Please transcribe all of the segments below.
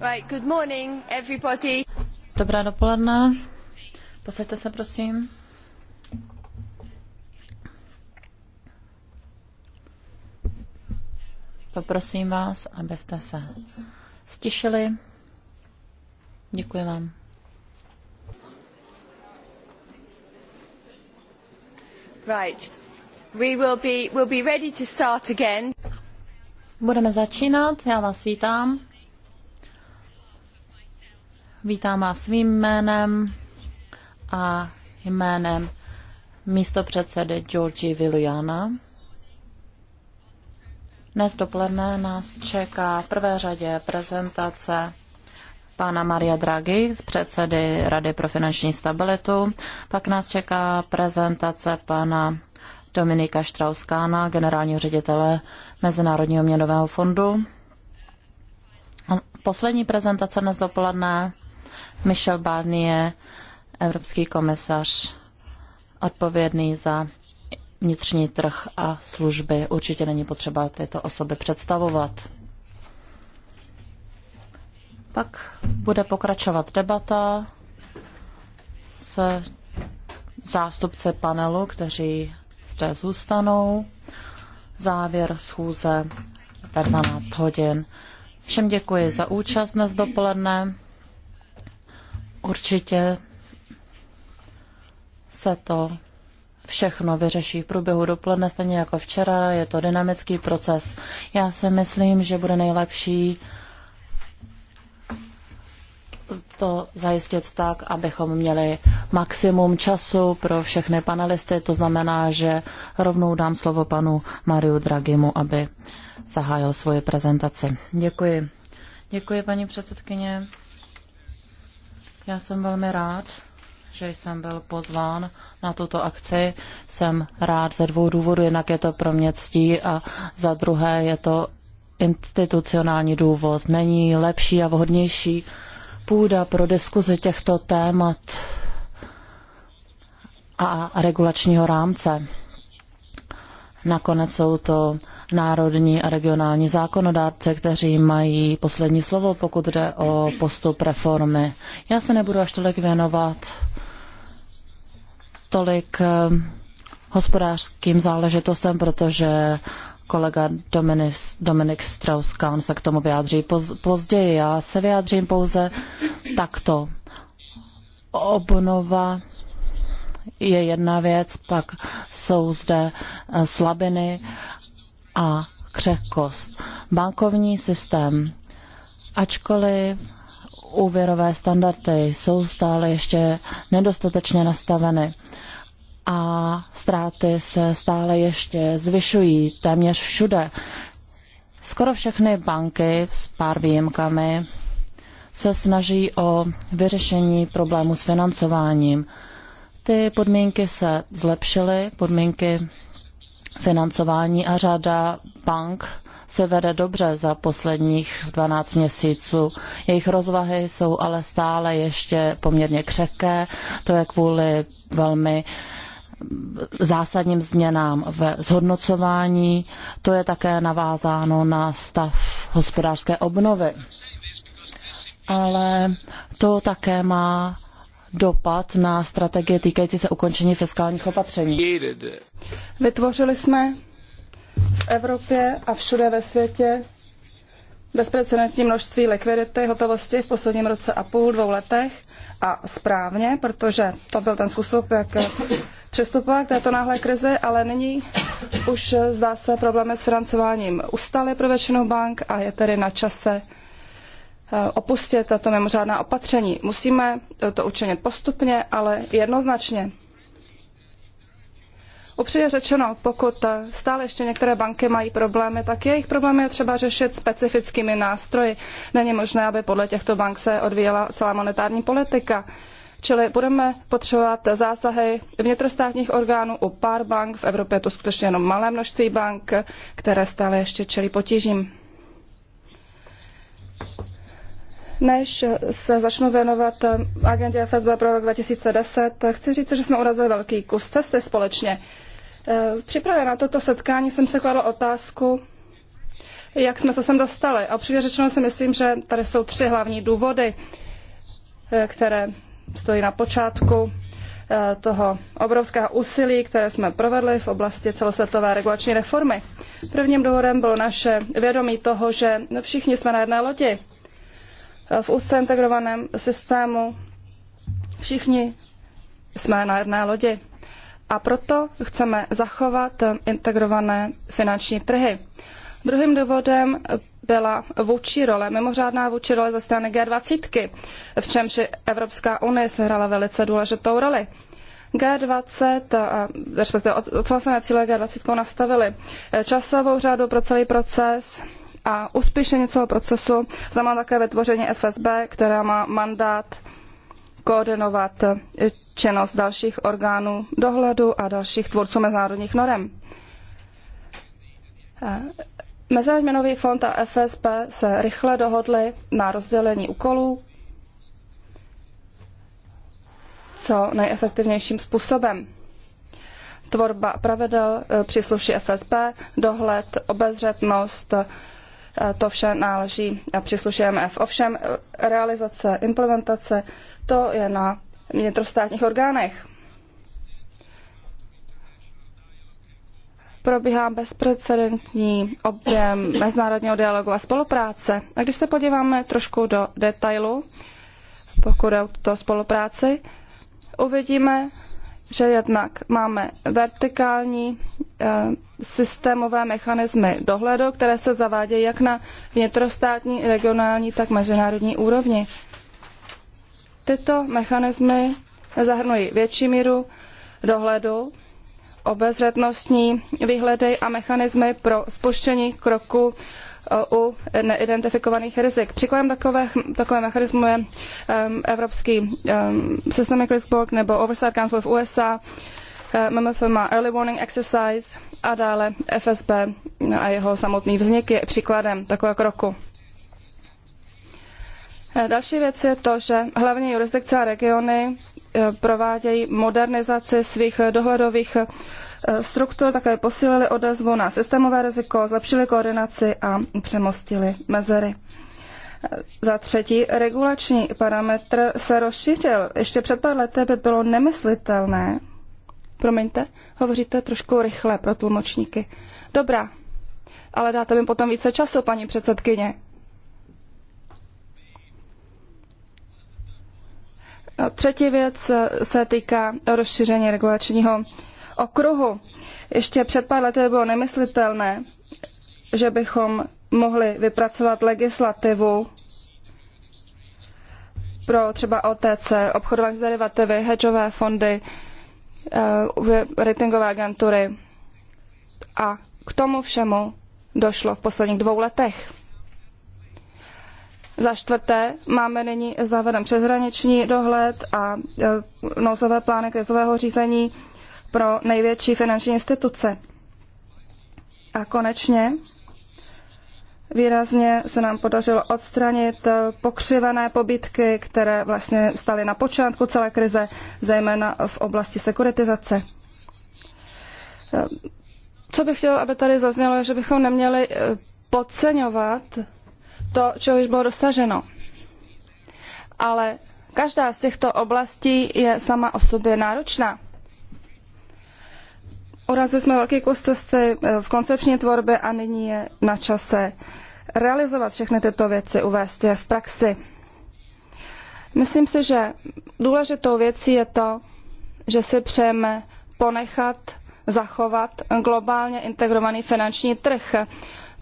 Right, good morning, everybody. Dobré dopoledne. Posaďte se, prosím. Poprosím vás, abyste se stišili. Děkuji vám. Right. We will be, we'll be ready to start again. Budeme začínat, já vás vítám. Vítám vás svým jménem a jménem místopředsedy Georgi Viliana. Dnes dopoledne nás čeká v prvé řadě prezentace pana Maria Draghi, předsedy Rady pro finanční stabilitu. Pak nás čeká prezentace pana Dominika Štrauskána, generálního ředitele Mezinárodního měnového fondu. Poslední prezentace dnes dopoledne Michel Barnier, evropský komisař, odpovědný za vnitřní trh a služby. Určitě není potřeba této osoby představovat. Pak bude pokračovat debata se zástupce panelu, kteří zde zůstanou. Závěr schůze ve 12 hodin. Všem děkuji za účast dnes dopoledne. Určitě se to všechno vyřeší v průběhu dopoledne, stejně jako včera, je to dynamický proces. Já si myslím, že bude nejlepší to zajistit tak, abychom měli maximum času pro všechny panelisty. To znamená, že rovnou dám slovo panu Mariu Dragimu, aby zahájil svoji prezentaci. Děkuji. Děkuji, paní předsedkyně. Já jsem velmi rád, že jsem byl pozván na tuto akci. Jsem rád ze dvou důvodů. Jednak je to pro mě ctí a za druhé je to institucionální důvod. Není lepší a vhodnější půda pro diskuzi těchto témat a regulačního rámce. Nakonec jsou to národní a regionální zákonodárce, kteří mají poslední slovo, pokud jde o postup reformy. Já se nebudu až tolik věnovat tolik eh, hospodářským záležitostem, protože kolega Dominis, Dominik Strauss-Kahn se k tomu vyjádří poz, později. Já se vyjádřím pouze takto. Obnova je jedna věc, pak jsou zde eh, slabiny a křehkost. Bankovní systém, ačkoliv úvěrové standardy jsou stále ještě nedostatečně nastaveny a ztráty se stále ještě zvyšují téměř všude. Skoro všechny banky s pár výjimkami se snaží o vyřešení problému s financováním ty podmínky se zlepšily, podmínky financování a řada bank se vede dobře za posledních 12 měsíců. Jejich rozvahy jsou ale stále ještě poměrně křehké. To je kvůli velmi zásadním změnám ve zhodnocování. To je také navázáno na stav hospodářské obnovy. Ale to také má dopad na strategie týkající se ukončení fiskálních opatření. Vytvořili jsme v Evropě a všude ve světě bezprecedentní množství likvidity, hotovosti v posledním roce a půl, dvou letech a správně, protože to byl ten způsob, jak přistupovat k této náhlé krizi, ale nyní už eh, zdá se problémy s financováním ustaly pro většinu bank a je tedy na čase Eh, opustit tato mimořádná opatření. Musíme eh, to učinit postupně, ale jednoznačně. Upřímně řečeno, pokud eh, stále ještě některé banky mají problémy, tak jejich problémy je třeba řešit specifickými nástroji. Není možné, aby podle těchto bank se odvíjela celá monetární politika. Čili budeme potřebovat zásahy vnitrostátních orgánů u pár bank, v Evropě je to skutečně jenom malé množství bank, které stále ještě čelí potížím. Než se začnu věnovat eh, agendě FSB pro rok 2010, eh, chci říct, že jsme urazili velký kus cesty společně. Eh, připravě přípravě na toto setkání jsem se kladla otázku, jak jsme se sem dostali. A upřímně řečeno si myslím, že tady jsou tři hlavní důvody, které stojí na počátku toho obrovského úsilí, které jsme provedli v oblasti celosvětové regulační reformy. Prvním důvodem bylo naše vědomí toho, že všichni jsme na jedné lodi v úzce integrovaném systému. Všichni jsme na jedné lodi. A proto chceme zachovat integrované finanční trhy. Druhým důvodem byla vůči role, mimořádná vůči role ze strany G20, v čemž Evropská unie sehrála velice důležitou roli. G20, respektive odhlasené cíle G20 nastavili časovou řadu pro celý proces, a uspěšení celého procesu znamená také vytvoření FSB, která má mandát koordinovat činnost dalších orgánů dohledu a dalších tvůrců mezinárodních norem. Mezinárodní měnový fond a FSB se rychle dohodli na rozdělení úkolů co nejefektivnějším způsobem. Tvorba pravidel eh, přísluší FSB, dohled, obezřetnost, to vše náleží a přísluší MF. Ovšem realizace, implementace, to je na vnitrostátních orgánech. probíhá bezprecedentní objem mezinárodního dialogu a spolupráce. A když se podíváme trošku do detailu, pokud je o tuto spolupráci, uvidíme, že jednak máme vertikální eh, systémové mechanismy dohledu, které se zavádějí jak na vnitrostátní, regionální, tak mezinárodní úrovni. Tyto mechanismy zahrnují větší míru dohledu, obezřetnostní výhledy a mechanismy pro spuštění kroku u neidentifikovaných rizik. Příkladem takové, takové mechanismu je um, Evropský um, Systemic Risk Board nebo Oversight Council v USA, eh, MMF má Early Warning Exercise a dále FSB a jeho samotný vznik je příkladem takového kroku. Eh, další věc je to, že hlavně jurisdikce a regiony Eh, provádějí modernizaci svých eh, dohledových eh, struktur, také posílili odezvu na systémové riziko, zlepšili koordinaci a přemostili mezery. Za třetí, regulační parametr se rozšířil. Ještě před pár lety by bylo nemyslitelné. Promiňte, hovoříte trošku rychle pro tlumočníky. Dobrá, ale dáte mi potom více času, paní předsedkyně. Třetí věc se týká rozšíření regulačního okruhu. Ještě před pár lety bylo nemyslitelné, že bychom mohli vypracovat legislativu pro třeba OTC, obchodování s derivativy, hedžové fondy, eh, ratingové agentury. A k tomu všemu došlo v posledních dvou letech. Za čtvrté, máme nyní zaveden přeshraniční dohled a e, nouzové plány krizového řízení pro největší finanční instituce. A konečně výrazně se nám podařilo odstranit e, pokřivené pobytky, které vlastně staly na počátku celé krize, zejména v oblasti sekuritizace. E, co bych chtěla, aby tady zaznělo, je, že bychom neměli podceňovat to, čeho již bylo dosaženo. Ale každá z těchto oblastí je sama o sobě náročná. Urazili jsme velký kus cesty eh, v koncepční tvorbě a nyní je na čase realizovat všechny tyto věci, uvést je v praxi. Myslím si, že důležitou věcí je to, že si přejeme ponechat, zachovat globálně integrovaný finanční trh.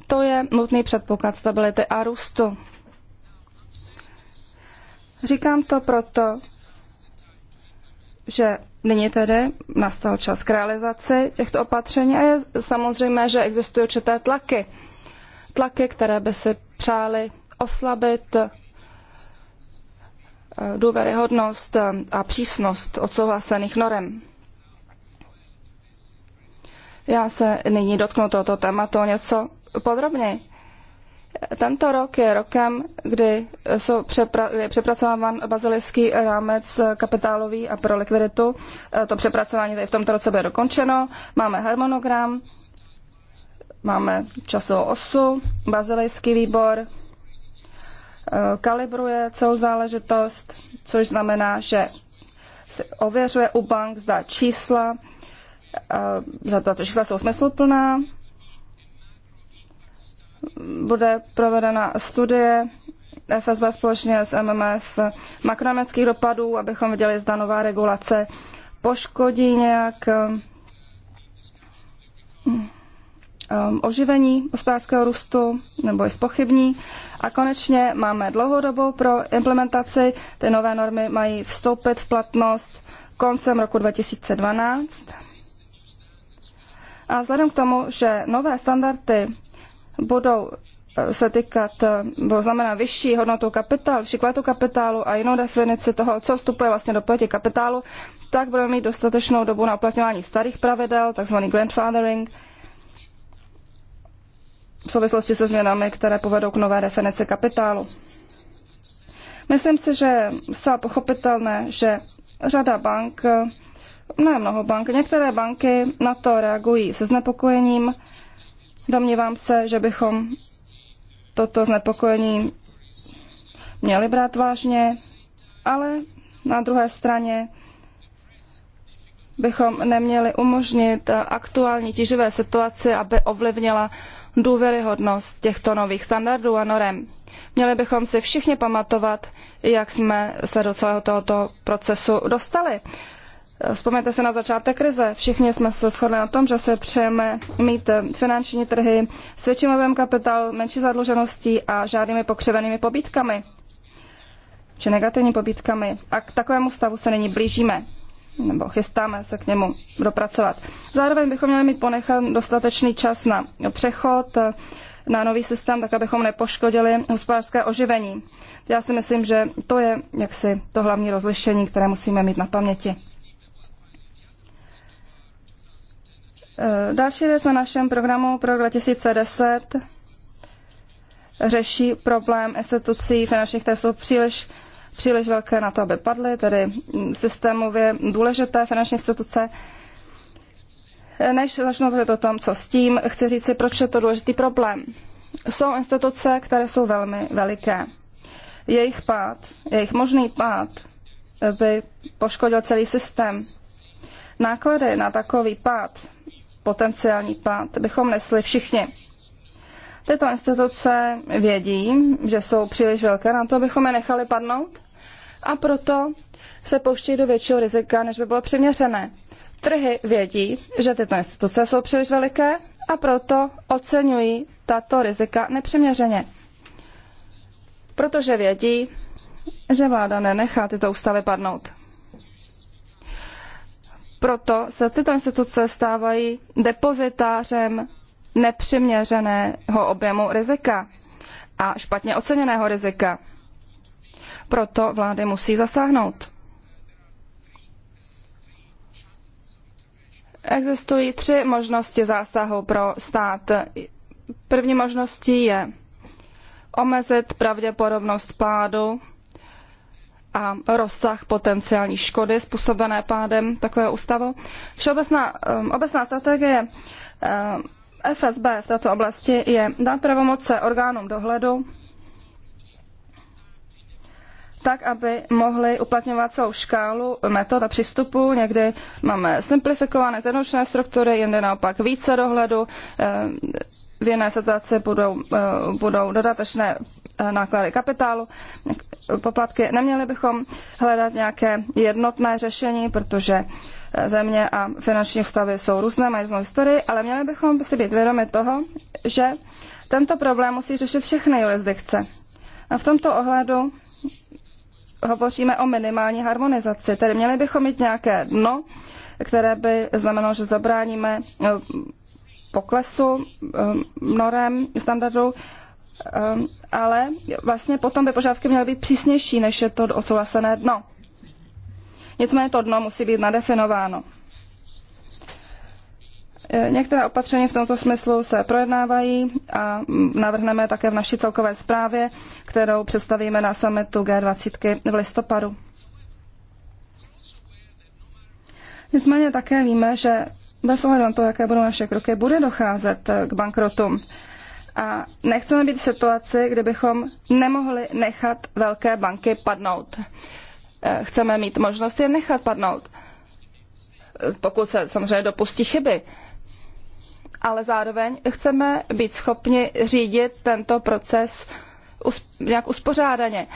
To je nutný předpoklad stability a růstu. Říkám to proto, že nyní tedy nastal čas k realizaci těchto opatření a je samozřejmé, že existují určité tlaky. Tlaky, které by si přáli oslabit eh, důvěryhodnost eh, a přísnost odsouhlasených norem. Já se nyní dotknu tohoto tématu něco podrobněji. Tento rok je rokem, kdy jsou přepra- je přepracován bazilický rámec kapitálový a pro likviditu. To přepracování tady v tomto roce bude dokončeno. Máme harmonogram, máme časovou osu, bazilejský výbor eh, kalibruje celou záležitost, což znamená, že se ověřuje u bank, zda čísla, eh, zda ta čísla jsou smysluplná, bude provedena studie FSB společně s MMF makronomických dopadů, abychom viděli, zda nová regulace poškodí nějak um, oživení hospodářského růstu nebo je spochybní. A konečně máme dlouhodobou pro implementaci. Ty nové normy mají vstoupit v platnost koncem roku 2012. A vzhledem k tomu, že nové standardy budou eh, se týkat, eh, bylo znamená vyšší hodnotu kapitálu, příkladu kapitálu a jinou definici toho, co vstupuje vlastně do pojetí kapitálu, tak budeme mít dostatečnou dobu na uplatňování starých pravidel, takzvaný grandfathering, v souvislosti se změnami, které povedou k nové definici kapitálu. Myslím si, že je pochopitelné, že řada bank, eh, ne mnoho bank, některé banky na to reagují se znepokojením, Domnívám se, že bychom toto znepokojení měli brát vážně, ale na druhé straně bychom neměli umožnit aktuální tíživé situaci, aby ovlivnila důvěryhodnost těchto nových standardů a norem. Měli bychom si všichni pamatovat, jak jsme se do celého tohoto procesu dostali. Eh, vzpomeňte se na začátek krize. Všichni jsme se shodli na tom, že se přejeme mít eh, finanční trhy s větším objemem kapitálu, menší zadlužeností a žádnými pokřivenými pobítkami či negativní pobítkami. A k takovému stavu se nyní blížíme nebo chystáme se k němu dopracovat. Zároveň bychom měli mít ponechán dostatečný čas na přechod, eh, na nový systém, tak abychom nepoškodili hospodářské oživení. Já si myslím, že to je jaksi to hlavní rozlišení, které musíme mít na paměti. Eh, další věc na našem programu pro 2010 řeší problém institucí finančních, které jsou příliš, příliš velké na to, aby padly, tedy hm, systémově důležité finanční instituce. Eh, než začnu mluvit o tom, co s tím, chci si, proč je to důležitý problém. Jsou instituce, které jsou velmi veliké. Jejich pád, jejich možný pád eh, by poškodil celý systém. Náklady na takový pád potenciální pád bychom nesli všichni. Tyto instituce vědí, že jsou příliš velké na to, abychom je nechali padnout a proto se pouští do většího rizika, než by bylo přiměřené. Trhy vědí, že tyto instituce jsou příliš veliké a proto oceňují tato rizika nepřiměřeně. Protože vědí, že vláda nenechá tyto ústavy padnout. Proto se tyto instituce stávají depozitářem nepřiměřeného objemu rizika a špatně oceněného rizika. Proto vlády musí zasáhnout. Existují tři možnosti zásahu pro stát. První možností je omezit pravděpodobnost pádu a rozsah potenciální škody způsobené pádem takového ústavu. Všeobecná um, obecná strategie um, FSB v této oblasti je dát pravomoce orgánům dohledu tak, aby mohli uplatňovat celou škálu metod a přístupů. Někdy máme simplifikované, zjednodušené struktury, jinde naopak více dohledu. Eh, v jiné situaci budou, eh, budou dodatečné eh, náklady kapitálu, poplatky. Neměli bychom hledat nějaké jednotné řešení, protože země a finanční stavy jsou různé, mají různou historii, ale měli bychom si být vědomi toho, že tento problém musí řešit všechny jurisdikce. A v tomto ohledu hovoříme o minimální harmonizaci. Tedy měli bychom mít nějaké dno, které by znamenalo, že zabráníme eh, poklesu eh, norem standardů, eh, ale vlastně potom by požadavky měly být přísnější, než je to odsouhlasené dno. Nicméně to dno musí být nadefinováno. Eh, některá opatření v tomto smyslu se projednávají a mm, navrhneme také v naší celkové zprávě, kterou představíme na summitu G20 v listopadu. Nicméně také víme, že bez ohledu na to, jaké budou naše kroky, bude docházet eh, k bankrotům. A nechceme být v situaci, kde bychom nemohli nechat velké banky padnout. Eh, chceme mít možnost je nechat padnout, pokud se samozřejmě dopustí chyby ale zároveň chceme být schopni řídit tento proces nějak uspořádaně.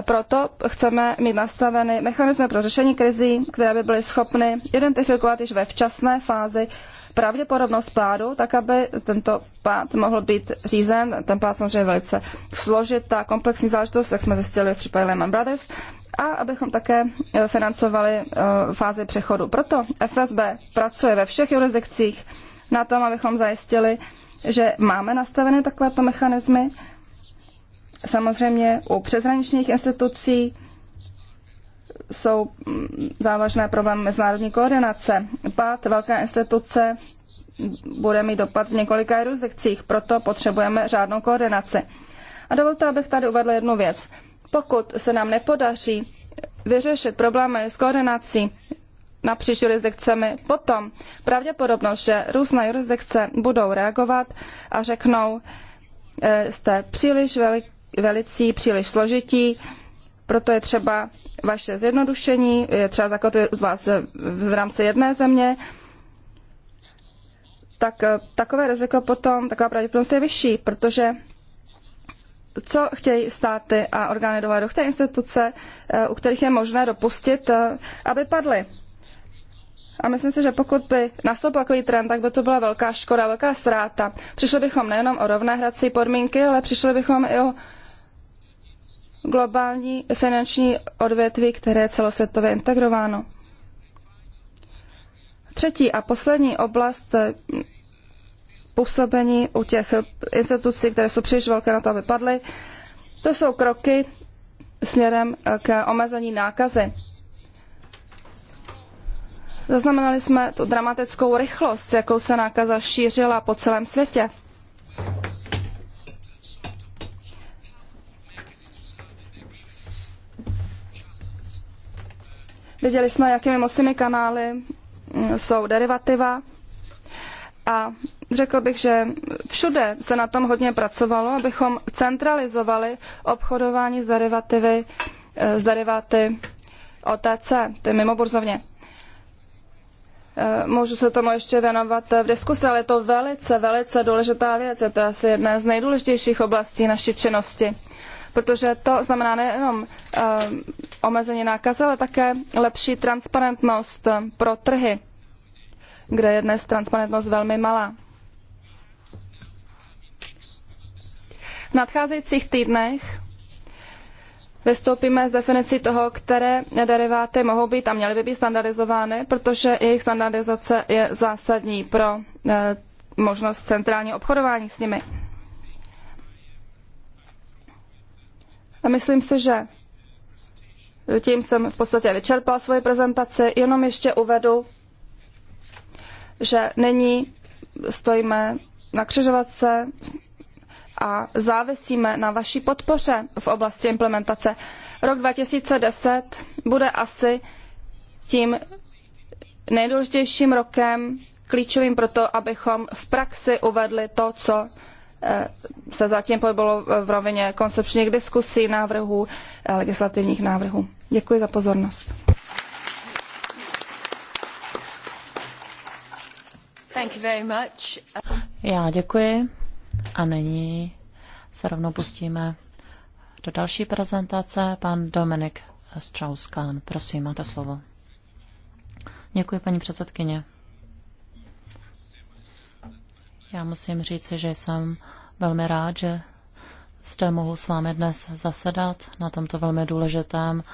Proto chceme mít nastaveny mechanismy pro řešení krizí, které by byly schopny identifikovat již ve včasné fázi pravděpodobnost pádu, tak aby tento pád mohl být řízen. Ten pád samozřejmě velice složitá, komplexní záležitost, jak jsme zjistili v případě Lehman Brothers, a abychom také eh, financovali eh, fázi přechodu. Proto FSB pracuje ve všech jurisdikcích, na tom, abychom zajistili, že máme nastavené takovéto mechanismy. Samozřejmě u přeshraničních institucí jsou mm, závažné problémy mezinárodní koordinace. Pát velké instituce bude mít dopad v několika jurisdikcích, proto potřebujeme řádnou koordinaci. A dovolte, abych tady uvedl jednu věc. Pokud se nám nepodaří vyřešit problémy s koordinací napříč jurisdikcemi. Potom pravděpodobnost, že různé jurisdikce budou reagovat a řeknou, e, jste příliš velicí, příliš složití, proto je třeba vaše zjednodušení, je třeba zakotvit vás v rámci jedné země, tak e, takové riziko potom, taková pravděpodobnost je vyšší, protože co chtějí státy a orgány dohledu, chtějí instituce, e, u kterých je možné dopustit, aby padly. A myslím si, že pokud by nastoupil takový trend, tak by to byla velká škoda, velká ztráta. Přišli bychom nejenom o rovné hrací podmínky, ale přišli bychom i o globální finanční odvětví, které je celosvětově integrováno. Třetí a poslední oblast působení u těch institucí, které jsou příliš velké na to, aby padly, to jsou kroky směrem k omezení nákazy. Zaznamenali jsme tu dramatickou rychlost, jakou se nákaza šířila po celém světě. Viděli jsme, jakými mocnými kanály mm, jsou derivativa a řekl bych, že všude se na tom hodně pracovalo, abychom centralizovali obchodování s derivativy, eh, s deriváty OTC, ty mimoburzovně. Eh, můžu se tomu ještě věnovat v diskusi, ale je to velice, velice důležitá věc. Je to asi jedna z nejdůležitějších oblastí naší činnosti. Protože to znamená nejenom eh, omezení nákazy, ale také lepší transparentnost pro trhy, kde je dnes transparentnost velmi malá. V nadcházejících týdnech vystoupíme z definicí toho, které deriváty mohou být a měly by být standardizovány, protože jejich standardizace je zásadní pro eh, možnost centrálního obchodování s nimi. A myslím si, že tím jsem v podstatě vyčerpal svoji prezentaci. Jenom ještě uvedu, že nyní stojíme na křižovatce a závisíme na vaší podpoře v oblasti implementace. Rok 2010 bude asi tím nejdůležitějším rokem klíčovým pro to, abychom v praxi uvedli to, co eh, se zatím pohybovalo v rovině koncepčních diskusí, návrhů, eh, legislativních návrhů. Děkuji za pozornost. Já děkuji. A nyní se rovnou pustíme do další prezentace. Pan Dominik Strauss-Kahn, prosím, máte slovo. Děkuji, paní předsedkyně. Já musím říct, že jsem velmi rád, že zde mohu s vámi dnes zasedat na tomto velmi důležitém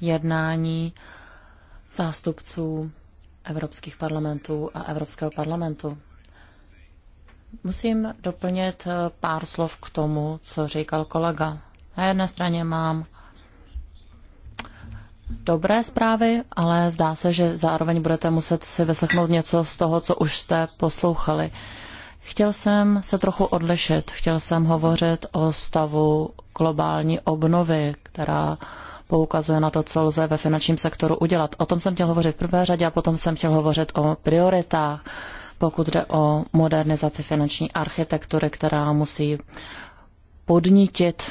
jednání zástupců evropských parlamentů a Evropského parlamentu. Musím doplnit eh, pár slov k tomu, co říkal kolega. Na jedné straně mám dobré zprávy, ale zdá se, že zároveň budete muset si vyslechnout něco z toho, co už jste poslouchali. Chtěl jsem se trochu odlišit, chtěl jsem hovořit o stavu globální obnovy, která poukazuje na to, co lze ve finančním sektoru udělat. O tom jsem chtěl hovořit v prvé řadě a potom jsem chtěl hovořit o prioritách pokud jde o modernizaci finanční architektury, která musí podnítit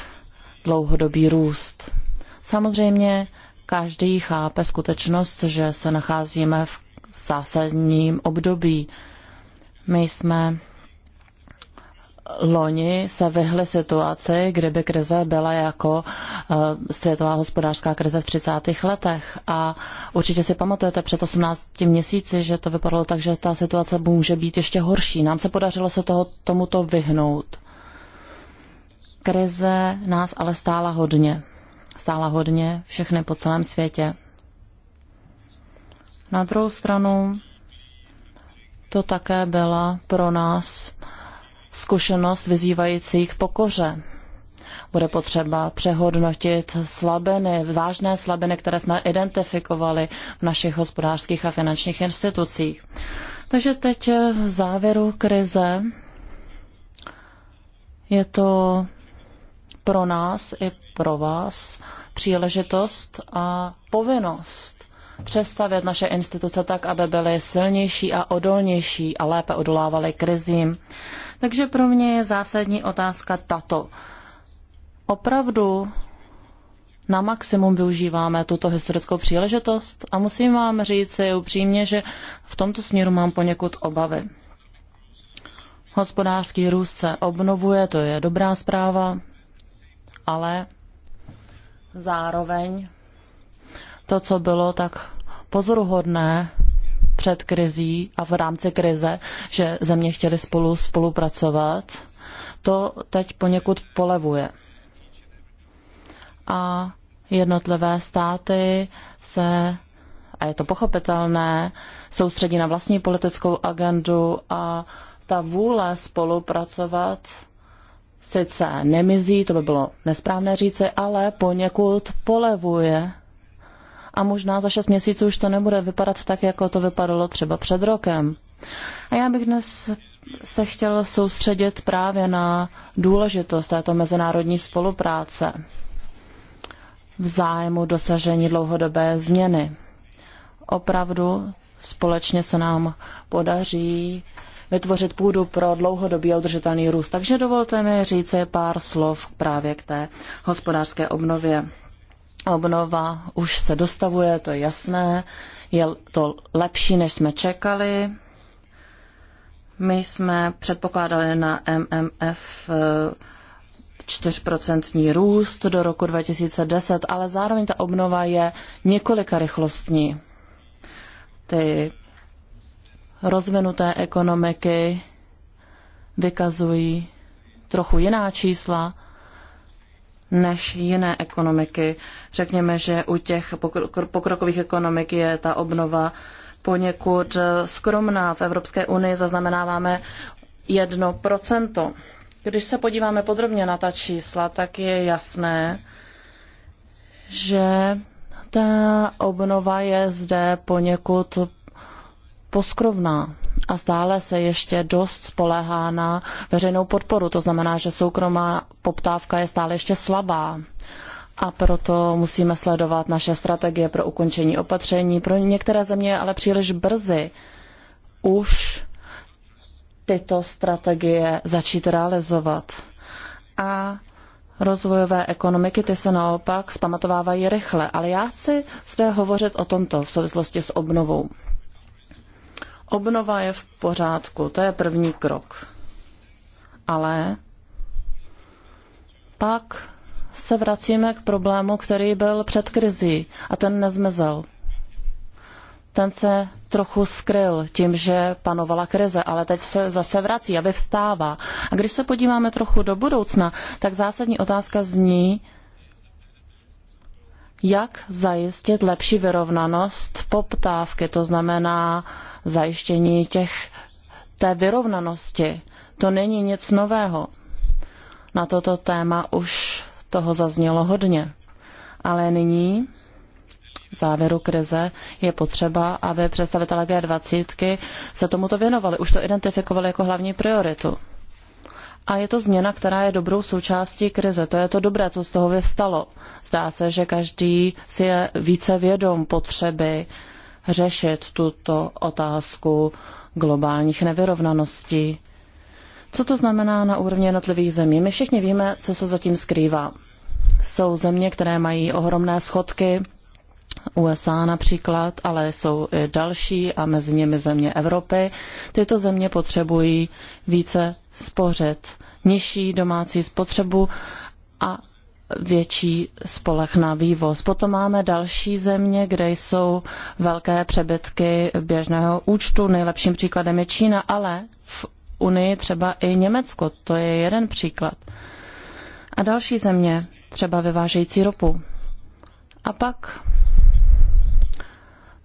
dlouhodobý růst. Samozřejmě každý chápe skutečnost, že se nacházíme v zásadním období. My jsme loni se vyhly situaci, kdyby krize byla jako eh, světová hospodářská krize v 30. letech. A určitě si pamatujete před 18 měsíci, že to vypadalo tak, že ta situace může být ještě horší. Nám se podařilo se toho, tomuto vyhnout. Krize nás ale stála hodně. Stála hodně všechny po celém světě. Na druhou stranu to také byla pro nás zkušenost vyzývající k pokoře. Bude potřeba přehodnotit slabiny, vážné slabiny, které jsme identifikovali v našich hospodářských a finančních institucích. Takže teď v závěru krize je to pro nás i pro vás příležitost a povinnost přestavět naše instituce tak, aby byly silnější a odolnější a lépe odolávaly krizím. Takže pro mě je zásadní otázka tato. Opravdu na maximum využíváme tuto historickou příležitost a musím vám říct, říci upřímně, že v tomto směru mám poněkud obavy. Hospodářský růst se obnovuje, to je dobrá zpráva, ale zároveň to, co bylo tak pozoruhodné před krizí a v rámci krize, že země chtěly spolu spolupracovat, to teď poněkud polevuje. A jednotlivé státy se, a je to pochopitelné, soustředí na vlastní politickou agendu a ta vůle spolupracovat sice nemizí, to by bylo nesprávné říci, ale poněkud polevuje a možná za šest měsíců už to nebude vypadat tak, jako to vypadalo třeba před rokem. A já bych dnes se chtěl soustředit právě na důležitost této mezinárodní spolupráce v zájmu dosažení dlouhodobé změny. Opravdu společně se nám podaří vytvořit půdu pro dlouhodobý a udržitelný růst. Takže dovolte mi říct pár slov právě k té hospodářské obnově. Obnova už se dostavuje, to je jasné. Je to lepší, než jsme čekali. My jsme předpokládali na MMF 4% eh, růst do roku 2010, ale zároveň ta obnova je několika rychlostní. Ty rozvinuté ekonomiky vykazují trochu jiná čísla než jiné ekonomiky. Řekněme, že u těch pokrokových ekonomik je ta obnova poněkud eh, skromná. V Evropské unii zaznamenáváme jedno procento. Když se podíváme podrobně na ta čísla, tak je jasné, že ta obnova je zde poněkud poskrovná a stále se ještě dost spolehá na veřejnou podporu. To znamená, že soukromá poptávka je stále ještě slabá. A proto musíme sledovat naše strategie pro ukončení opatření. Pro některé země je ale příliš brzy už tyto strategie začít realizovat. A rozvojové ekonomiky, ty se naopak zpamatovávají rychle. Ale já chci zde hovořit o tomto v souvislosti s obnovou. Obnova je v pořádku, to je první krok. Ale pak se vracíme k problému, který byl před krizí a ten nezmizel. Ten se trochu skryl tím, že panovala krize, ale teď se zase vrací, aby vstává. A když se podíváme trochu do budoucna, tak zásadní otázka zní, jak zajistit lepší vyrovnanost poptávky, to znamená zajištění těch, té vyrovnanosti. To není nic nového. Na toto téma už toho zaznělo hodně. Ale nyní, závěru krize, je potřeba, aby představitelé G20 se tomuto věnovali. Už to identifikovali jako hlavní prioritu. A je to změna, která je dobrou součástí krize. To je to dobré, co z toho vyvstalo. Zdá se, že každý si je více vědom potřeby řešit tuto otázku globálních nevyrovnaností. Co to znamená na úrovni jednotlivých zemí? My všichni víme, co se zatím skrývá. Jsou země, které mají ohromné schodky, USA například, ale jsou i další a mezi nimi země Evropy. Tyto země potřebují více spořit, nižší domácí spotřebu a větší spoleh na vývoz. Potom máme další země, kde jsou velké přebytky běžného účtu. Nejlepším příkladem je Čína, ale v Unii třeba i Německo. To je jeden příklad. A další země, třeba vyvážející ropu. A pak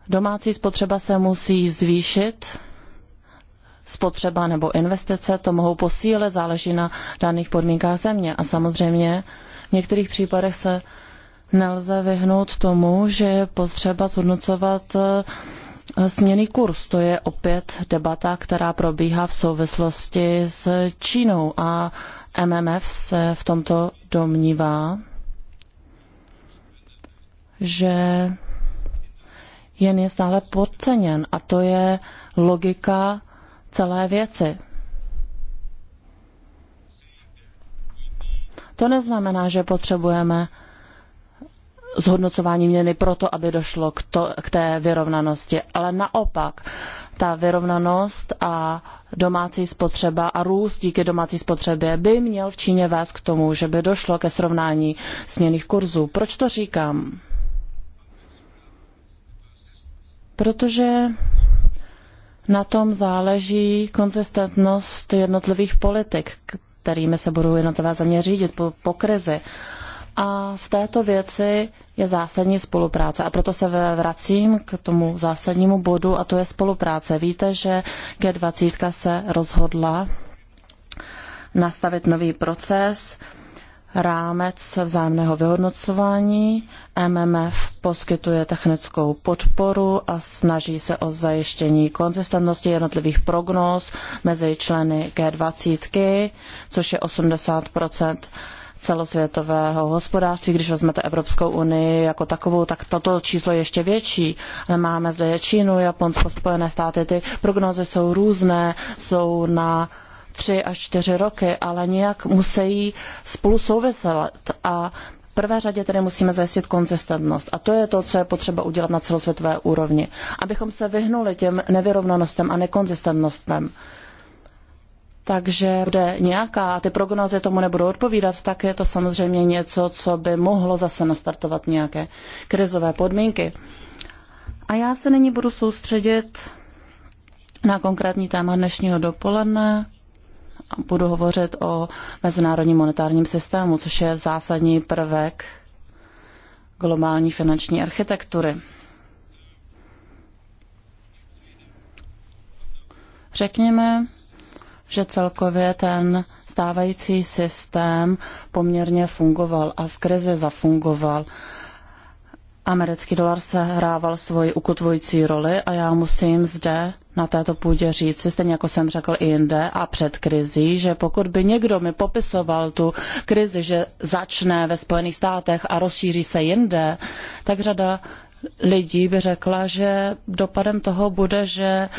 Domácí spotřeba se musí zvýšit, spotřeba nebo investice to mohou posílit, záleží na daných podmínkách země. A samozřejmě v některých případech se nelze vyhnout tomu, že je potřeba zhodnocovat eh, směný kurz. To je opět debata, která probíhá v souvislosti s Čínou a MMF se v tomto domnívá, že jen je stále podceněn a to je logika celé věci. To neznamená, že potřebujeme zhodnocování měny proto, aby došlo k, to, k té vyrovnanosti, ale naopak ta vyrovnanost a domácí spotřeba a růst díky domácí spotřebě by měl v Číně vést k tomu, že by došlo ke srovnání směných kurzů. Proč to říkám? protože na tom záleží konzistentnost jednotlivých politik, kterými se budou jednotlivé země řídit po, po krizi. A v této věci je zásadní spolupráce. A proto se vracím k tomu zásadnímu bodu, a to je spolupráce. Víte, že G20 se rozhodla nastavit nový proces rámec vzájemného vyhodnocování. MMF poskytuje technickou podporu a snaží se o zajištění konzistentnosti jednotlivých prognóz mezi členy G20, což je 80 celosvětového hospodářství. Když vezmete Evropskou unii jako takovou, tak toto číslo je ještě větší. Ale máme zde Čínu, Japonsko, Spojené státy. Ty prognózy jsou různé, jsou na tři až čtyři roky, ale nějak musí spolu souviset a v prvé řadě tedy musíme zajistit konzistentnost. A to je to, co je potřeba udělat na celosvětové úrovni. Abychom se vyhnuli těm nevyrovnanostem a nekonzistentnostem. Takže bude nějaká, a ty prognozy tomu nebudou odpovídat, tak je to samozřejmě něco, co by mohlo zase nastartovat nějaké krizové podmínky. A já se nyní budu soustředit na konkrétní téma dnešního dopoledne, budu hovořit o mezinárodním monetárním systému, což je zásadní prvek globální finanční architektury. Řekněme, že celkově ten stávající systém poměrně fungoval a v krizi zafungoval. Americký dolar se hrával svoji ukotvující roli a já musím zde na této půdě říci, stejně jako jsem řekl i jinde a před krizí, že pokud by někdo mi popisoval tu krizi, že začne ve Spojených státech a rozšíří se jinde, tak řada lidí by řekla, že dopadem toho bude, že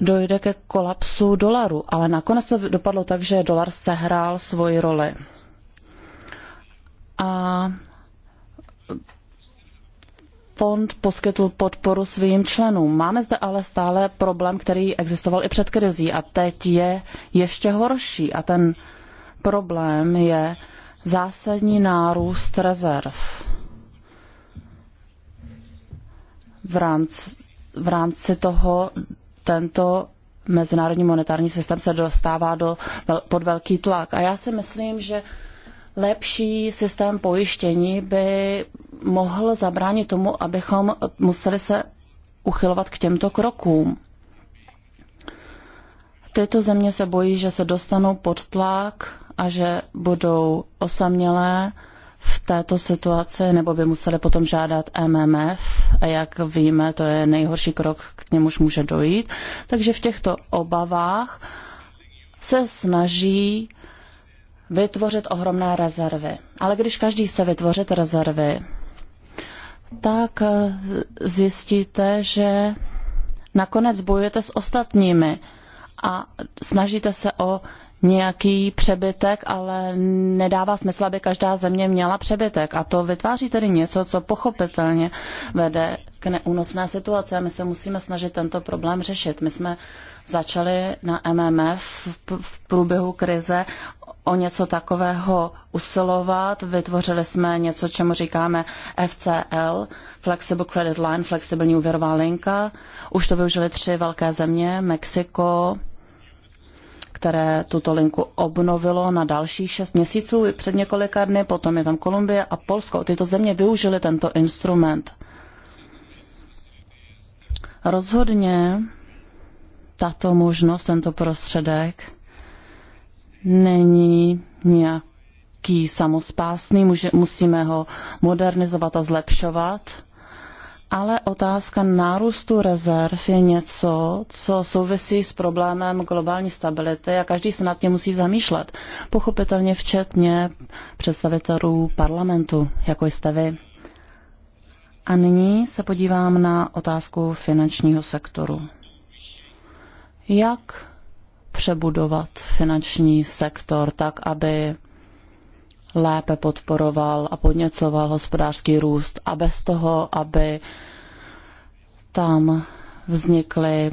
dojde ke kolapsu dolaru. Ale nakonec to dopadlo tak, že dolar sehrál svoji roli. A fond poskytl podporu svým členům. Máme zde ale stále problém, který existoval i před krizí a teď je ještě horší. A ten problém je zásadní nárůst rezerv v rámci, v rámci toho tento mezinárodní monetární systém se dostává do, pod velký tlak. A já si myslím, že lepší systém pojištění by mohl zabránit tomu, abychom museli se uchylovat k těmto krokům. Tyto země se bojí, že se dostanou pod tlak a že budou osamělé v této situaci, nebo by museli potom žádat MMF. A jak víme, to je nejhorší krok, k němuž může dojít. Takže v těchto obavách se snaží vytvořit ohromné rezervy. Ale když každý se vytvořit rezervy, tak eh, zjistíte, že nakonec bojujete s ostatními a snažíte se o nějaký přebytek, ale nedává smysl, aby každá země měla přebytek. A to vytváří tedy něco, co pochopitelně vede k neúnosné situaci. A my se musíme snažit tento problém řešit. My jsme začali na MMF v průběhu krize o něco takového usilovat. Vytvořili jsme něco, čemu říkáme FCL, Flexible Credit Line, flexibilní úvěrová linka. Už to využili tři velké země, Mexiko, které tuto linku obnovilo na dalších šest měsíců před několika dny, potom je tam Kolumbie a Polsko. Tyto země využily tento instrument. Rozhodně tato možnost, tento prostředek není nějaký samospásný, může, musíme ho modernizovat a zlepšovat. Ale otázka nárůstu rezerv je něco, co souvisí s problémem globální stability a každý se nad tím musí zamýšlet. Pochopitelně včetně představitelů parlamentu, jako jste vy. A nyní se podívám na otázku finančního sektoru. Jak přebudovat finanční sektor tak, aby lépe podporoval a podněcoval hospodářský růst a bez toho, aby tam vznikly e,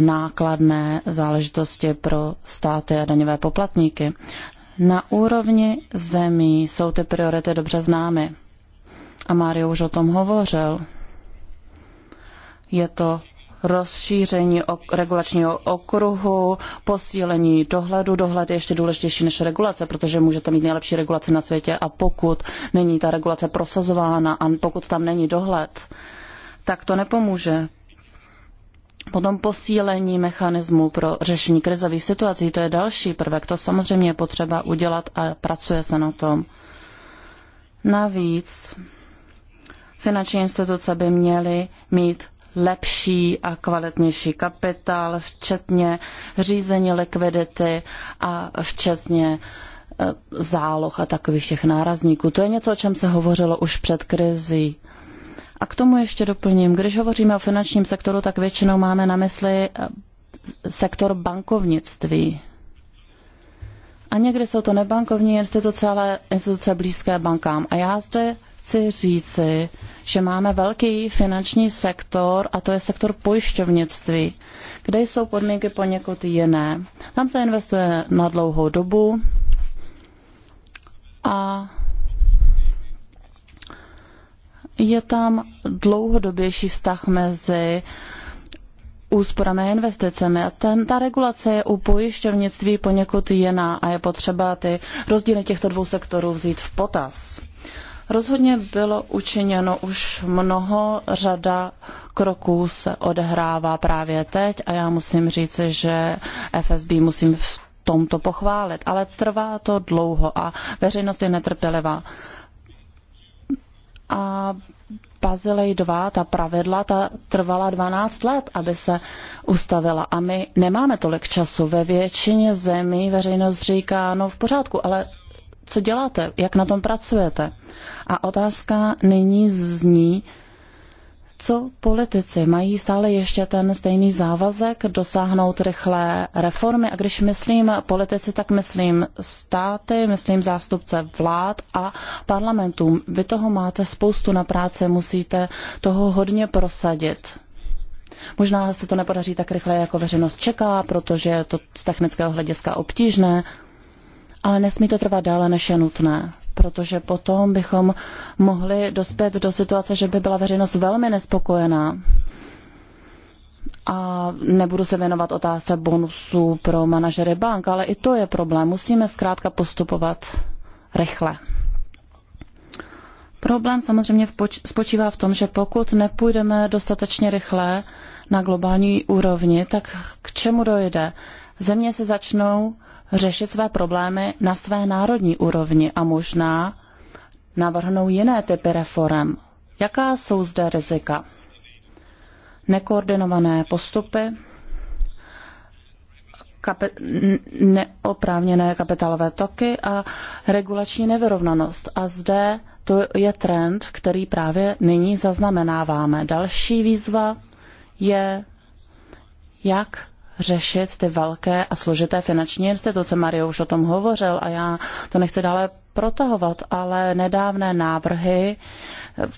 nákladné záležitosti pro státy a daňové poplatníky. Na úrovni zemí jsou ty priority dobře známy. A Mário už o tom hovořil. Je to rozšíření regulačního okruhu, posílení dohledu. Dohled je ještě důležitější než regulace, protože můžete mít nejlepší regulaci na světě a pokud není ta regulace prosazována a pokud tam není dohled, tak to nepomůže. Potom posílení mechanismu pro řešení krizových situací, to je další prvek. To samozřejmě je potřeba udělat a pracuje se na tom. Navíc finanční instituce by měly mít lepší a kvalitnější kapitál, včetně řízení likvidity a včetně e, záloh a takových všech nárazníků. To je něco, o čem se hovořilo už před krizí. A k tomu ještě doplním, když hovoříme o finančním sektoru, tak většinou máme na mysli e, sektor bankovnictví. A někdy jsou to nebankovní instituce, ale instituce blízké bankám. A já zde chci říci, že máme velký finanční sektor a to je sektor pojišťovnictví, kde jsou podmínky poněkud jiné. Tam se investuje na dlouhou dobu a je tam dlouhodobější vztah mezi úsporami a investicemi. A ten, ta regulace je u pojišťovnictví poněkud jiná a je potřeba ty rozdíly těchto dvou sektorů vzít v potaz. Rozhodně bylo učiněno už mnoho, řada kroků se odehrává právě teď a já musím říct, že FSB musím v tomto pochválit, ale trvá to dlouho a veřejnost je netrpělivá. A Bazilej 2, ta pravidla, ta trvala 12 let, aby se ustavila. A my nemáme tolik času. Ve většině zemí veřejnost říká, no v pořádku, ale co děláte, jak na tom pracujete. A otázka nyní zní, co politici mají stále ještě ten stejný závazek dosáhnout rychlé reformy a když myslím politici, tak myslím státy, myslím zástupce vlád a parlamentů. Vy toho máte spoustu na práci, musíte toho hodně prosadit. Možná se to nepodaří tak rychle, jako veřejnost čeká, protože je to z technického hlediska obtížné ale nesmí to trvat déle, než je nutné protože potom bychom mohli dospět do situace, že by byla veřejnost velmi nespokojená. A nebudu se věnovat otázce bonusů pro manažery bank, ale i to je problém. Musíme zkrátka postupovat rychle. Problém samozřejmě spočívá v tom, že pokud nepůjdeme dostatečně rychle na globální úrovni, tak k čemu dojde? Země se začnou řešit své problémy na své národní úrovni a možná navrhnou jiné typy reform. Jaká jsou zde rizika? Nekoordinované postupy, kapi- neoprávněné kapitálové toky a regulační nevyrovnanost. A zde to je trend, který právě nyní zaznamenáváme. Další výzva je, jak řešit ty velké a složité finanční instituce. Mario už o tom hovořil a já to nechci dále protahovat, ale nedávné návrhy,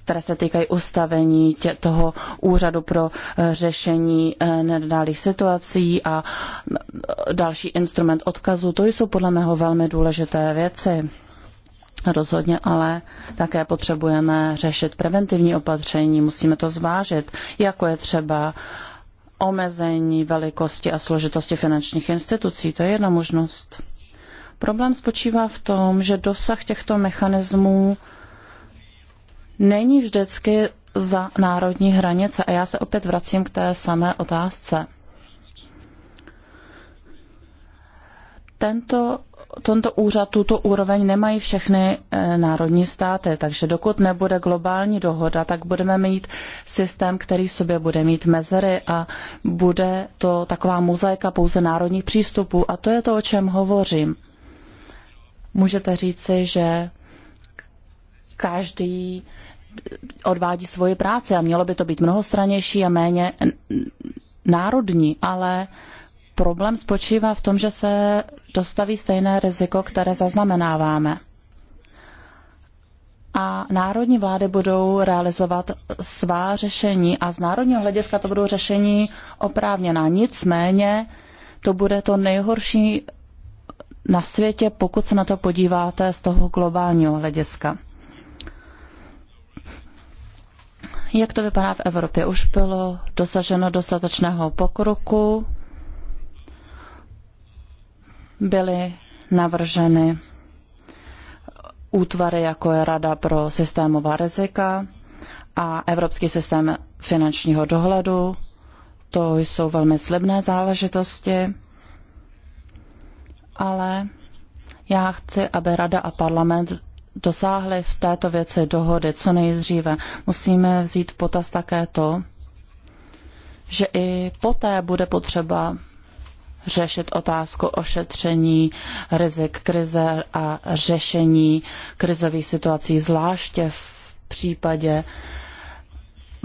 které se týkají ustavení tě, toho úřadu pro eh, řešení eh, nedálých situací a eh, další instrument odkazu, to jsou podle mého velmi důležité věci. Rozhodně ale také potřebujeme řešit preventivní opatření, musíme to zvážit, jako je třeba uh, omezení velikosti a složitosti finančních institucí. To je jedna možnost. Problém spočívá v tom, že dosah těchto mechanismů není vždycky za národní hranice. A já se opět vracím k té samé otázce. Tento tento úřad, tuto úroveň nemají všechny eh, národní státy, takže dokud nebude globální dohoda, tak budeme mít systém, který v sobě bude mít mezery a bude to taková mozaika pouze národních přístupů a to je to, o čem hovořím. Můžete říci, že každý odvádí svoji práci a mělo by to být mnohostranější a méně národní, ale problém spočívá v tom, že se dostaví stejné riziko, které zaznamenáváme. A národní vlády budou realizovat svá řešení a z národního hlediska to budou řešení oprávněná. Nicméně to bude to nejhorší na světě, pokud se na to podíváte z toho globálního hlediska. Jak to vypadá v Evropě? Už bylo dosaženo dostatečného pokroku, byly navrženy útvary, jako je Rada pro systémová rizika a Evropský systém finančního dohledu. To jsou velmi slibné záležitosti, ale já chci, aby Rada a parlament dosáhli v této věci dohody co nejdříve. Musíme vzít v potaz také to, že i poté bude potřeba řešit otázku ošetření rizik krize a řešení krizových situací, zvláště v případě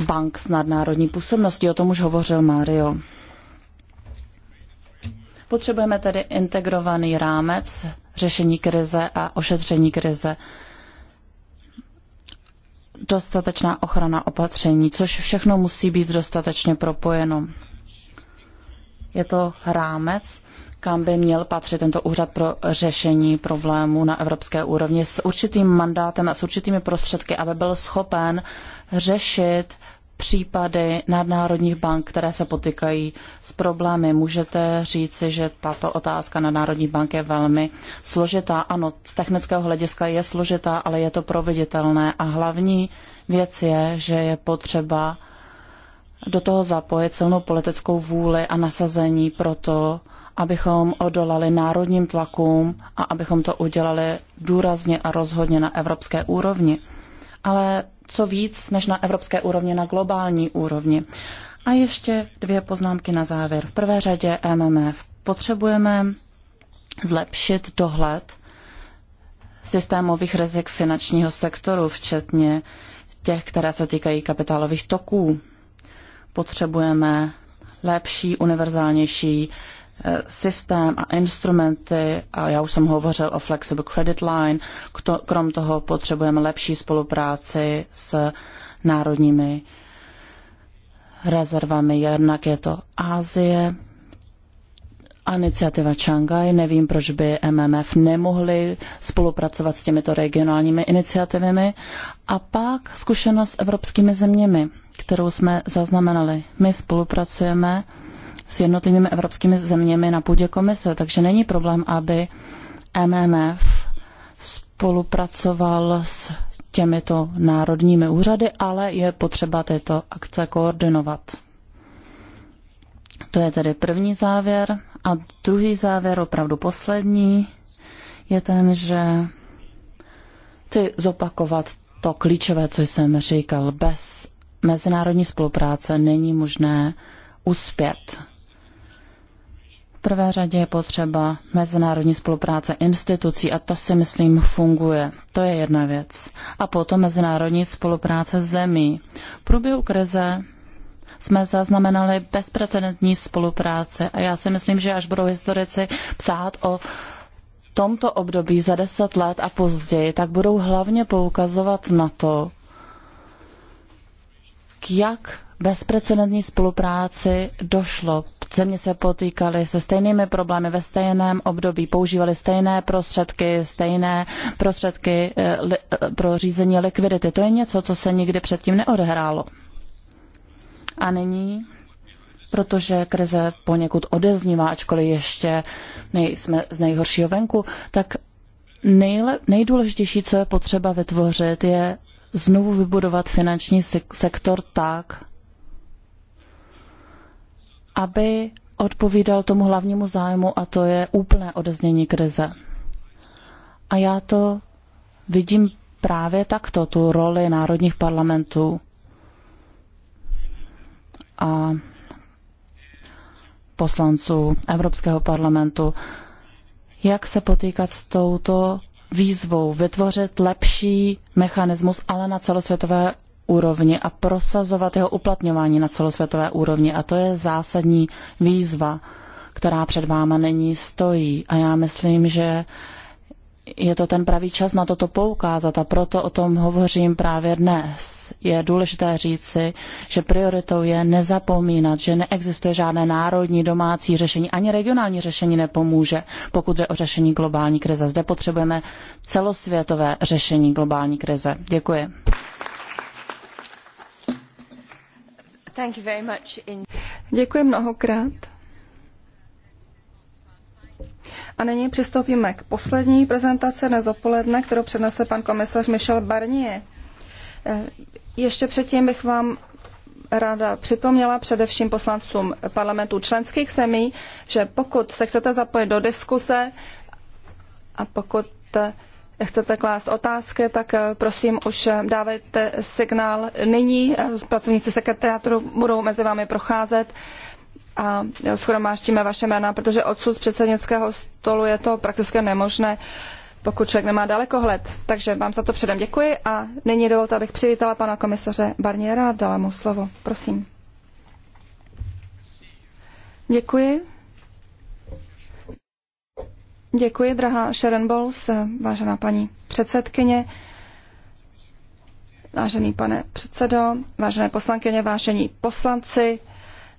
bank s nadnárodní působností. O tom už hovořil Mario. Potřebujeme tedy integrovaný rámec řešení krize a ošetření krize. Dostatečná ochrana opatření, což všechno musí být dostatečně propojeno. Je to rámec, kam by měl patřit tento úřad pro řešení problémů na evropské úrovni s určitým mandátem a s určitými prostředky, aby byl schopen řešit případy nadnárodních bank, které se potýkají s problémy. Můžete říci, že tato otázka nadnárodních bank je velmi složitá. Ano, z technického hlediska je složitá, ale je to proveditelné. A hlavní věc je, že je potřeba do toho zapojit silnou politickou vůli a nasazení pro to, abychom odolali národním tlakům a abychom to udělali důrazně a rozhodně na evropské úrovni. Ale co víc než na evropské úrovni, na globální úrovni. A ještě dvě poznámky na závěr. V prvé řadě MMF. Potřebujeme zlepšit dohled systémových rizik finančního sektoru, včetně těch, které se týkají kapitálových toků potřebujeme lepší, univerzálnější eh, systém a instrumenty, a já už jsem hovořil o Flexible Credit Line, krom toho potřebujeme lepší spolupráci s národními rezervami, jednak je to Asie, iniciativa Čangaj, nevím, proč by MMF nemohli spolupracovat s těmito regionálními iniciativami a pak zkušenost s evropskými zeměmi kterou jsme zaznamenali. My spolupracujeme s jednotlivými evropskými zeměmi na půdě komise, takže není problém, aby MMF spolupracoval s těmito národními úřady, ale je potřeba tyto akce koordinovat. To je tedy první závěr. A druhý závěr, opravdu poslední, je ten, že chci zopakovat to klíčové, co jsem říkal. Bez mezinárodní spolupráce není možné uspět. V prvé řadě je potřeba mezinárodní spolupráce institucí a ta si myslím funguje. To je jedna věc. A potom mezinárodní spolupráce zemí. V průběhu krize jsme zaznamenali bezprecedentní spolupráce a já si myslím, že až budou historici psát o tomto období za deset let a později, tak budou hlavně poukazovat na to, k jak bezprecedentní spolupráci došlo. Země se potýkaly se stejnými problémy ve stejném období, používaly stejné prostředky, stejné prostředky eh, li, eh, pro řízení likvidity. To je něco, co se nikdy předtím neodehrálo. A nyní, protože krize poněkud odeznívá, ačkoliv ještě nejsme z nejhoršího venku, tak nejle, nejdůležitější, co je potřeba vytvořit, je znovu vybudovat finanční sektor tak, aby odpovídal tomu hlavnímu zájmu a to je úplné odeznění krize. A já to vidím právě takto, tu roli národních parlamentů a poslanců Evropského parlamentu, jak se potýkat s touto výzvou vytvořit lepší mechanismus, ale na celosvětové úrovni a prosazovat jeho uplatňování na celosvětové úrovni. A to je zásadní výzva, která před váma není stojí. A já myslím, že je to ten pravý čas na toto poukázat a proto o tom hovořím právě dnes. Je důležité říci, že prioritou je nezapomínat, že neexistuje žádné národní domácí řešení, ani regionální řešení nepomůže, pokud jde o řešení globální krize. Zde potřebujeme celosvětové řešení globální krize. Děkuji. Děkuji mnohokrát. A nyní přistoupíme k poslední prezentaci dnes dopoledne, kterou přednese pan komisař Michel Barnier. Eh, ještě předtím bych vám ráda připomněla především poslancům parlamentů členských zemí, že pokud se chcete zapojit do diskuse a pokud eh, chcete klást otázky, tak eh, prosím už dávejte signál nyní. Pracovníci sekretariátu budou mezi vámi procházet a schromáždíme vaše jména, protože odsud z předsednického stolu je to prakticky nemožné, pokud člověk nemá dalekohled. Takže vám za to předem děkuji a nyní dovolte, abych přivítala pana komisaře Barniera a dala mu slovo. Prosím. Děkuji. Děkuji, drahá Sharon Bowles, vážená paní předsedkyně, vážený pane předsedo, vážené poslankyně, vážení poslanci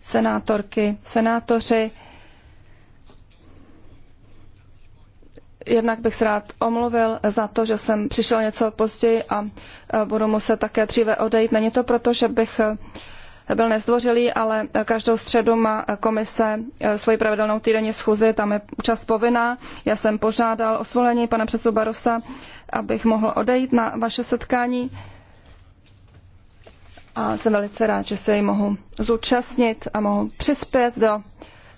senátorky, senátoři. Jednak bych se rád omluvil za to, že jsem přišel něco později a e, budu muset také dříve odejít. Není to proto, že bych e, byl nezdvořilý, ale každou středu má komise e, svoji pravidelnou týdenní schůzi, tam je účast povinná. Já jsem požádal o svolení pana předsedu Barosa, abych mohl odejít na vaše setkání a jsem velice rád, že se ji mohu zúčastnit a mohu přispět do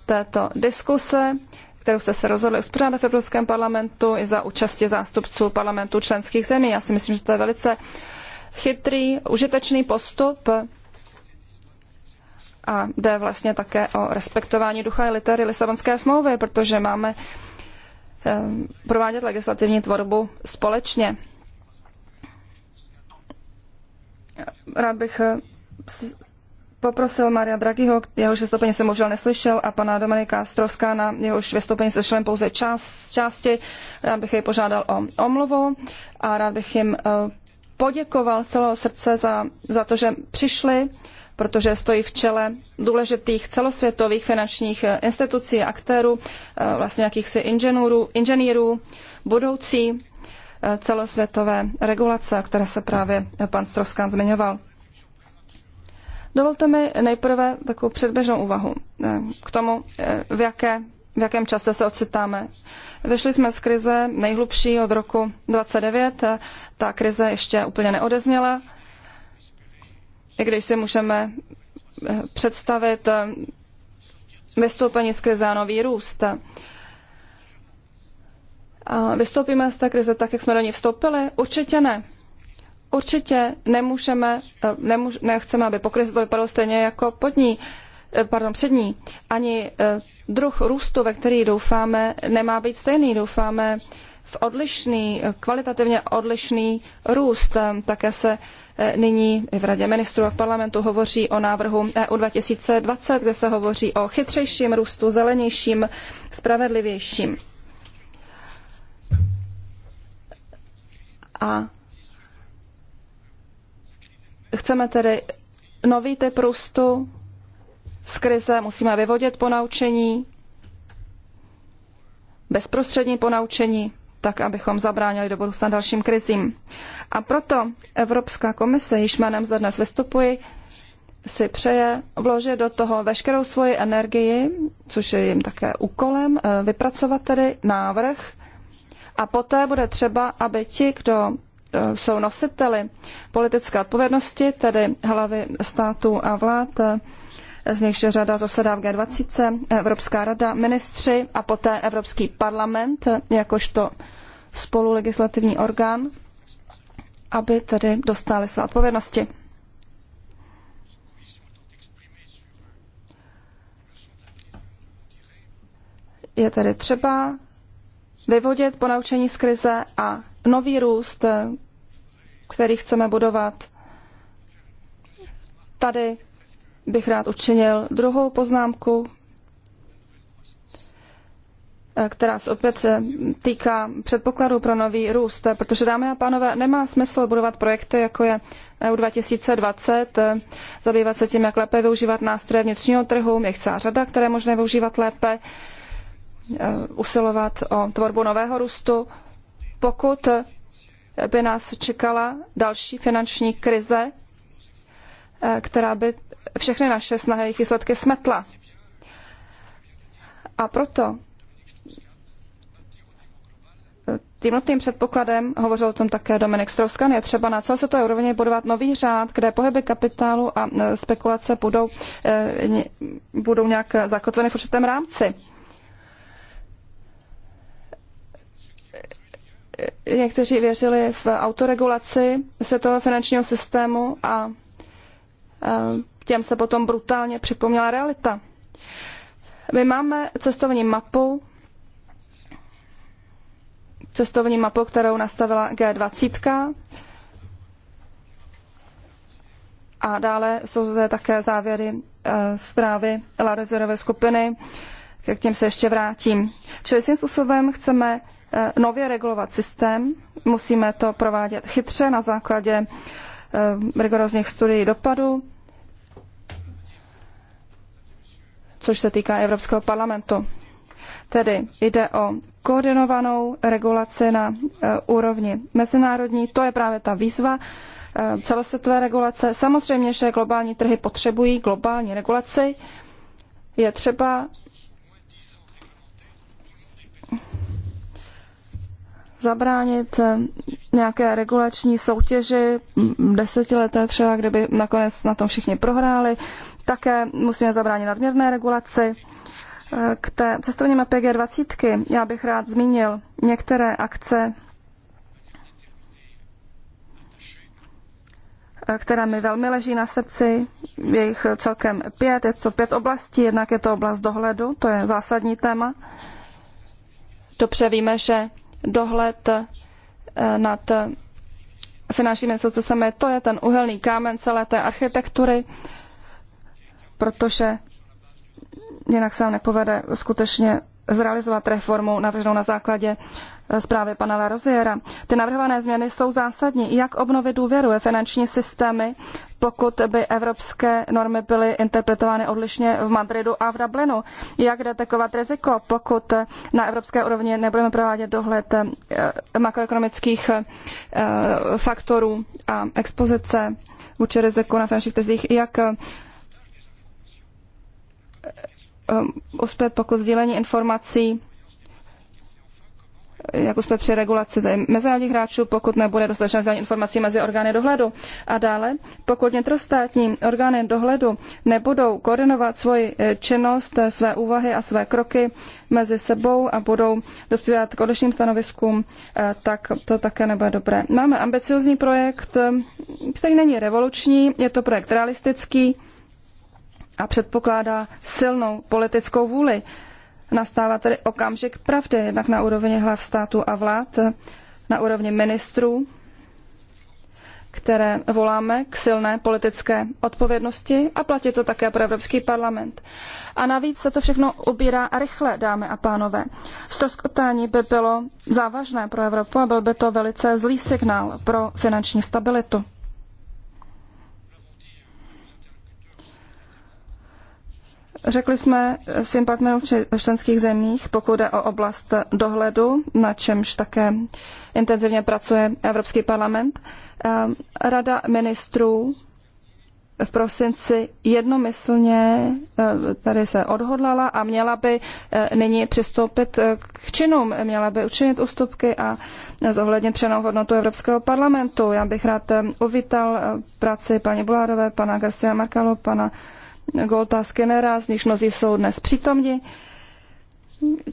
této diskuse, kterou jste se rozhodli uspořádat v Evropském parlamentu i za účasti zástupců parlamentů členských zemí. Já si myslím, že to je velice chytrý, užitečný postup a jde vlastně také o respektování ducha i litery Lisabonské smlouvy, protože máme eh, provádět legislativní tvorbu společně. Rád bych eh, poprosil Maria Draghiho, jehož vystoupení jsem možná neslyšel, a pana Dominika Strovská, na jehož vystoupení se šlem pouze část, části. Rád bych jej požádal o omluvu a rád bych jim eh, poděkoval z celého srdce za, za to, že přišli, protože stojí v čele důležitých celosvětových finančních eh, institucí, aktérů, vlastně jakýchsi inženýrů, inženýrů budoucí celosvětové regulace, které se právě pan Stroskán zmiňoval. Dovolte mi nejprve takovou předběžnou úvahu eh, k tomu, eh, v, jaké, v jakém čase se ocitáme. Vyšli jsme z krize nejhlubší od roku 29, eh, ta krize ještě úplně neodezněla, i když si můžeme představit vystoupení z krize a nový růst. Vystoupíme z té krize tak, jak jsme do ní vstoupili? Určitě ne. Určitě nemůžeme, eh, nemůž, nechceme, aby po krizi to vypadalo stejně jako pod ní, eh, pardon, před ní. Ani eh, druh růstu, ve který doufáme, nemá být stejný. Doufáme v odlišný, kvalitativně odlišný růst. Také se nyní v Radě ministrů a v parlamentu hovoří o návrhu EU 2020, kde se hovoří o chytřejším růstu, zelenějším, spravedlivějším. A chceme tedy nový typ růstu z krize, musíme vyvodit ponaučení, bezprostřední ponaučení, tak abychom zabránili do budoucna dalším krizím. A proto Evropská komise, již jménem zde dnes vystupuji, si přeje vložit do toho veškerou svoji energii, což je jim také úkolem, eh, vypracovat tedy návrh, a poté bude třeba, aby ti, kdo e, jsou nositeli politické odpovědnosti, tedy hlavy států a vlád, e, z nichž řada zasedá v G20, Evropská rada, ministři a poté Evropský parlament, jakožto spolulegislativní orgán, aby tedy dostali své odpovědnosti. Je tedy třeba vyvodit ponaučení z krize a nový růst, který chceme budovat. Tady bych rád učinil druhou poznámku, která se opět týká předpokladu pro nový růst, protože dámy a pánové, nemá smysl budovat projekty, jako je EU 2020, zabývat se tím, jak lépe využívat nástroje vnitřního trhu, je celá řada, které možné využívat lépe, Eh, usilovat o tvorbu nového růstu, pokud by nás čekala další finanční krize, eh, která by všechny naše snahy jejich výsledky smetla. A proto nutným eh, předpokladem, hovořil o tom také Dominik Strovskan, je třeba na celosvětové úrovni budovat nový řád, kde pohyby kapitálu a spekulace budou, budou nějak zakotveny v určitém rámci. někteří věřili v autoregulaci světového finančního systému a těm se potom brutálně připomněla realita. My máme cestovní mapu, cestovní mapu, kterou nastavila G20. A dále jsou zde také závěry e, zprávy Larozerové skupiny, k těm se ještě vrátím. Čili svým způsobem chceme Eh, nově regulovat systém. Musíme to provádět chytře na základě eh, rigorózních studií dopadu, což se týká Evropského parlamentu. Tedy jde o koordinovanou regulaci na eh, úrovni mezinárodní. To je právě ta výzva celosvětové regulace. Samozřejmě, že globální trhy potřebují globální regulaci. Je třeba zabránit nějaké regulační soutěži mm, desetileté třeba, kdyby nakonec na tom všichni prohráli. Také musíme zabránit nadměrné regulaci. E, k té cestovní mapě G20 já bych rád zmínil některé akce, e, která mi velmi leží na srdci. Je jich celkem pět, je to pět oblastí, jednak je to oblast dohledu, to je zásadní téma. Dobře víme, že dohled eh, nad finančními institucemi, to je ten uhelný kámen celé té architektury, protože jinak se nám nepovede skutečně zrealizovat reformu navrženou na základě zprávy pana Larosiera. Ty navrhované změny jsou zásadní. Jak obnovit důvěru ve finanční systémy, pokud by evropské normy byly interpretovány odlišně v Madridu a v Dublinu? Jak detekovat riziko, pokud na evropské úrovni nebudeme provádět dohled eh, makroekonomických eh, faktorů a expozice vůči riziku na finančních trzích? Jak eh, uspět, pokud sdílení informací jako jsme při regulaci mezinárodních hráčů, pokud nebude dostatečné sdělení informací mezi orgány dohledu. A dále, pokud vnitrostátní orgány dohledu nebudou koordinovat svoji eh, činnost, eh, své úvahy a své kroky mezi sebou a budou dospívat k odlišným stanoviskům, eh, tak to také nebude dobré. Máme ambiciozní projekt, který není revoluční, je to projekt realistický a předpokládá silnou politickou vůli Nastává tedy okamžik pravdy, jednak na úrovni hlav státu a vlád, na úrovni ministrů, které voláme k silné politické odpovědnosti a platí to také pro Evropský parlament. A navíc se to všechno ubírá rychle, dámy a pánové. Stroskotání by bylo závažné pro Evropu a byl by to velice zlý signál pro finanční stabilitu. Řekli jsme svým partnerům v členských zemích, pokud jde o oblast dohledu, na čemž také intenzivně pracuje Evropský parlament, ehm, Rada ministrů v prosinci jednomyslně eh, tady se odhodlala a měla by eh, nyní přistoupit eh, k činům, měla by učinit ústupky a zohlednit přenou hodnotu Evropského parlamentu. Já bych rád uvítal práci paní Bulárové, pana Garcia Markalo, pana Golta jako Skinnera, z nichž mnozí jsou dnes přítomni.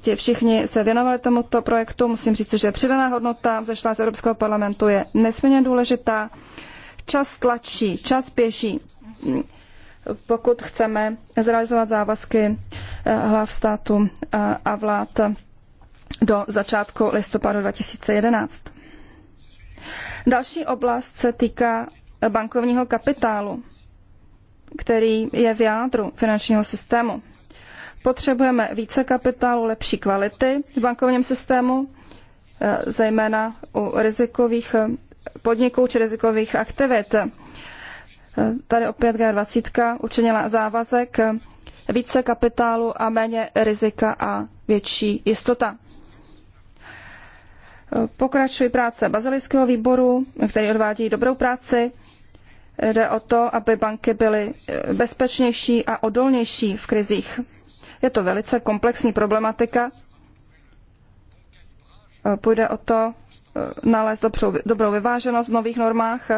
Ti všichni se věnovali tomuto projektu. Musím říct, že přidaná hodnota vzešla z Evropského parlamentu je nesmírně důležitá. Čas tlačí, čas pěší. Pokud chceme zrealizovat závazky eh, hlav státu eh, a vlád do začátku listopadu 2011. Další oblast se týká bankovního kapitálu který je v jádru finančního systému. Potřebujeme více kapitálu, lepší kvality v bankovním systému, eh, zejména u rizikových eh, podniků či rizikových aktivit. Eh, tady opět G20 učinila závazek více kapitálu a méně rizika a větší jistota. Pokračují práce bazilického výboru, který odvádí dobrou práci. Jde o to, aby banky byly eh, bezpečnější a odolnější v krizích. Je to velice komplexní problematika. Eh, půjde o to eh, nalézt dobrou vyváženost v nových normách.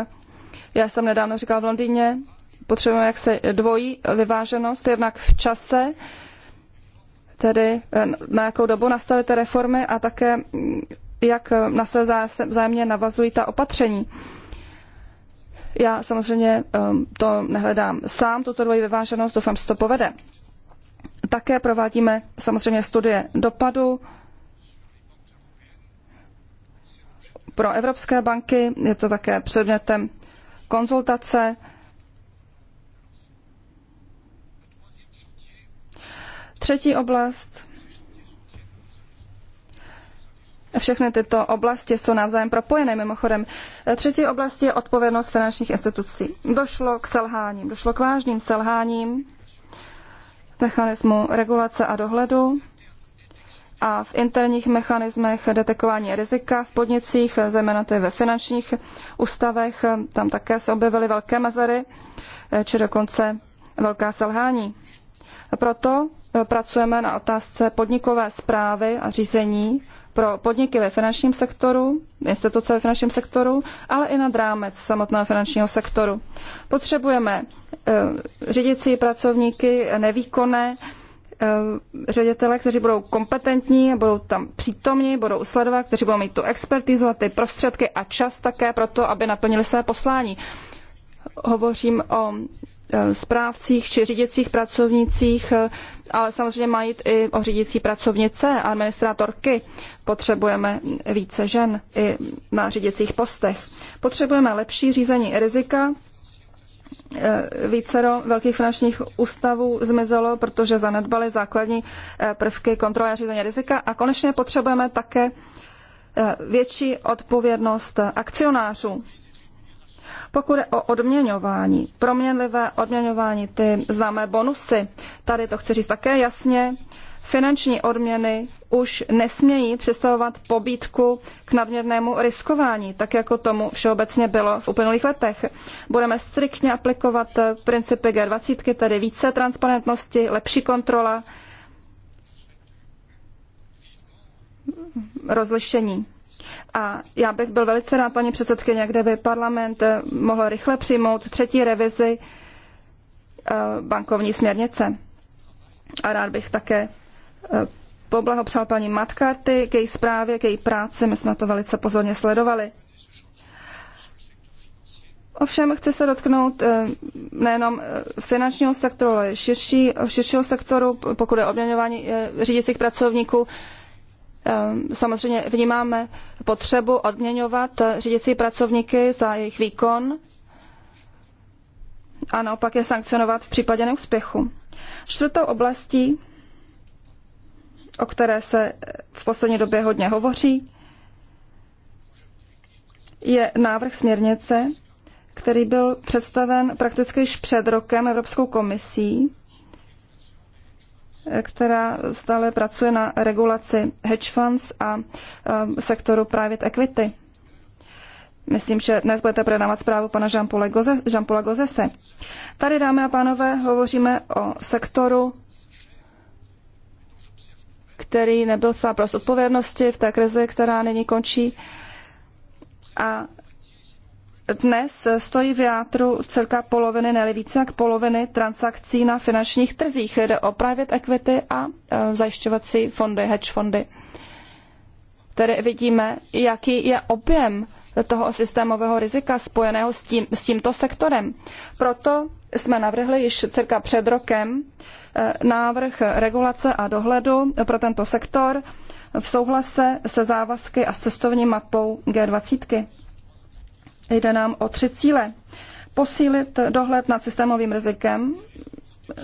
Já jsem nedávno říkal v Londýně, potřebujeme jaksi dvojí vyváženost, jednak v čase, tedy na jakou dobu nastavit reformy a také mm, jak na se vzájemně navazují ta opatření. Já samozřejmě ehm, to nehledám sám, tuto dvojí vyváženost, doufám, že to povede. Také provádíme samozřejmě studie dopadu pro evropské banky, je to také předmětem konzultace. Třetí oblast všechny tyto oblasti jsou navzájem propojené mimochodem. Třetí oblast je odpovědnost finančních institucí. Došlo k selháním, došlo k vážným selháním mechanismu regulace a dohledu a v interních mechanismech detekování rizika v podnicích, zejména ty ve finančních ústavech, tam také se objevily velké mezery, či dokonce velká selhání. Proto pracujeme na otázce podnikové zprávy a řízení pro podniky ve finančním sektoru, instituce ve finančním sektoru, ale i nad rámec samotného finančního sektoru. Potřebujeme eh, řidicí pracovníky, eh, nevýkonné eh, ředitele, kteří budou kompetentní, budou tam přítomní, budou sledovat, kteří budou mít tu expertizu a ty prostředky a čas také pro to, aby naplnili své poslání. Hovořím o Eh, správcích či řídicích pracovnicích, eh, ale samozřejmě mají i o řídící pracovnice a administrátorky. Potřebujeme více žen i na řídicích postech. Potřebujeme lepší řízení rizika. Eh, vícero velkých finančních ústavů zmizelo, protože zanedbali základní prvky kontroly a řízení rizika. A konečně potřebujeme také větší odpovědnost akcionářů pokud je o odměňování, proměnlivé odměňování, ty známé bonusy, tady to chci říct také jasně, finanční odměny už nesmějí představovat pobídku k nadměrnému riskování, tak jako tomu všeobecně bylo v uplynulých letech. Budeme striktně aplikovat principy G20, tedy více transparentnosti, lepší kontrola, rozlišení. A já bych byl velice rád, paní předsedkyně, kde by parlament eh, mohl rychle přijmout třetí revizi eh, bankovní směrnice. A rád bych také eh, poblahopřál paní Matkarty k její zprávě, k její práci. My jsme to velice pozorně sledovali. Ovšem chci se dotknout nejenom finančního sektoru, ale širší, širšího sektoru, pokud je obměňování řídících pracovníků. Ehm, samozřejmě vnímáme potřebu odměňovat eh, řídící pracovníky za jejich výkon a naopak je sankcionovat v případě neúspěchu. Čtvrtou oblastí, o které se eh, v poslední době hodně hovoří, je návrh směrnice, který byl představen prakticky již před rokem Evropskou komisí která stále pracuje na regulaci hedge funds a um, sektoru private equity. Myslím, že dnes budete projednávat zprávu pana Jean-Paula Gozese. Tady, dámy a pánové, hovoříme o sektoru, který nebyl svá prost odpovědnosti v té krizi, která nyní končí. A dnes stojí v jádru cirka poloviny, ne více jak poloviny transakcí na finančních trzích. Jde o private equity a e, zajišťovací fondy, hedge fondy. Tedy vidíme, jaký je objem toho systémového rizika spojeného s, tím, s tímto sektorem. Proto jsme navrhli již cirka před rokem e, návrh regulace a dohledu pro tento sektor v souhlase se závazky a s cestovní mapou G20. Jde nám o tři cíle. Posílit dohled nad systémovým rizikem,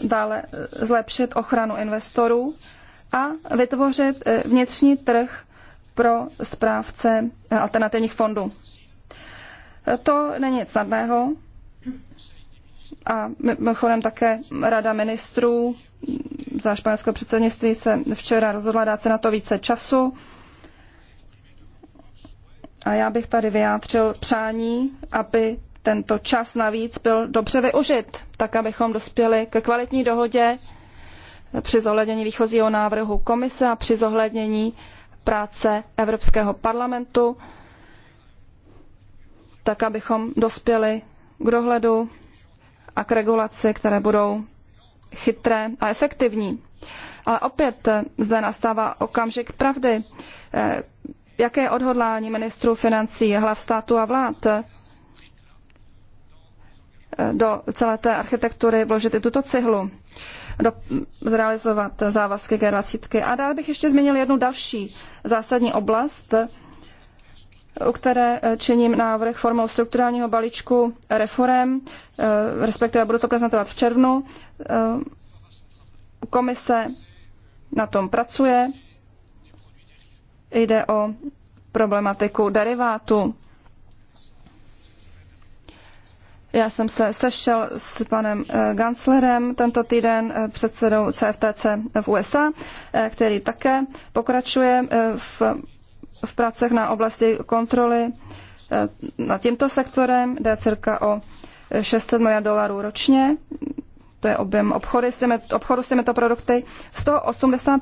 dále zlepšit ochranu investorů a vytvořit eh, vnitřní trh pro správce eh, alternativních fondů. Eh, to není nic snadného a mimochodem také Rada ministrů za španělského předsednictví se včera rozhodla dát se na to více času a já bych tady vyjádřil přání, aby tento čas navíc byl dobře využit, tak abychom dospěli ke kvalitní dohodě při zohlednění výchozího návrhu komise a při zohlednění práce Evropského parlamentu, tak abychom dospěli k dohledu a k regulaci, které budou chytré a efektivní. Ale opět zde nastává okamžik pravdy jaké odhodlání ministrů financí, hlav státu a vlád eh, do celé té architektury vložit i tuto cihlu, do, zrealizovat závazky G20. A dál bych ještě změnil jednu další zásadní oblast, u které eh, činím návrh formou strukturálního balíčku reform, eh, respektive budu to prezentovat v červnu. Komise na tom pracuje, Jde o problematiku derivátu. Já jsem se sešel s panem eh, Ganslerem tento týden, eh, předsedou CFTC v USA, eh, který také pokračuje v, v pracech na oblasti kontroly nad tímto sektorem. Jde cirka o 600 miliard dolarů ročně, to je objem obchodu s těmito, produkty. Z toho 80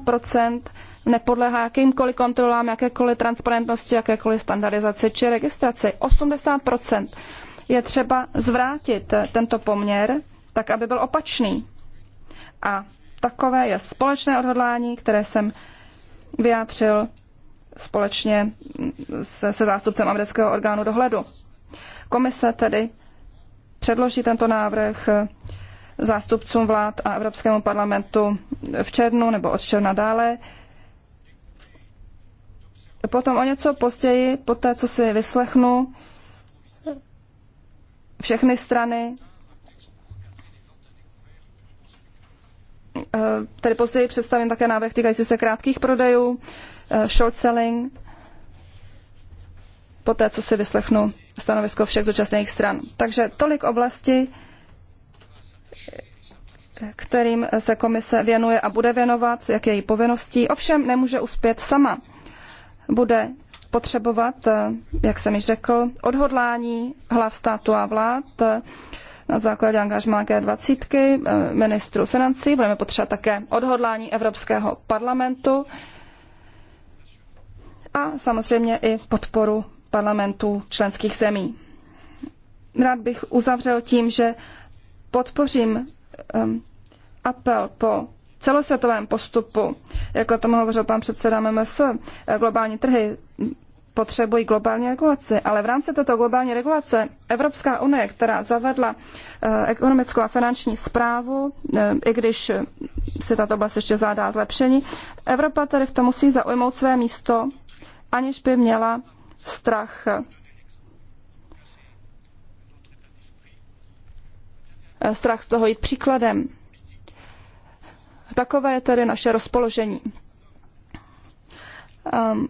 nepodléhá jakýmkoliv kontrolám, jakékoliv transparentnosti, jakékoliv standardizaci či registraci. 80 je třeba zvrátit tento poměr tak, aby byl opačný. A takové je společné odhodlání, které jsem vyjádřil společně se, se zástupcem amerického orgánu dohledu. Komise tedy předloží tento návrh zástupcům vlád a Evropskému parlamentu v červnu nebo od června dále. Potom o něco později, po té, co si vyslechnu všechny strany, eh, Tady později představím také návrh týkající se krátkých prodejů, eh, short selling, poté, co si vyslechnu stanovisko všech zúčastněných stran. Takže tolik oblasti, kterým se komise věnuje a bude věnovat, jak je její povinností. Ovšem nemůže uspět sama bude potřebovat, eh, jak jsem již řekl, odhodlání hlav státu a vlád eh, na základě angažmá G20, eh, ministru financí. Budeme potřebovat také odhodlání Evropského parlamentu a samozřejmě i podporu parlamentů členských zemí. Rád bych uzavřel tím, že podpořím apel po celosvětovém postupu, jak o tom hovořil pan předseda MMF, globální trhy potřebují globální regulaci, ale v rámci této globální regulace Evropská unie, která zavedla eh, ekonomickou a finanční zprávu, eh, i když se tato oblast ještě zádá zlepšení, Evropa tedy v tom musí zaujmout své místo, aniž by měla strach eh, strach z toho jít příkladem. Takové je tedy naše rozpoložení. Um,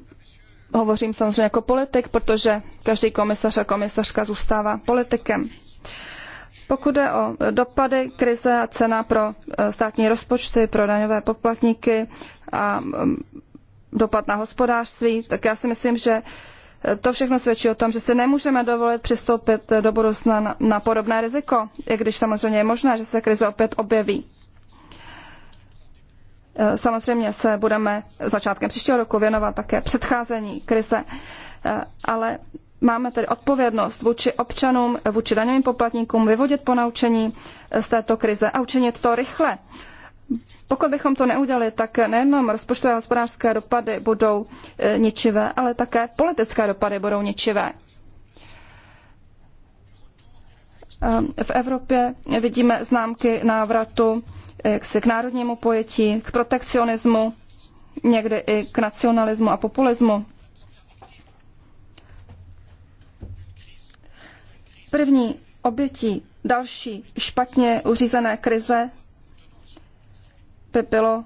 hovořím samozřejmě jako politik, protože každý komisař a komisařka zůstává politikem. Pokud jde o dopady krize a cena pro e, státní rozpočty, pro daňové poplatníky a dopad na hospodářství, tak já si myslím, že e, to všechno svědčí o tom, že si nemůžeme dovolit přistoupit do budoucna na, na podobné riziko, i když samozřejmě je možné, že se krize opět objeví. Eh, samozřejmě se budeme začátkem příštího roku věnovat také předcházení krize, eh, ale máme tedy odpovědnost vůči občanům, vůči daňovým poplatníkům vyvodit ponaučení eh, z této krize a učinit to rychle. Pokud bychom to neudělali, tak nejenom rozpočtové a hospodářské dopady budou ničivé, ale také politické dopady budou ničivé. V Evropě vidíme známky návratu Eh, k národnímu pojetí, k protekcionismu, někdy i k nacionalismu a populismu. První obětí další špatně uřízené krize by bylo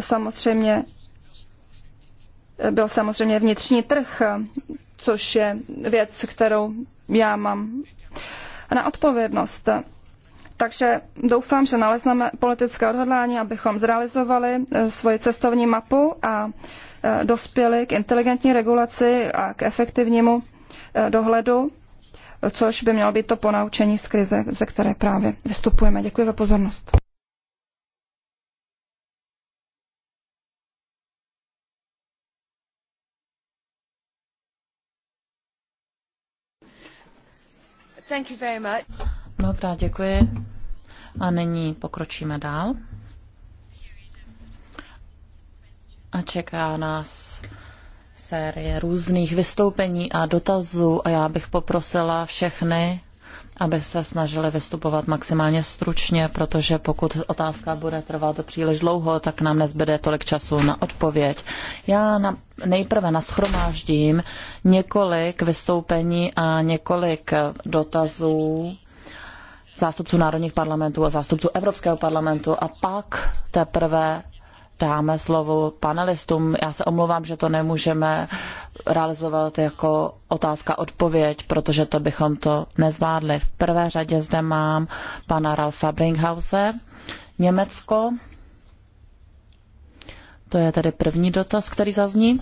samozřejmě byl samozřejmě vnitřní trh, což je věc, kterou já mám na odpovědnost. Takže doufám, že nalezneme politické odhodlání, abychom zrealizovali eh, svoji cestovní mapu a eh, dospěli k inteligentní regulaci a k efektivnímu eh, dohledu, což by mělo být to ponaučení z krize, ze které právě vystupujeme. Děkuji za pozornost. Thank you very much. Mnohokrát děkuji. A nyní pokročíme dál. A čeká nás série různých vystoupení a dotazů a já bych poprosila všechny, aby se snažili vystupovat maximálně stručně, protože pokud otázka bude trvat příliš dlouho, tak nám nezbyde tolik času na odpověď. Já na, nejprve naschromáždím několik vystoupení a několik dotazů zástupců národních parlamentů a zástupců Evropského parlamentu a pak teprve dáme slovo panelistům. Já se omlouvám, že to nemůžeme realizovat jako otázka-odpověď, protože to bychom to nezvládli. V prvé řadě zde mám pana Ralfa Bringhause, Německo. To je tedy první dotaz, který zazní.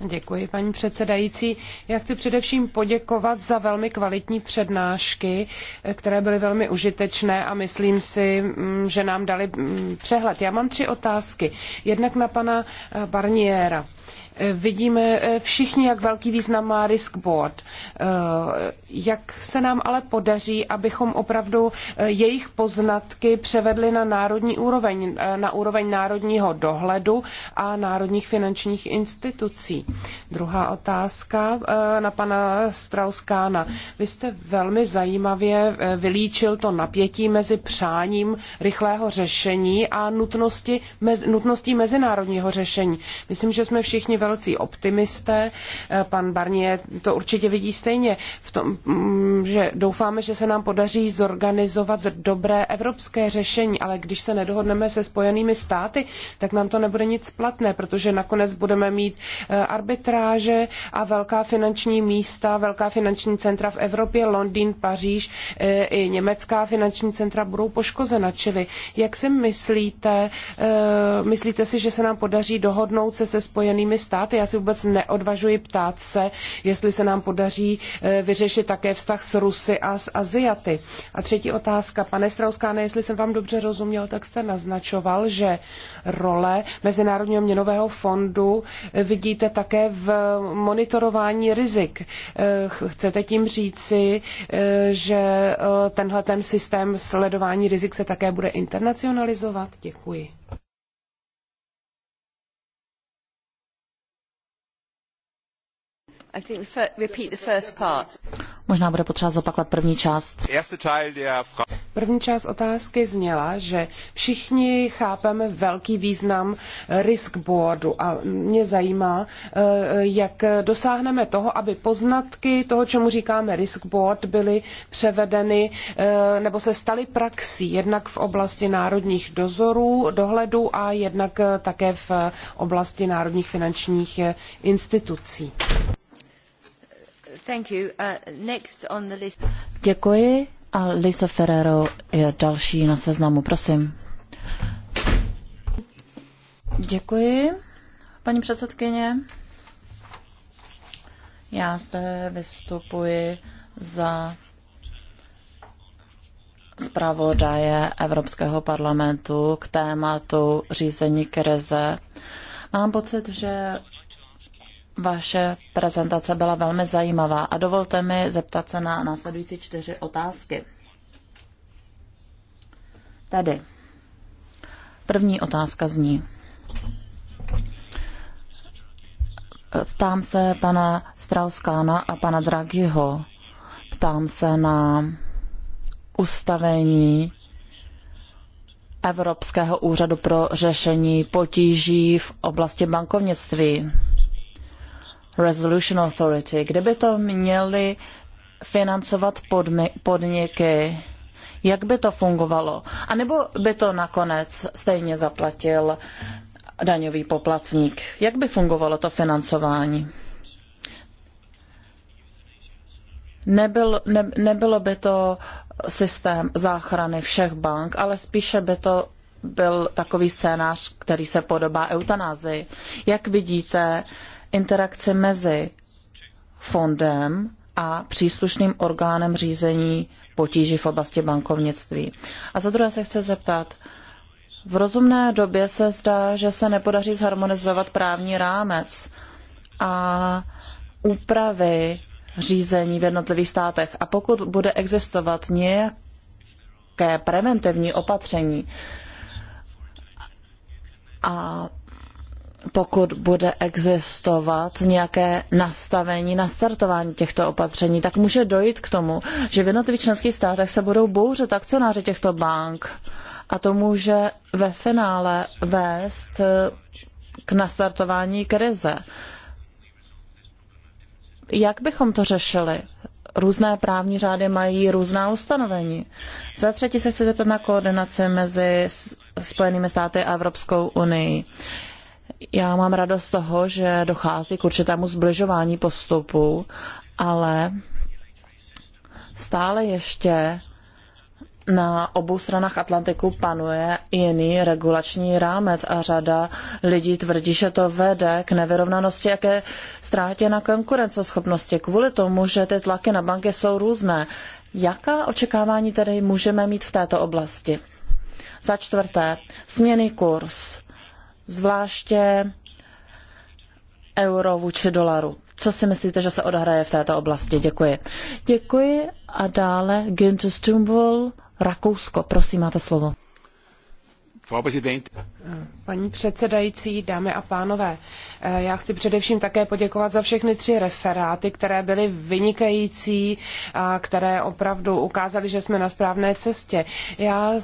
Děkuji, paní předsedající. Já chci především poděkovat za velmi kvalitní přednášky, které byly velmi užitečné a myslím si, mm, že nám dali mm, přehled. Já mám tři otázky. Jednak na pana eh, Barniera. Vidíme eh, všichni, jak velký význam má risk board. Eh, jak se nám ale podaří, abychom opravdu eh, jejich poznatky převedli na národní úroveň, na úroveň národního dohledu a národních finančních institucí? Druhá otázka na pana Strauskána. Vy jste velmi zajímavě vylíčil to napětí mezi přáním rychlého řešení a nutnosti, nutností mezinárodního řešení. Myslím, že jsme všichni velcí optimisté. Eh, pan Barnier to určitě vidí stejně, v tom, mm, že doufáme, že se nám podaří zorganizovat dobré evropské řešení, ale když se nedohodneme se spojenými státy, tak nám to nebude nic platné, protože nakonec budeme mít eh, arbitráže a velká finanční místa, velká finanční centra v Evropě, Londýn, Paříž eh, i německá finanční centra budou poškozena. Čili jak si myslíte, myslíte si, že se nám podaří dohodnout se se spojenými státy? státy. Já si vůbec neodvažuji ptát se, jestli se nám podaří eh, vyřešit také vztah s Rusy a s Aziaty. A třetí otázka. Pane Strauskáne, jestli jsem vám dobře rozuměl, tak jste naznačoval, že role Mezinárodního měnového fondu eh, vidíte také v monitorování rizik. Eh, chcete tím říci, že tenhle ten systém sledování rizik se také bude internacionalizovat? Děkuji. Možná bude potřeba zopakovat první část. První část otázky zněla, že všichni chápeme velký význam eh, risk boardu a mě zajímá, eh, eh, jak dosáhneme toho, aby poznatky toho, čemu říkáme risk board, byly převedeny nebo se staly praxí jednak v oblasti národních dozorů, dohledu a jednak také v oblasti národních finančních institucí. Uh, Děkuji a Lisa Ferrero je další na seznamu, prosím. Děkuji, paní předsedkyně. Já zde vystupuji za zpravodaje Evropského parlamentu k tématu řízení krize. Mám pocit, že vaše prezentace byla velmi zajímavá a dovolte mi zeptat se na následující čtyři otázky. Tady. První otázka zní. Ptám se pana Strauskána a pana Draghiho. Ptám se na ustavení Evropského úřadu pro řešení potíží v oblasti bankovnictví. Resolution Authority, kde by to měly financovat podniky, jak by to fungovalo? A nebo by to nakonec stejně zaplatil daňový poplatník? Jak by fungovalo to financování? Nebyl, ne, nebylo by to systém záchrany všech bank, ale spíše by to byl takový scénář, který se podobá eutanázii. Jak vidíte, uh, Interakce mezi fondem a příslušným orgánem řízení potíží v oblasti bankovnictví. A za druhé se chci zeptat, v rozumné době se zdá, že se nepodaří zharmonizovat právní rámec a úpravy řízení v jednotlivých státech. A pokud bude existovat nějaké preventivní opatření a pokud bude existovat nějaké nastavení, nastartování těchto opatření, tak může dojít k tomu, že v jednotlivých členských státech se budou bouřet akcionáři těchto bank a to může ve finále vést eh, k nastartování krize. Jak bychom to řešili? Různé právní řády mají různá ustanovení. Za třetí se chci zeptat na koordinaci mezi Spojenými státy a Evropskou unii. Já mám radost z toho, že dochází k určitému zbližování postupu, ale stále ještě na obou stranách Atlantiku panuje jiný regulační rámec a řada lidí tvrdí, že to vede k nevyrovnanosti a ke ztrátě na konkurenceschopnosti kvůli tomu, že ty tlaky na banky jsou různé. Jaká očekávání tedy můžeme mít v této oblasti? Za čtvrté, směný kurz zvláště euro vůči dolaru. Co si myslíte, že se odhraje v této oblasti? Děkuji. Děkuji a dále Günther Stumbul, Rakousko. Prosím, máte slovo. Paní předsedající, dámy a pánové, já chci především také poděkovat za všechny tři referáty, které byly vynikající a které opravdu ukázaly, že jsme na správné cestě. Já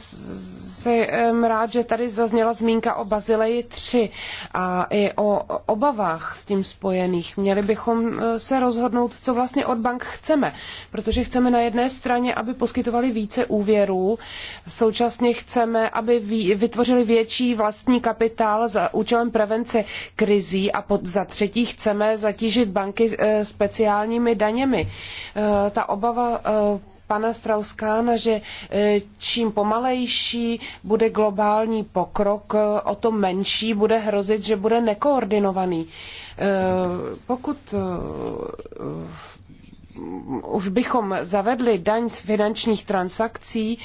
jsem rád, že tady zazněla zmínka o Bazileji 3 a i o obavách s tím spojených. Měli bychom e, se rozhodnout, co vlastně od bank chceme, protože chceme na jedné straně, aby poskytovali více úvěrů, současně chceme, aby vytvořili větší vlastní kapitál za účelem prevence krizí a pod, za třetí chceme zatížit banky e, speciálními daněmi. E, ta obava pana Strauskána, že e, čím pomalejší bude globální pokrok, e, o to menší bude hrozit, že bude nekoordinovaný. E, pokud už bychom zavedli daň z finančních transakcí,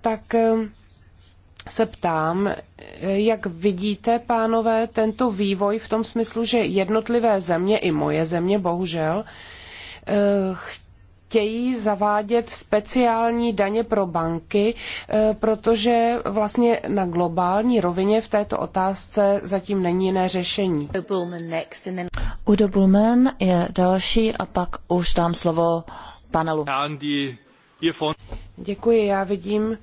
tak se ptám, jak vidíte, pánové, tento vývoj v tom smyslu, že jednotlivé země, i moje země, bohužel, chtějí zavádět speciální daně pro banky, e, protože vlastně na globální rovině v této otázce zatím není jiné řešení. Udo Bulman je další a pak už dám slovo panelu. Děkuji, já vidím,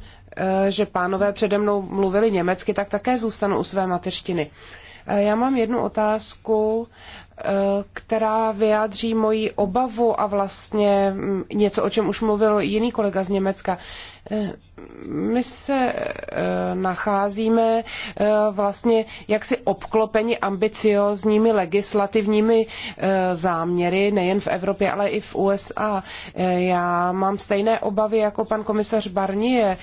e, že pánové přede mnou mluvili německy, tak také zůstanu u své mateřštiny. E, já mám jednu otázku Eh, která vyjádří moji obavu a vlastně mm, něco, o čem už mluvil jiný kolega z Německa. Eh, my se e, nacházíme e, vlastně jaksi obklopeni ambiciózními legislativními e, záměry, nejen v Evropě, ale i v USA. Já mám stejné obavy jako pan komisař Barnier,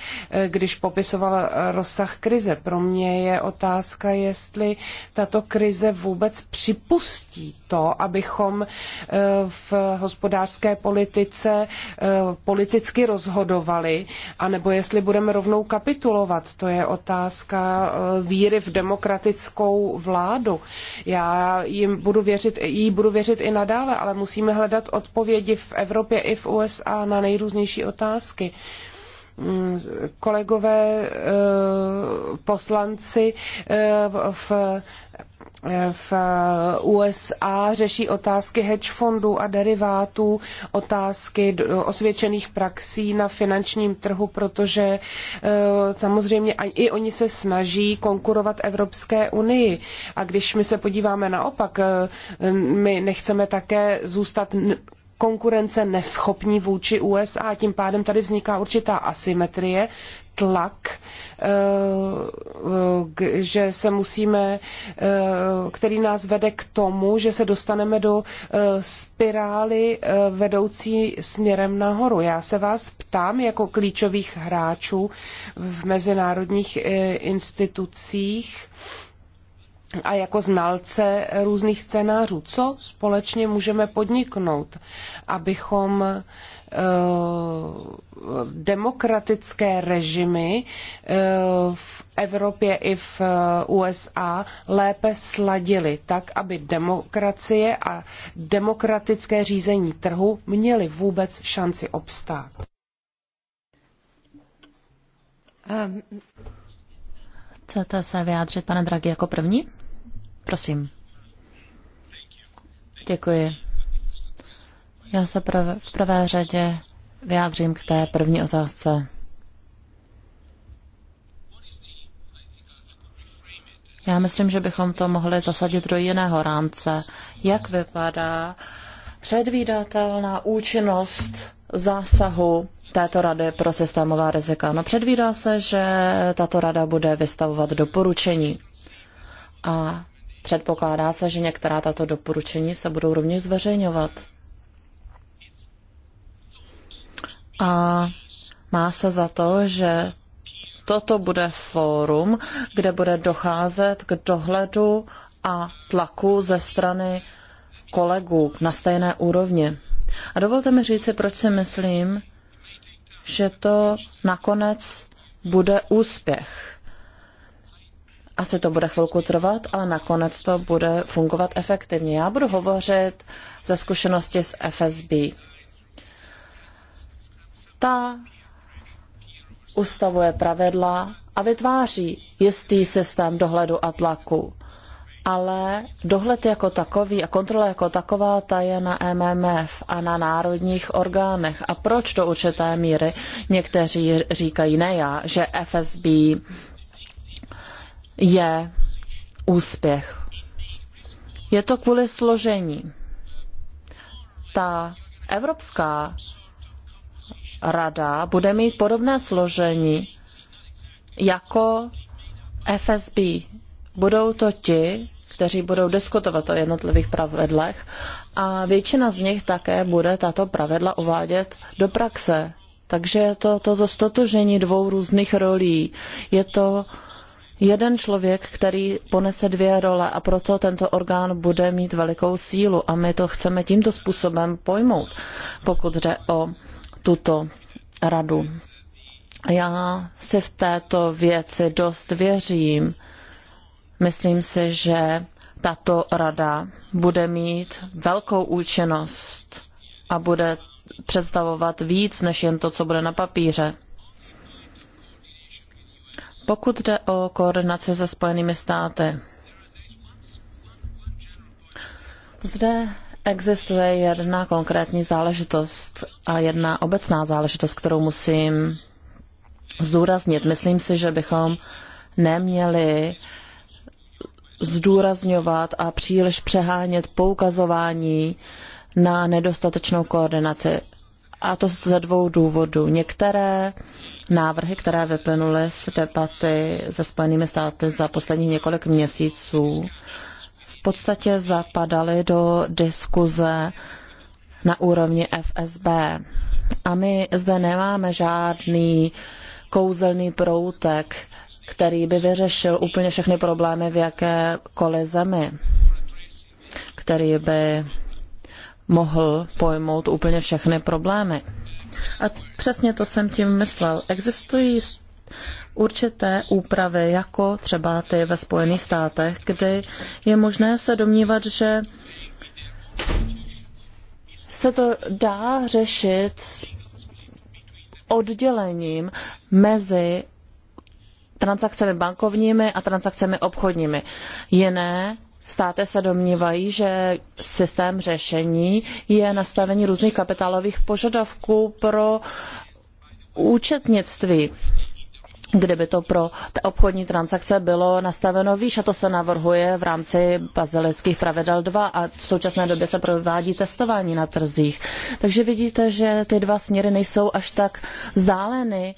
když popisoval rozsah krize. Pro mě je otázka, jestli tato krize vůbec připustí to, abychom v hospodářské politice politicky rozhodovali, anebo jestli budeme rovnou kapitulovat. To je otázka eh, víry v demokratickou vládu. Já jim budu věřit, jí budu věřit i nadále, ale musíme hledat odpovědi v Evropě i v USA na nejrůznější otázky mm, kolegové eh, poslanci eh, v v eh, USA řeší otázky hedge fondů a derivátů, otázky osvědčených praxí na finančním trhu, protože eh, samozřejmě i oni se snaží konkurovat Evropské unii. A když my se podíváme naopak, eh, my nechceme také zůstat konkurence neschopní vůči USA, tím pádem tady vzniká určitá asymetrie, tlak, eh, eh, že se musíme, eh, který nás vede k tomu, že se dostaneme do spirály vedoucí směrem nahoru. Já se vás ptám jako klíčových hráčů v mezinárodních institucích, a jako znalce různých scénářů, co společně můžeme podniknout, abychom Eh, demokratické režimy eh, v Evropě i v eh, USA lépe sladily tak, aby demokracie a demokratické řízení trhu měly vůbec šanci obstát. Um, chcete se vyjádřit, pane Draghi, jako první? Prosím. Děkuji. Já se prv, v prvé řadě vyjádřím k té první otázce. Já myslím, že bychom to mohli zasadit do jiného rámce. Jak vypadá předvídatelná účinnost zásahu této rady pro systémová rizika? No předvídá se, že tato rada bude vystavovat doporučení. A předpokládá se, že některá tato doporučení se budou rovněž zveřejňovat. a má se za to, že toto bude fórum, kde bude docházet k dohledu a tlaku ze strany kolegů na stejné úrovni. A dovolte mi říci, proč si myslím, že to nakonec bude úspěch. Asi to bude chvilku trvat, ale nakonec to bude fungovat efektivně. Já budu hovořit ze zkušenosti z FSB. Ta ustavuje pravidla a vytváří jistý systém dohledu a tlaku. Ale dohled jako takový a kontrola jako taková, ta je na MMF a na národních orgánech. A proč do určité míry někteří říkají, ne já, že FSB je úspěch. Je to kvůli složení. Ta evropská rada bude mít podobné složení jako FSB. Budou to ti, kteří budou diskutovat o jednotlivých pravidlech a většina z nich také bude tato pravidla uvádět do praxe. Takže je to toto stotožení dvou různých rolí. Je to jeden člověk, který ponese dvě role a proto tento orgán bude mít velikou sílu a my to chceme tímto způsobem pojmout, pokud jde o tuto radu. Já si v této věci dost věřím. Myslím si, že tato rada bude mít velkou účinnost a bude představovat víc než jen to, co bude na papíře. Pokud jde o koordinaci se Spojenými státy, zde Existuje jedna konkrétní záležitost a jedna obecná záležitost, kterou musím zdůraznit. Myslím si, že bychom neměli zdůrazňovat a příliš přehánět poukazování na nedostatečnou koordinaci. A to ze dvou důvodů. Některé návrhy, které vyplynuly z debaty se Spojenými státy za poslední několik měsíců, podstatě zapadaly do diskuze na úrovni FSB. A my zde nemáme žádný kouzelný proutek, který by vyřešil úplně všechny problémy v jakékoliv zemi, který by mohl pojmout úplně všechny problémy. A přesně to jsem tím myslel. Existují určité úpravy, jako třeba ty ve Spojených státech, kdy je možné se domnívat, že se to dá řešit s oddělením mezi transakcemi bankovními a transakcemi obchodními. Jiné státy se domnívají, že systém řešení je nastavení různých kapitálových požadavků pro účetnictví kde by to pro obchodní transakce bylo nastaveno výš a to se navrhuje v rámci bazilických pravidel 2 a v současné době se provádí testování na trzích. Takže vidíte, že ty dva směry nejsou až tak vzdáleny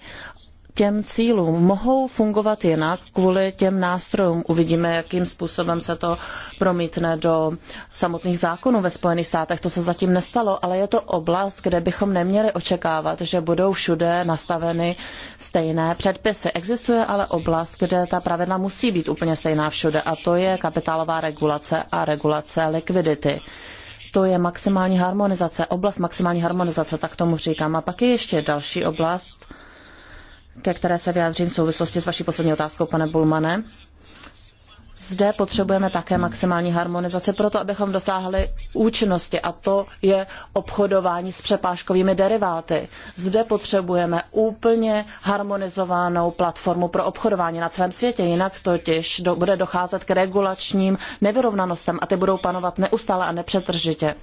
těm cílům. Mohou fungovat jinak kvůli těm nástrojům. Uvidíme, jakým způsobem se to promítne do samotných zákonů ve Spojených státech. To se zatím nestalo, ale je to oblast, kde bychom neměli očekávat, že budou všude nastaveny stejné předpisy. Existuje ale oblast, kde ta pravidla musí být úplně stejná všude a to je kapitálová regulace a regulace likvidity to je maximální harmonizace, oblast maximální harmonizace, tak tomu říkám. A pak je ještě další oblast, ke které se vyjádřím v souvislosti s vaší poslední otázkou, pane Bulmane. Zde potřebujeme také maximální pro proto, abychom dosáhli účinnosti a to je obchodování s přepážkovými deriváty. Zde potřebujeme úplně harmonizovanou platformu pro obchodování na celém světě, jinak totiž do, bude docházet k regulačním nevyrovnanostem a ty budou panovat neustále a nepřetržitě.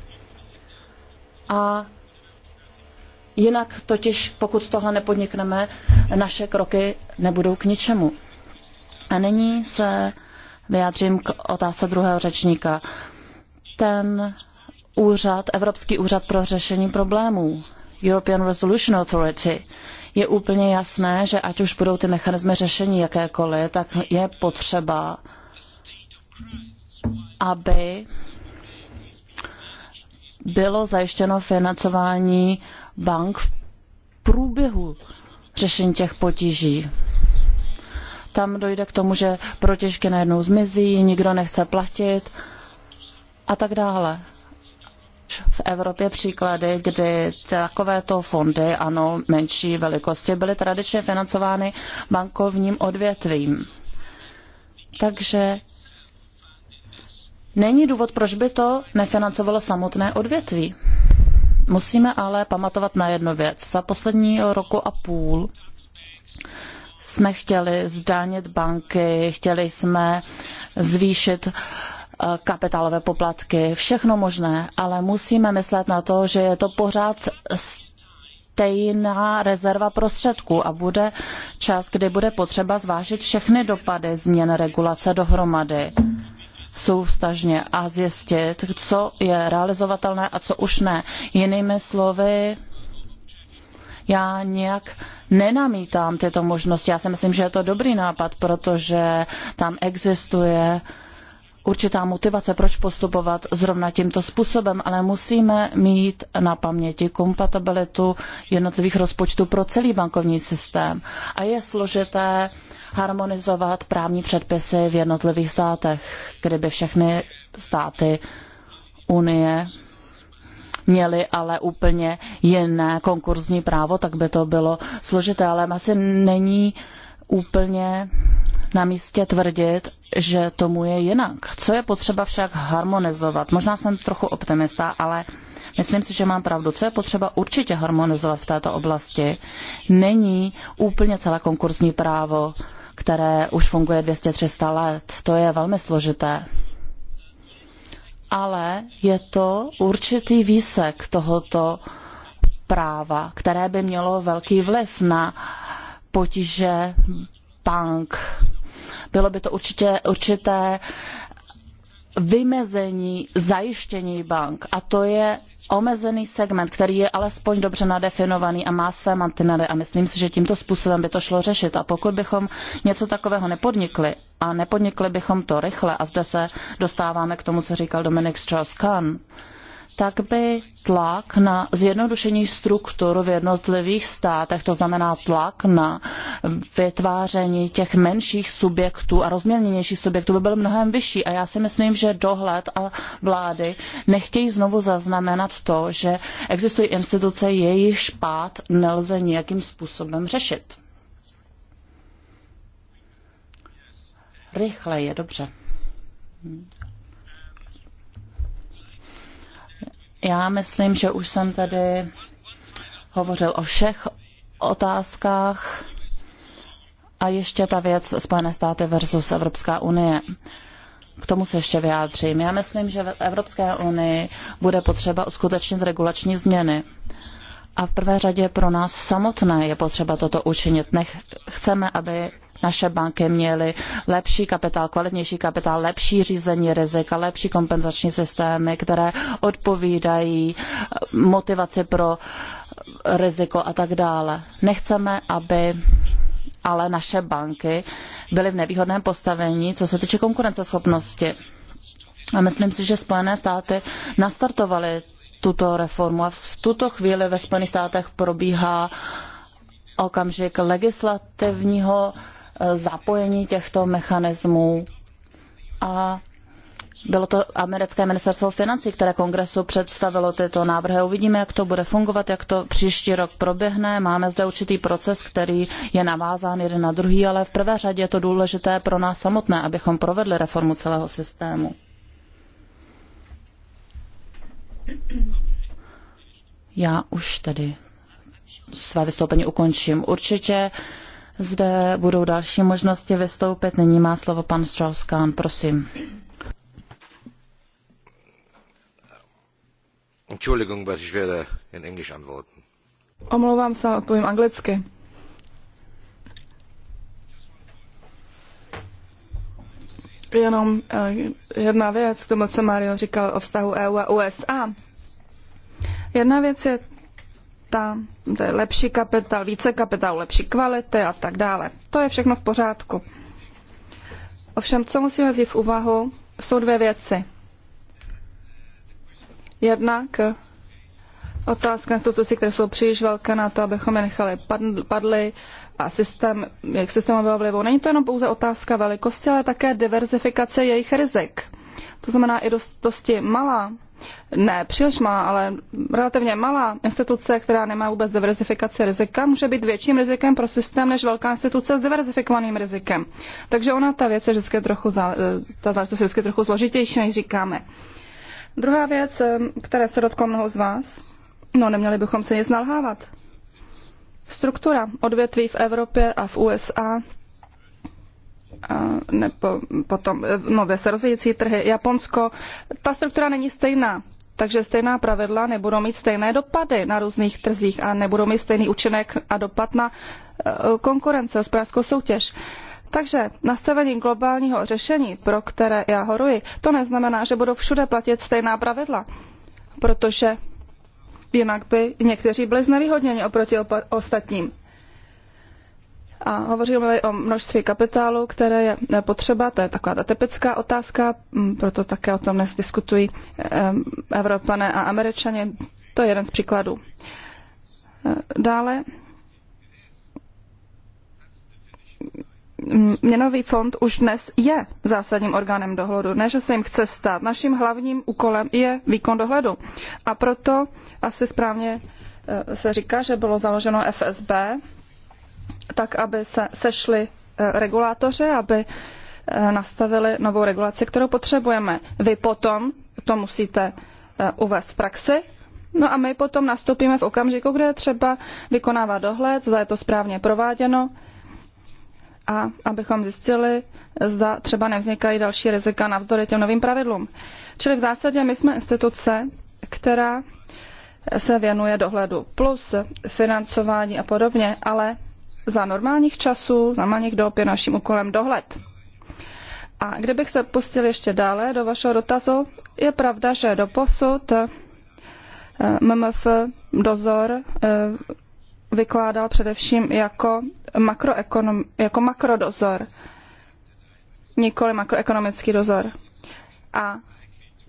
A Jinak totiž, pokud tohle nepodnikneme, naše kroky nebudou k ničemu. A nyní se vyjádřím k otázce druhého řečníka. Ten úřad, Evropský úřad pro řešení problémů, European Resolution Authority, je úplně jasné, že ať už budou ty mechanismy řešení jakékoliv, tak je potřeba, aby bylo zajištěno financování bank v průběhu řešení těch potíží. Tam dojde k tomu, že protěžky najednou zmizí, nikdo nechce platit a tak dále. V Evropě příklady, kdy takovéto fondy, ano, menší velikosti, byly tradičně financovány bankovním odvětvím. Takže není důvod, proč by to nefinancovalo samotné odvětví. Musíme ale pamatovat na jednu věc. Za poslední roku a půl jsme chtěli zdánit banky, chtěli jsme zvýšit eh, kapitálové poplatky, všechno možné, ale musíme myslet na to, že je to pořád stejná rezerva prostředků a bude čas, kdy bude potřeba zvážit všechny dopady změn regulace dohromady souvstažně a zjistit, co je realizovatelné a co už ne. Jinými slovy, já nějak nenamítám tyto možnosti. Já si myslím, že je to dobrý nápad, protože tam existuje určitá motivace, proč postupovat zrovna tímto způsobem, ale musíme mít na paměti kompatibilitu jednotlivých rozpočtů pro celý bankovní systém. A je složité harmonizovat právní předpisy v jednotlivých státech, kdyby všechny státy Unie měli ale úplně jiné konkurzní právo, tak by to bylo složité, ale asi není úplně na místě tvrdit, že tomu je jinak. Co je potřeba však harmonizovat? Možná jsem trochu optimista, ale myslím si, že mám pravdu. Co je potřeba určitě harmonizovat v této oblasti, není úplně celé konkurzní právo které už funguje 200-300 let. To je velmi složité. Ale je to určitý výsek tohoto práva, které by mělo velký vliv na potíže bank. Bylo by to určitě, určité vymezení zajištění bank. A to je omezený segment, který je alespoň dobře nadefinovaný a má své mantinely a myslím si, že tímto způsobem by to šlo řešit. A pokud bychom něco takového nepodnikli a nepodnikli bychom to rychle a zde se dostáváme k tomu, co říkal Dominik Strauss-Kahn, tak by tlak na zjednodušení struktur v jednotlivých státech, to znamená tlak na vytváření těch menších subjektů a rozmělněnějších subjektů by byl mnohem vyšší. A já si myslím, že dohled a vlády nechtějí znovu zaznamenat to, že existují instituce, jejich špát nelze nějakým způsobem řešit. Rychle je dobře. Já myslím, že už jsem tady hovořil o všech otázkách a ještě ta věc Spojené státy versus Evropská unie. K tomu se ještě vyjádřím. Já myslím, že v Evropské unii bude potřeba uskutečnit regulační změny. A v prvé řadě pro nás samotné je potřeba toto učinit. Nech chceme, aby naše banky měly lepší kapitál, kvalitnější kapitál, lepší řízení rizika, lepší kompenzační systémy, které odpovídají eh, motivaci pro eh, riziko a tak dále. Nechceme, aby ale naše banky byly v nevýhodném postavení, co se týče konkurenceschopnosti. A myslím si, že Spojené státy nastartovaly tuto reformu a v tuto chvíli ve Spojených státech probíhá okamžik legislativního zapojení těchto mechanismů a bylo to americké ministerstvo financí, které kongresu představilo tyto návrhy. Uvidíme, jak to bude fungovat, jak to příští rok proběhne. Máme zde určitý proces, který je navázán jeden na druhý, ale v prvé řadě je to důležité pro nás samotné, abychom provedli reformu celého systému. Já už tedy své vystoupení ukončím. Určitě uh, zde budou další možnosti vystoupit. Nyní má slovo pan Strauss-Kahn, prosím. Entschuldigung, was ich werde in Englisch antworten. Omlouvám se, odpovím anglicky. Jenom eh, jedna věc k tomu, co Mario říkal o vztahu EU a USA. Jedna věc je kvalita, to je lepší kapitál, více kapitálu, lepší kvality a tak dále. To je všechno v pořádku. Ovšem, co musíme vzít v úvahu, jsou dvě věci. Jednak otázka institucí, které jsou příliš velké na to, abychom je nechali padly a systém, jak systémového vlivu. Není to jenom pouze otázka velikosti, ale také diverzifikace jejich rizik. To znamená, i dostosti dosti malá ne příliš malá, ale relativně malá instituce, která nemá vůbec diverzifikaci rizika, může být větším rizikem pro systém než velká instituce s diverzifikovaným rizikem. Takže ona ta věc je vždycky trochu, eh, ta záležitost je vždycky trochu složitější, než říkáme. Druhá věc, eh, které se dotklo mnoho z vás, no neměli bychom se nic nalhávat. Struktura odvětví v Evropě a v USA po, potom eh, nově se rozvíjící trhy, Japonsko, ta struktura není stejná. Takže stejná pravidla nebudou mít stejné dopady na různých trzích a nebudou mít stejný účinek a dopad na eh, konkurence, hospodářskou soutěž. Takže nastavení globálního řešení, pro které já horuji, to neznamená, že budou všude platit stejná pravidla, protože jinak by někteří byli znevýhodněni oproti ostatním. A hovoříme o množství kapitálu, které je eh, potřeba, to je taková ta typická otázka, mm, proto také o tom dnes diskutují ehm, Evropané a Američané. To je jeden z příkladů. Eh, dále mm, měnový fond už dnes je zásadním orgánem dohledu. Ne, že se jim chce stát. Naším hlavním úkolem je výkon dohledu. A proto asi správně eh, se říká, že bylo založeno FSB, tak aby se sešli eh, regulátoři, aby eh, nastavili novou regulaci, kterou potřebujeme. Vy potom to musíte eh, uvést v praxi, no a my potom nastoupíme v okamžiku, kde je třeba vykonávat dohled, zda je to správně prováděno a abychom zjistili, zda třeba nevznikají další rizika navzdory těm novým pravidlům. Čili v zásadě my jsme instituce, která se věnuje dohledu plus financování a podobně, ale za normálních časů, normálních dob je naším úkolem dohled. A kdybych se pustil ještě dále do vašeho dotazu, je pravda, že do posud eh, MMF dozor eh, vykládal především jako, makroekonom, jako makrodozor, nikoli makroekonomický dozor. A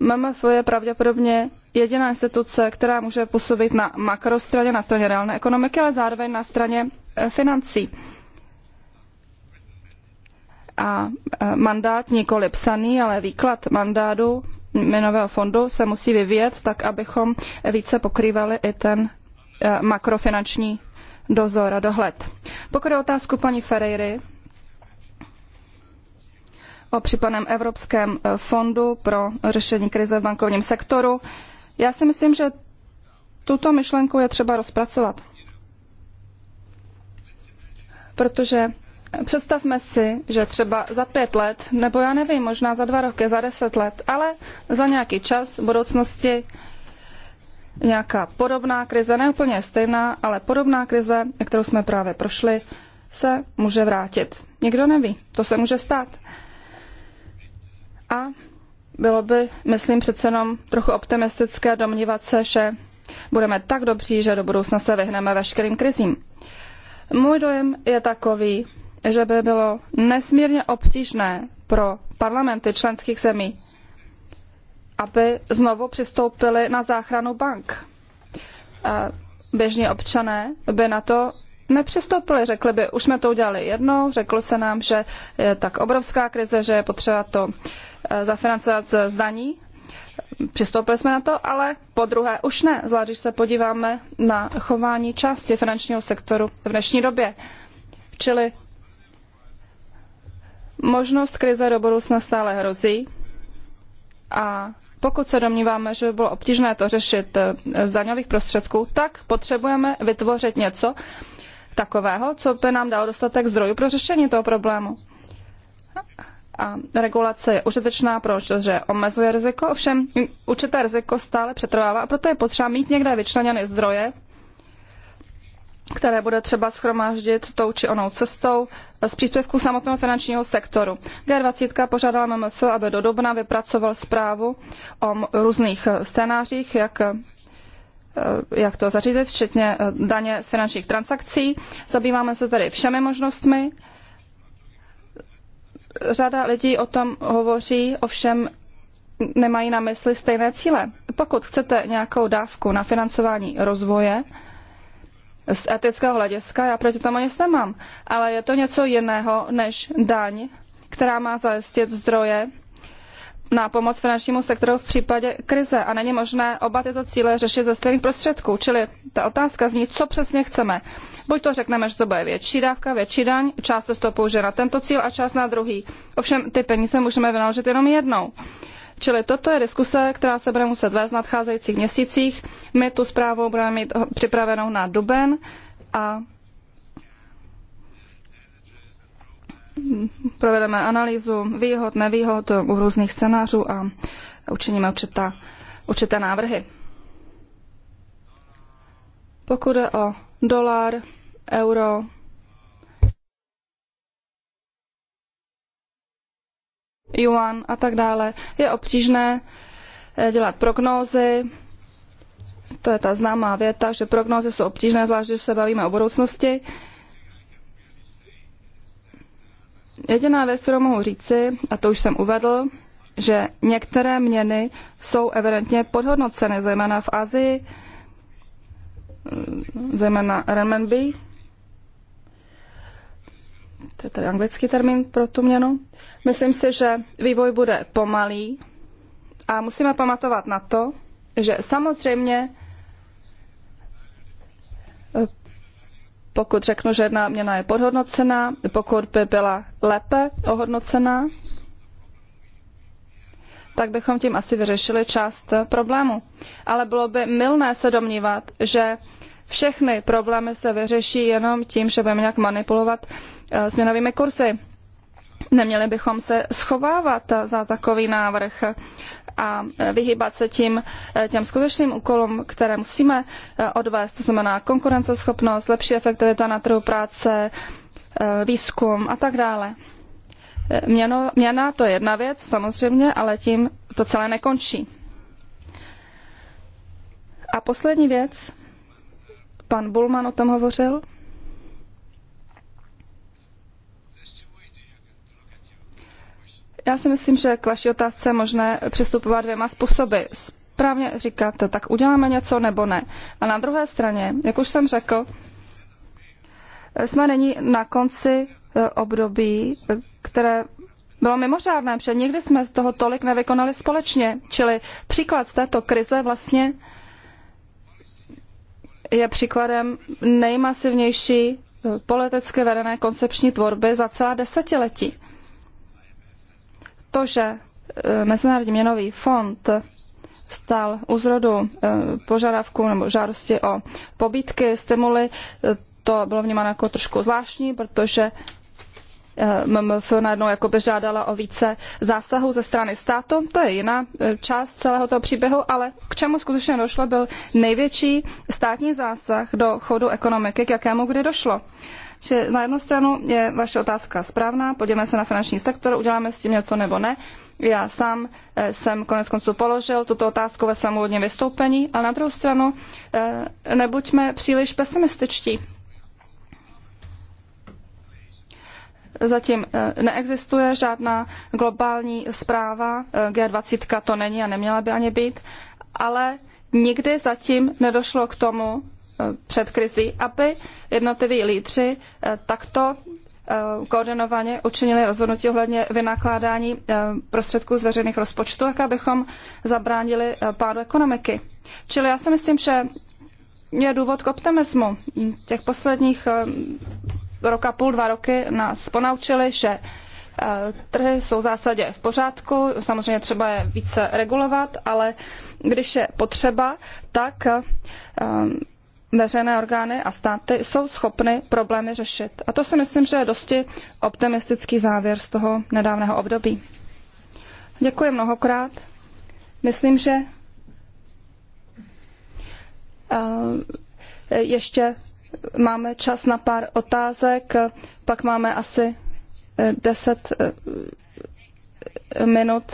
MMF je pravděpodobně jediná instituce, která může působit na makrostraně, na straně reálné ekonomiky, ale zároveň na straně eh, financí. A eh, mandát nikoli psaný, ale výklad mandátu měnového fondu se musí vyvíjet tak, abychom více pokrývali i ten eh, makrofinanční dozor a dohled. Pokud je otázku paní Ferreiry, o případném Evropském eh, fondu pro řešení krize v bankovním sektoru. Já si myslím, že tuto myšlenku je třeba rozpracovat. Protože eh, představme si, že třeba za pět let, nebo já nevím, možná za dva roky, za deset let, ale za nějaký čas v budoucnosti nějaká podobná krize, ne úplně stejná, ale podobná krize, kterou jsme právě prošli, se může vrátit. Nikdo neví, to se může stát. A bylo by, myslím, přece jenom trochu optimistické domnívat se, že budeme tak dobří, že do budoucna se vyhneme veškerým krizím. Můj dojem je takový, že by bylo nesmírně obtížné pro parlamenty členských zemí, aby znovu přistoupili na záchranu bank. běžní občané by na to nepřistoupili, řekli by, už jsme to udělali jednou, řeklo se nám, že je tak obrovská krize, že je potřeba to Eh, zafinancovat z daní. Přistoupili jsme na to, ale po druhé už ne, zvlášť když se podíváme na chování části finančního sektoru v dnešní době. Čili možnost krize do budoucna stále hrozí a pokud se domníváme, že by bylo obtížné to řešit eh, z daňových prostředků, tak potřebujeme vytvořit něco takového, co by nám dalo dostatek zdrojů pro řešení toho problému a regulace je užitečná, protože omezuje riziko, ovšem určité riziko stále přetrvává a proto je potřeba mít někde vyčleněné zdroje, které bude třeba schromáždit tou či onou cestou z příspěvku samotného finančního sektoru. G20 požádala MMF, aby do dubna vypracoval zprávu o různých scénářích, jak eh, jak to zařídit, včetně eh, daně z finančních transakcí. Zabýváme se tedy všemi možnostmi Řada lidí o tom hovoří, ovšem nemají na mysli stejné cíle. Pokud chcete nějakou dávku na financování rozvoje, z etického hlediska já proti tomu nic nemám, ale je to něco jiného než daň, která má zajistit zdroje na pomoc finančnímu sektoru v případě krize a není možné oba tyto cíle řešit ze stejných prostředků. Čili ta otázka zní, co přesně chceme. Buď to řekneme, že to bude větší dávka, větší daň, část se z toho použije na tento cíl a část na druhý. Ovšem ty peníze můžeme vynaložit jenom jednou. Čili toto je diskuse, která se bude muset vést v nadcházejících měsících. My tu zprávu budeme mít připravenou na duben a provedeme analýzu výhod, nevýhod u různých scénářů a učiníme určitá, určité návrhy. Pokud jde o dolar, euro, yuan a tak dále, je obtížné eh, dělat prognózy. To je ta známá věta, že prognózy jsou obtížné, zvlášť když se bavíme o budoucnosti. Jediná věc, kterou mohu říci, a to už jsem uvedl, že některé měny jsou evidentně podhodnoceny, zejména v Asii, zejména renminbi, to je tady anglický termín pro tu měnu. Myslím si, že vývoj bude pomalý a musíme pamatovat na to, že samozřejmě pokud řeknu, že jedna měna je podhodnocená, pokud by byla lépe ohodnocená, tak bychom tím asi vyřešili část problému. Ale bylo by milné se domnívat, že všechny problémy se vyřeší jenom tím, že budeme nějak manipulovat s eh, měnovými kurzy. Neměli bychom se schovávat za takový návrh a vyhýbat se tím těm skutečným úkolům, které musíme eh, odvést, to znamená konkurenceschopnost, lepší efektivita na trhu práce, eh, výzkum a tak dále. Eh, měno, měna to je jedna věc, samozřejmě, ale tím to celé nekončí. A poslední věc, pan Bulman o tom hovořil, Já si myslím, že k vaší otázce je možné přistupovat dvěma způsoby. Správně říkáte, tak uděláme něco nebo ne. A na druhé straně, jak už jsem řekl, jsme není na konci e, období, které bylo mimořádné, protože nikdy jsme toho tolik nevykonali společně. Čili příklad z této krize vlastně je příkladem nejmasivnější e, politické vedené koncepční tvorby za celá desetiletí to, že e, Mezinárodní měnový fond stal u zrodu e, požadavku nebo žádosti o pobítky, stimuly, e, to bylo vnímáno jako trošku zvláštní, protože MMF najednou jakoby žádala o více zásahů ze strany státu. To je jiná část celého toho příběhu, ale k čemu skutečně došlo, byl největší státní zásah do chodu ekonomiky, k jakému kdy došlo že na jednu stranu je vaše otázka správná, podíváme se na finanční sektor, uděláme s tím něco nebo ne. Já sám eh, jsem konec konců položil tuto otázku ve svém úvodním vystoupení, ale na druhou stranu eh, nebuďme příliš pesimističtí. Zatím eh, neexistuje žádná globální zpráva, G20 to není a neměla by ani být, ale nikdy zatím nedošlo k tomu, před krizí, aby jednotliví lídři eh, takto eh, koordinovaně učinili rozhodnutí ohledně vynakládání eh, prostředků z veřejných rozpočtů, tak abychom zabránili pádu ekonomiky. Čili já si myslím, že je důvod k optimismu. Těch posledních roka půl, dva roky nás ponaučili, že trhy jsou v zásadě v pořádku, samozřejmě třeba je více regulovat, ale když je potřeba, tak veřejné orgány a státy jsou schopny problémy řešit. A to si myslím, že je dosti optimistický závěr z toho nedávného období. Děkuji mnohokrát. Myslím, že eh, ještě máme čas na pár otázek, pak máme asi 10 eh, eh, minut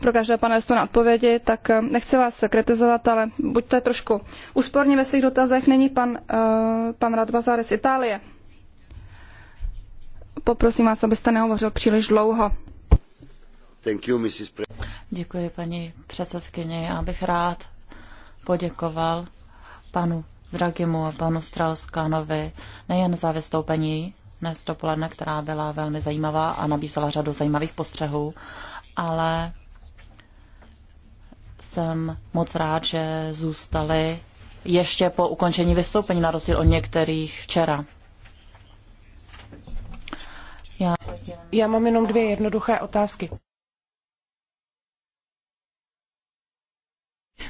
pro každého panelistu na odpovědi, tak eh, nechci vás kritizovat, ale buďte trošku úsporní ve svých dotazech. Není pan, uh, pan Radbazar z Itálie. Poprosím vás, abyste nehovořil příliš dlouho. Thank you, Mrs. Pre- Děkuji, paní předsedkyně. Já bych rád poděkoval panu Dragimu a panu Strauskanovi nejen za vystoupení dnes dopoledne, která byla velmi zajímavá a nabízela řadu zajímavých postřehů, ale jsem moc rád, že zůstali ještě po ukončení vystoupení, na rozdíl od některých včera. Já... Já mám jenom dvě jednoduché otázky.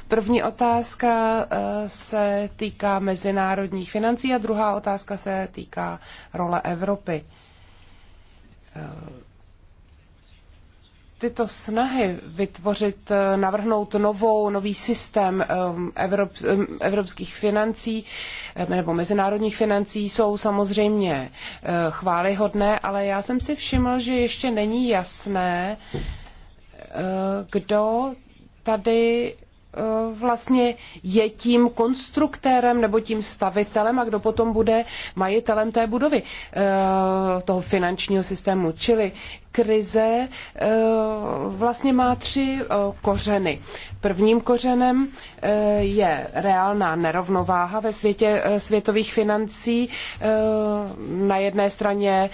První otázka eh, se týká mezinárodních financí a druhá otázka se týká role Evropy. Eh, tyto snahy vytvořit, eh, navrhnout novou, nový systém ehm, evrop, ehm, evropských financí eh, nebo mezinárodních financí jsou samozřejmě eh, chválihodné, ale já jsem si všiml, že ještě není jasné, kdo tady vlastně je tím konstruktérem nebo tím stavitelem a kdo potom bude majitelem té budovy, toho finančního systému. Čili krize eh, vlastně má tři eh, kořeny. Prvním kořenem eh, je reálná nerovnováha ve světě eh, světových financí. Eh, na jedné straně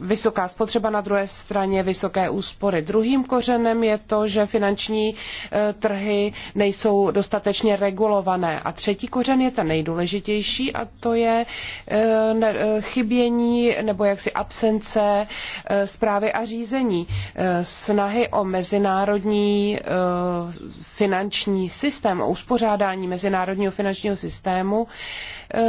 vysoká spotřeba, na druhé straně vysoké úspory. Druhým kořenem je to, že finanční trhy nejsou dostatečně regulované. A třetí kořen je ten nejdůležitější a to je chybění nebo jaksi absence zprávy a řízení. Snahy o mezinárodní finanční systém, o uspořádání mezinárodního finančního systému, eh,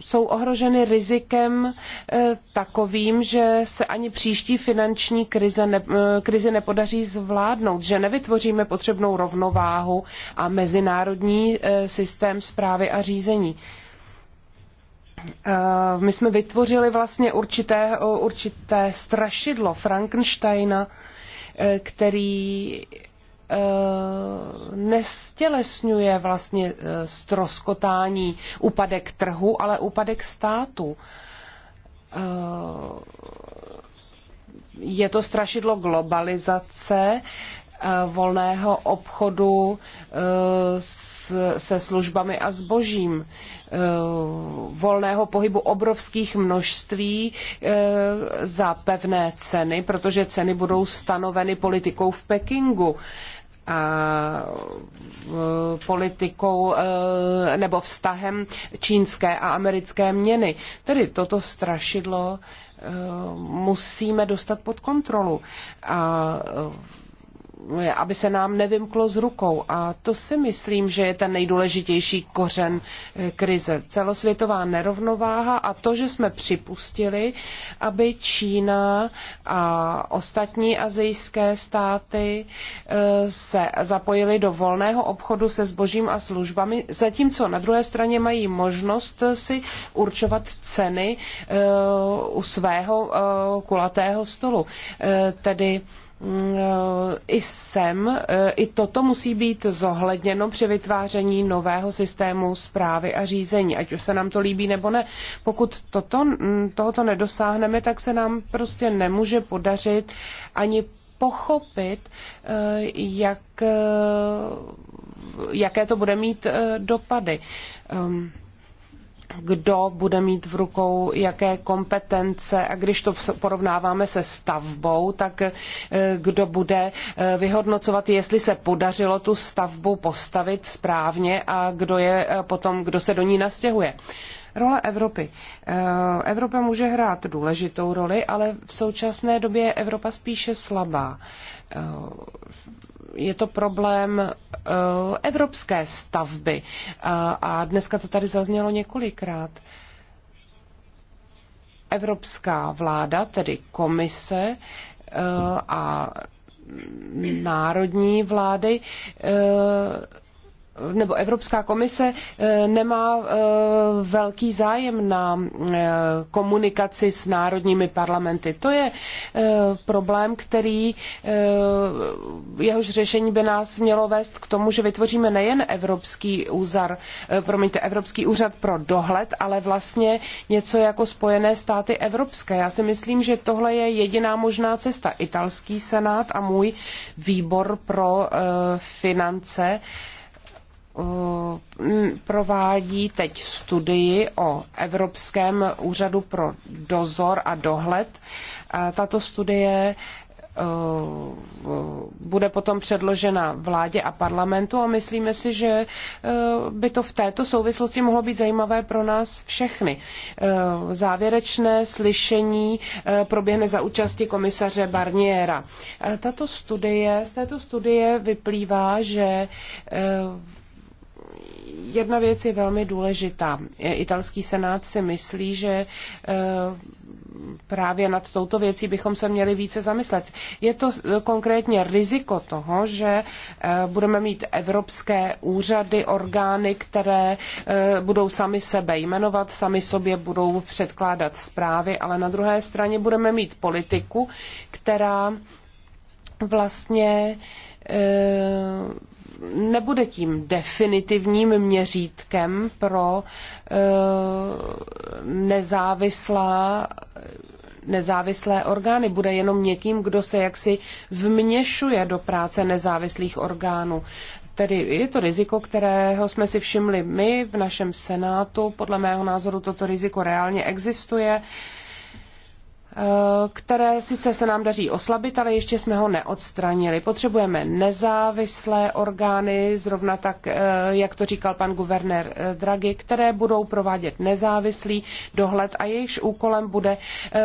jsou ohroženy rizikem eh, takovým, že se ani příští finanční krize ne, eh, krizi nepodaří zvládnout, že nevytvoříme potřebnou rovnováhu a mezinárodní systém správy a řízení. My jsme vytvořili vlastně určité, určité strašidlo Frankensteina, který Eh, nestělesňuje vlastně stroskotání, eh, úpadek trhu, ale úpadek státu. Eh, je to strašidlo globalizace, volného obchodu se službami a zbožím, volného pohybu obrovských množství za pevné ceny, protože ceny budou stanoveny politikou v Pekingu politikou e, nebo vztahem čínské a americké měny. Tedy toto strašidlo e, musíme dostat pod kontrolu. A aby se nám nevymklo z rukou. A to si myslím, že je ten nejdůležitější kořen eh, krize. Celosvětová nerovnováha a to, že jsme připustili, aby Čína a ostatní azijské státy eh, se zapojili do volného obchodu se zbožím a službami, zatímco na druhé straně mají možnost eh, si určovat ceny u svého kulatého stolu. Tedy i sem, eh, i toto musí být zohledněno při vytváření nového systému zprávy a řízení, ať už se nám to líbí nebo ne. Pokud toto, mm, tohoto nedosáhneme, tak se nám prostě nemůže podařit ani pochopit, eh, jak, eh, jaké to bude mít dopady. Ehm, kdo bude mít v rukou jaké kompetence a když to porovnáváme se stavbou, tak eh, kdo bude eh, vyhodnocovat, jestli se podařilo tu stavbu postavit správně a kdo je eh, potom, kdo se do ní nastěhuje. Role Evropy. Evropa může hrát důležitou roli, ale v současné době je Evropa spíše slabá je to problém eh, evropské stavby eh, a dneska to tady zaznělo několikrát. Evropská vláda, tedy komise eh, a národní vlády nebo Evropská komise eh, nemá eh, velký zájem na eh, komunikaci s národními parlamenty. To je problém, který jehož řešení by nás mělo vést k tomu, že vytvoříme nejen Evropský úzar, promiňte, Evropský úřad pro dohled, ale vlastně něco jako Spojené státy evropské. Já si myslím, že tohle je jediná možná cesta. Italský senát a můj výbor pro finance provádí teď studii o Evropském úřadu pro dozor a dohled. Tato studie e, bude potom předložena vládě a parlamentu a myslíme si, že e, by to v této souvislosti mohlo být zajímavé pro nás všechny. E, závěrečné slyšení proběhne za účasti komisaře Barniera. Tato studie, z této studie vyplývá, že jedna věc je velmi důležitá. Italský senát si myslí, že eh, právě nad touto věcí bychom se měli více zamyslet. Je to eh, konkrétně riziko toho, že eh, budeme mít evropské úřady, orgány, které budou sami sebe jmenovat, sami sobě budou předkládat zprávy, ale na druhé straně budeme mít politiku, která vlastně nebude tím definitivním měřítkem pro eh, nezávislá nezávislé orgány, bude jenom někým, kdo se jaksi vměšuje do práce nezávislých orgánů. Tedy je to riziko, kterého jsme si všimli my v našem Senátu. Podle mého názoru toto riziko reálně existuje. Uh, Eh, které sice se nám daří oslabit, ale ještě jsme ho neodstranili. Potřebujeme nezávislé orgány, zrovna tak, eh, jak to říkal pan guvernér eh, Draghi, které budou provádět nezávislý dohled a jejichž úkolem bude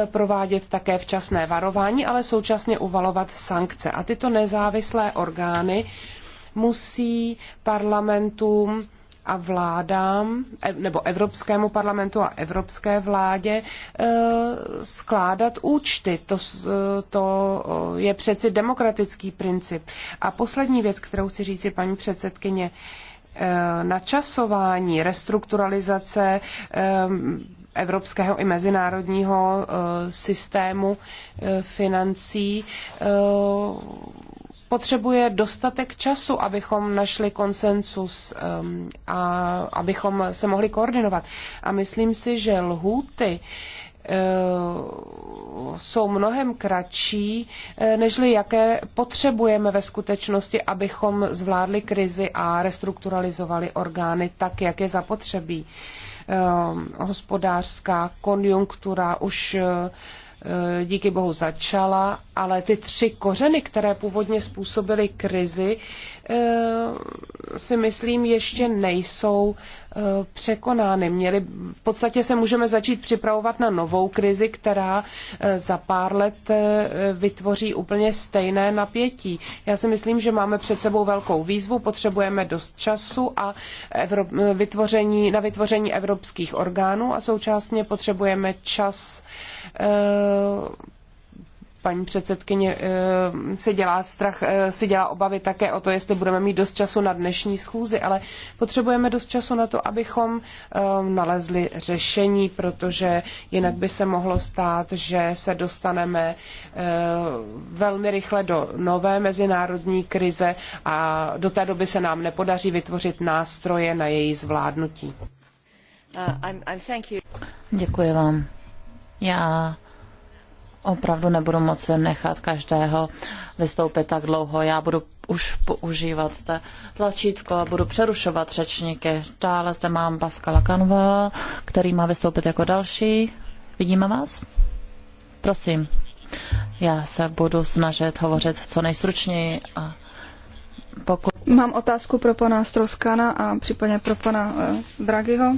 provádět také včasné varování, ale současně uvalovat sankce. A tyto nezávislé orgány musí parlamentům a vládám, e, nebo Evropskému parlamentu a Evropské vládě e, skládat účty. To, e, to je přeci demokratický princip. A poslední věc, kterou chci říci, paní předsedkyně, načasování restrukturalizace evropského i mezinárodního systému financí potřebuje dostatek času, abychom našli konsensus um, a abychom se mohli koordinovat. A myslím si, že lhůty uh, jsou mnohem kratší, uh, nežli jaké potřebujeme ve skutečnosti, abychom zvládli krizi a restrukturalizovali orgány tak, jak je zapotřebí. Um, hospodářská konjunktura už uh, Eh, díky bohu začala, ale ty tři kořeny, které původně způsobily krizi, eh, si myslím, ještě nejsou eh, překonány. Měli, v podstatě se můžeme začít připravovat na novou krizi, která za pár let vytvoří úplně stejné napětí. Já si myslím, že máme před sebou velkou výzvu, potřebujeme dost času a vytvoření, na vytvoření evropských orgánů a současně potřebujeme čas Eh, paní předsedkyně eh, si dělá strach, eh, si dělá obavy také o to, jestli budeme mít dost času na dnešní schůzi, ale potřebujeme dost času na to, abychom nalezli řešení, protože jinak by se mohlo stát, že se dostaneme velmi rychle do nové mezinárodní krize a do té doby se nám nepodaří vytvořit nástroje na její zvládnutí. Uh, Děkuji vám. Já opravdu nebudu moci nechat každého vystoupit tak dlouho. Já budu už používat zde tlačítko a budu přerušovat řečníky. Dále zde mám Pascala Kanva, který má vystoupit jako další. Vidíme vás? Prosím. Já se budu snažit hovořit co nejstručněji a pokud... Mám otázku pro pana Stroskana a případně pro pana eh, Dragiho.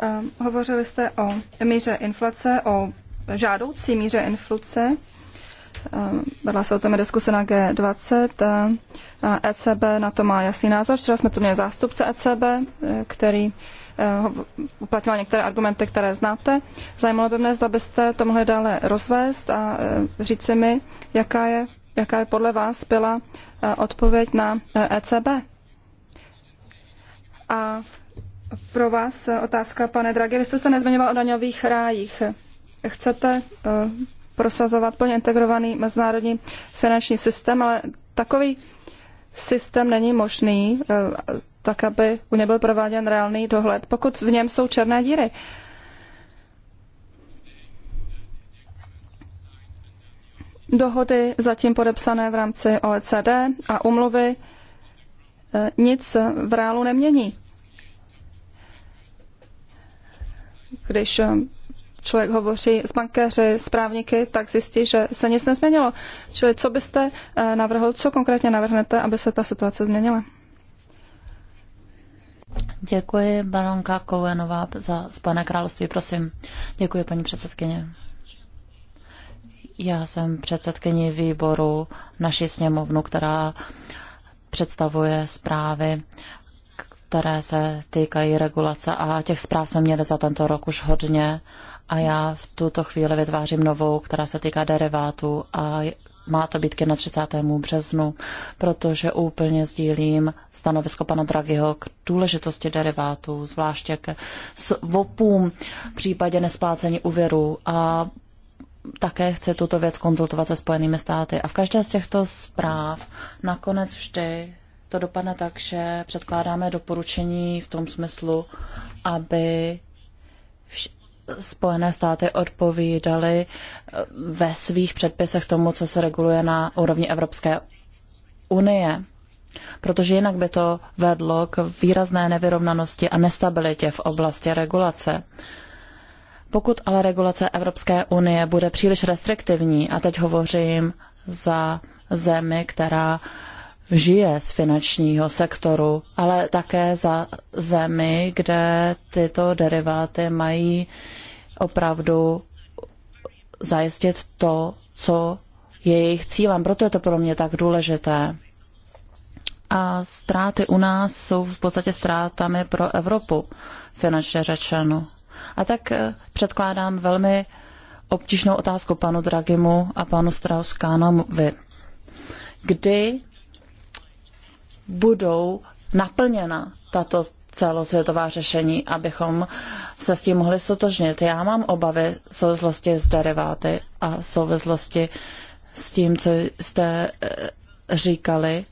Eh, hovořili jste o míře inflace, o žádoucí míře inflace. Eh, vedla se o tom diskuse na G20. A ECB eh, e na to má jasný názor. Včera jsme tu měli zástupce ECB, který uplatňoval některé argumenty, které znáte. Zajímalo by mě, zda byste to mohli dále rozvést a říci mi, jaká je, jaká je podle vás byla odpověď na ECB. E a pro vás otázka, pane Draghi. Vy jste se nezmiňoval o daňových rájích. Chcete eh, prosazovat plně integrovaný mezinárodní finanční systém, ale takový systém není možný, eh, tak aby u něj byl prováděn reálný dohled, pokud v něm jsou černé díry. Dohody zatím podepsané v rámci OECD a umluvy eh, nic v reálu nemění. když eh, člověk hovoří s bankéři, s právníky, tak zjistí, že se nic nezměnilo. Čili co byste eh, navrhl, co konkrétně navrhnete, aby se ta situace změnila? Děkuji, baronka Kouenová za Spojené království, prosím. Děkuji, paní předsedkyně. Já jsem předsedkyní výboru naší sněmovnu, která představuje zprávy které se týkají regulace a těch zpráv jsme měli za tento rok už hodně a já v tuto chvíli vytvářím novou, která se týká derivátů a má to být na 30. březnu, protože úplně sdílím stanovisko pana Draghiho k důležitosti derivátů, zvláště k VOPům v případě nesplácení úvěru a také chci tuto věc konzultovat se Spojenými státy. A v každé z těchto zpráv nakonec vždy to dopadne tak, že předkládáme doporučení v tom smyslu, aby Spojené státy odpovídaly eh, ve svých předpisech tomu, co se reguluje na úrovni Evropské unie. Protože jinak by to vedlo k výrazné nevyrovnanosti a nestabilitě v oblasti regulace. Pokud ale regulace Evropské unie bude příliš restriktivní, a teď hovořím za zemi, která uh, žije z finančního sektoru, ale také za zemi, kde tyto deriváty mají opravdu zajistit to, co je jejich cílem. Proto je to pro mě tak důležité. A ztráty u nás jsou v podstatě ztrátami pro Evropu, finančně řečeno. A tak eh, předkládám velmi obtížnou otázku panu Dragimu a panu strauss Kdy budou naplněna tato celosvětová řešení, abychom se s tím mohli stotožnit. Já mám obavy v souvislosti s deriváty a v souvislosti s tím, co jste e, říkali,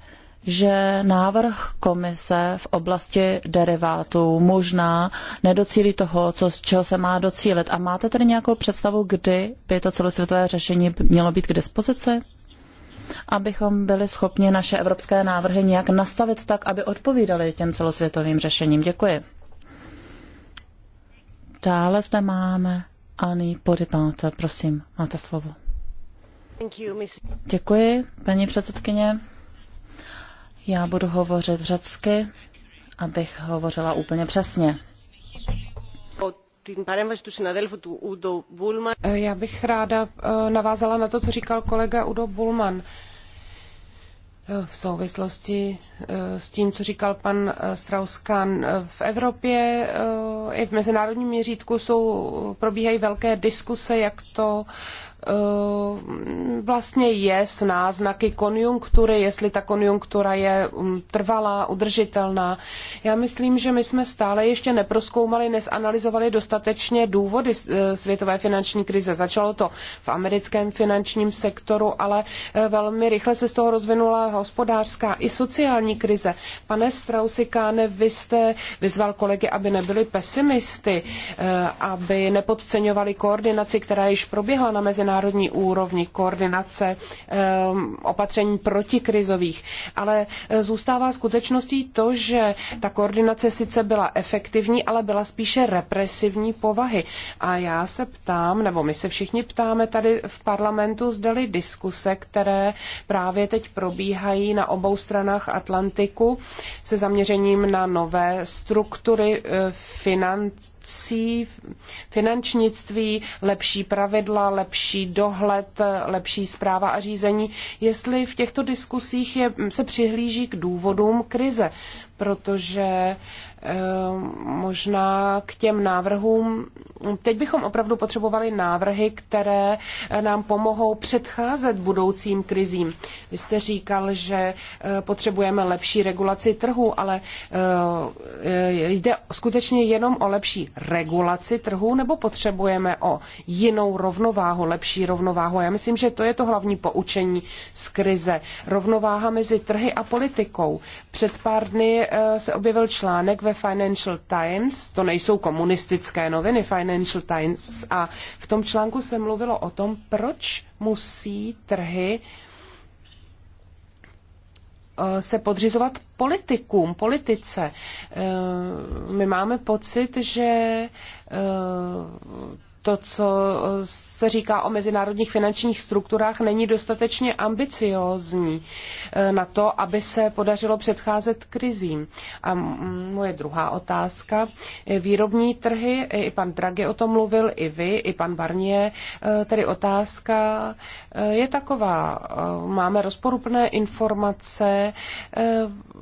že návrh komise v oblasti derivátů možná nedocílí toho, co, čeho se má docílit. A máte tedy nějakou představu, kdy by to celosvětové řešení mělo být k dispozici? abychom byli schopni naše evropské návrhy nějak nastavit tak, aby odpovídaly těm celosvětovým řešením. Děkuji. Dále zde máme Ani Podibáta. Prosím, máte slovo. Děkuji, paní předsedkyně. Já budu hovořit řecky, abych hovořila úplně přesně. Já bych ráda navázala na to, co říkal kolega Udo bullmann V souvislosti e, s tím, co říkal pan e, kahn e, v Evropě i v mezinárodním měřítku jsou, probíhají velké diskuse, jak to Eh, vlastně je s náznaky konjunktury, jestli ta konjunktura je mm, trvalá, udržitelná. Já myslím, že my jsme stále ještě neproskoumali, nesanalizovali dostatečně důvody eh, světové finanční krize. Začalo to v americkém finančním sektoru, ale eh, velmi rychle se z toho rozvinula hospodářská i sociální krize. Pane Strausikáne, vy jste vyzval kolegy, aby nebyli pesimisty, aby nepodceňovali koordinaci, která již proběhla na mezinárodní mezinárodní úrovni koordinace ehm, opatření protikrizových. Ale eh, zůstává skutečností to, že ta koordinace sice byla efektivní, ale byla spíše represivní povahy. A já se ptám, nebo my se všichni ptáme tady v parlamentu, zdali diskuse, které právě teď probíhají na obou stranách Atlantiku se zaměřením na nové struktury eh, financí, finančnictví, lepší pravidla, lepší dohled, lepší zpráva a řízení, jestli v těchto diskusích je, se přihlíží k důvodům krize, protože možná k těm návrhům. Teď bychom opravdu potřebovali návrhy, které nám pomohou předcházet budoucím krizím. Vy jste říkal, že eh, potřebujeme lepší regulaci trhu, ale eh, jde skutečně jenom o lepší regulaci trhu, nebo potřebujeme o jinou rovnováhu, lepší rovnováhu? Já myslím, že to je to hlavní poučení z krize. Rovnováha mezi trhy a politikou. Před pár dny eh, se objevil článek ve Financial Times, to nejsou komunistické noviny Financial Times, a v tom článku se mluvilo o tom, proč musí trhy eh, se podřizovat politikům, politice. Eh, my máme pocit, že eh, to, co eh, se říká o mezinárodních finančních strukturách, není dostatečně ambiciózní eh, na to, aby se podařilo předcházet krizím. A moje druhá otázka. Eh, výrobní trhy, i pan Draghi o tom mluvil, i vy, i pan Barnier, tedy otázka je taková. Máme rozporuplné informace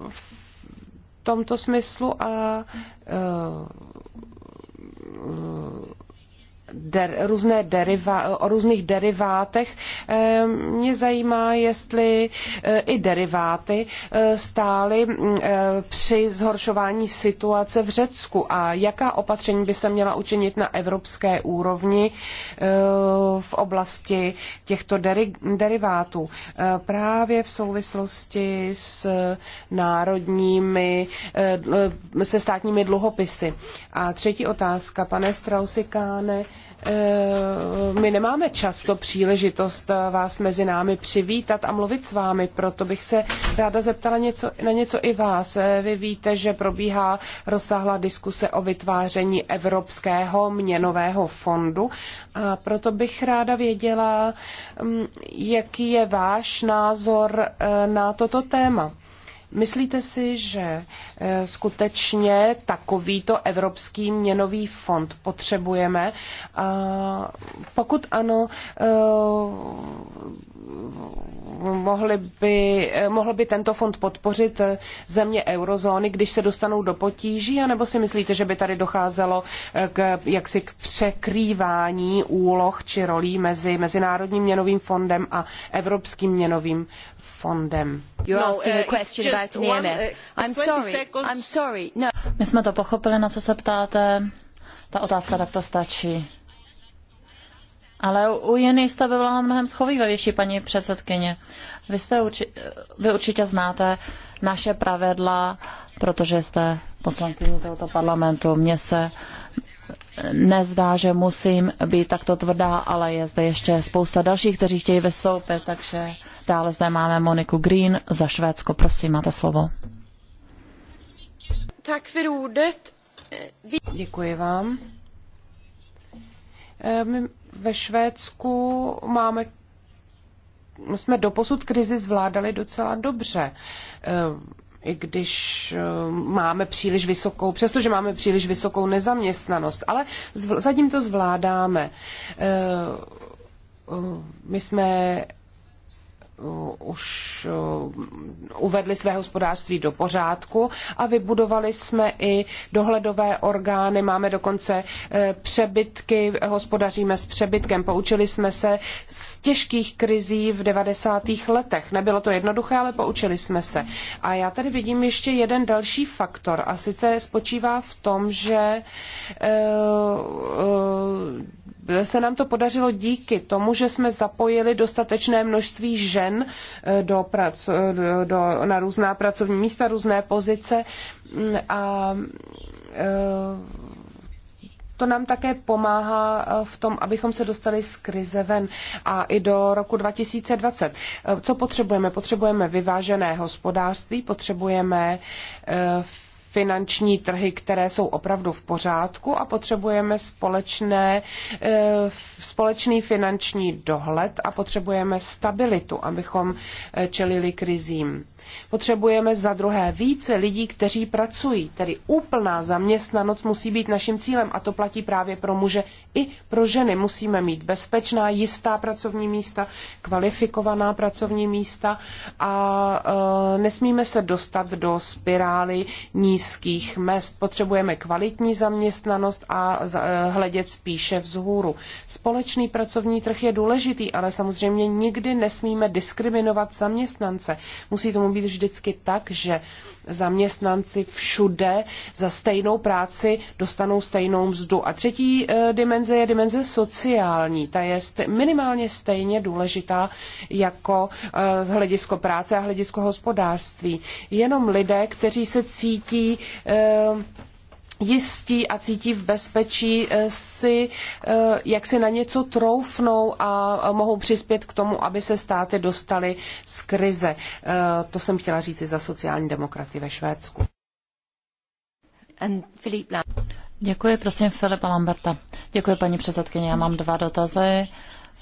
v tomto smyslu a der, různé deriva, o různých derivátech. Eh, mě zajímá, jestli eh, i deriváty eh, stály mm, při zhoršování situace v Řecku a jaká opatření by se měla učinit na evropské úrovni v oblasti těchto deri, derivátů. Právě v souvislosti s národními, se státními dluhopisy. A třetí otázka, pane Strausikáne, Eh, my nemáme často příležitost eh, vás mezi námi přivítat a mluvit s vámi, proto bych se ráda zeptala něco, na něco i vás. Eh, vy víte, že probíhá rozsáhlá diskuse o vytváření Evropského měnového fondu a proto bych ráda věděla, mm, jaký je váš názor na toto téma. Myslíte si, že eh, skutečně takovýto Evropský měnový fond potřebujeme? A pokud ano, eh, mohli by, eh, mohl by tento fond podpořit země eurozóny, když se dostanou do potíží, anebo si myslíte, že by tady docházelo k, jaksi k překrývání úloh či rolí mezi Mezinárodním měnovým fondem a Evropským měnovým fondem. No. My jsme to pochopili, na co se ptáte. Ta otázka takto stačí. Ale u jiných jste byla mnohem schovývavější, paní předsedkyně. Vy, jste urči, vy určitě znáte naše pravidla, protože jste poslankyní tohoto parlamentu. Mně se nezdá, že musím být takto tvrdá, ale je zde ještě spousta dalších, kteří chtějí vystoupit, takže dále zde máme Moniku Green za Švédsko. Prosím, máte slovo. Tak Děkuji vám. Eh, my ve Švédsku máme jsme doposud krizi zvládali docela dobře. Eh, i když eh, máme příliš vysokou, přestože máme příliš vysokou nezaměstnanost, ale zatím to zvládáme. Eh, eh, my jsme Eh, už eh, uvedli své hospodářství do pořádku a vybudovali jsme i dohledové orgány, máme dokonce eh, přebytky, hospodaříme s přebytkem. Poučili jsme se z těžkých krizí v 90. letech. Nebylo to jednoduché, ale poučili jsme se. A já tady vidím ještě jeden další faktor a sice spočívá v tom, že se nám to podařilo díky tomu, že jsme zapojili dostatečné množství žen eh, do, prac, eh, do, do, na různá pracovní místa, různé pozice mm, a eh, to nám také pomáhá v tom, abychom se dostali z krize ven a i do roku 2020. Co potřebujeme? Potřebujeme vyvážené hospodářství, potřebujeme finanční trhy, které jsou opravdu v pořádku a potřebujeme společné, eh, společný finanční dohled a potřebujeme stabilitu, abychom eh, čelili krizím. Potřebujeme za druhé více lidí, kteří pracují, tedy úplná zaměstnanost musí být naším cílem a to platí právě pro muže i pro ženy. Musíme mít bezpečná, jistá pracovní místa, kvalifikovaná pracovní místa a eh, nesmíme se dostat do spirály nízkých nízkých mest. Potřebujeme kvalitní zaměstnanost a eh, hledět spíše vzhůru. Společný pracovní trh je důležitý, ale samozřejmě nikdy nesmíme diskriminovat zaměstnance. Musí tomu být vždycky tak, že zaměstnanci všude za stejnou práci dostanou stejnou mzdu. A třetí eh, dimenze je dimenze sociální. Ta je minimálně stejně důležitá jako eh, hledisko práce a hledisko hospodářství. Jenom lidé, kteří se cítí Eh, jistí a cítí v bezpečí, eh, si eh, jak si na něco troufnou a mohou přispět k tomu, aby se státy dostaly z krize. To jsem chtěla i za sociální demokraty ve Švédsku. Děkuji, prosím, Filipa Lamberta. Děkuji, paní předsedkyně. Já mám dva dotazy.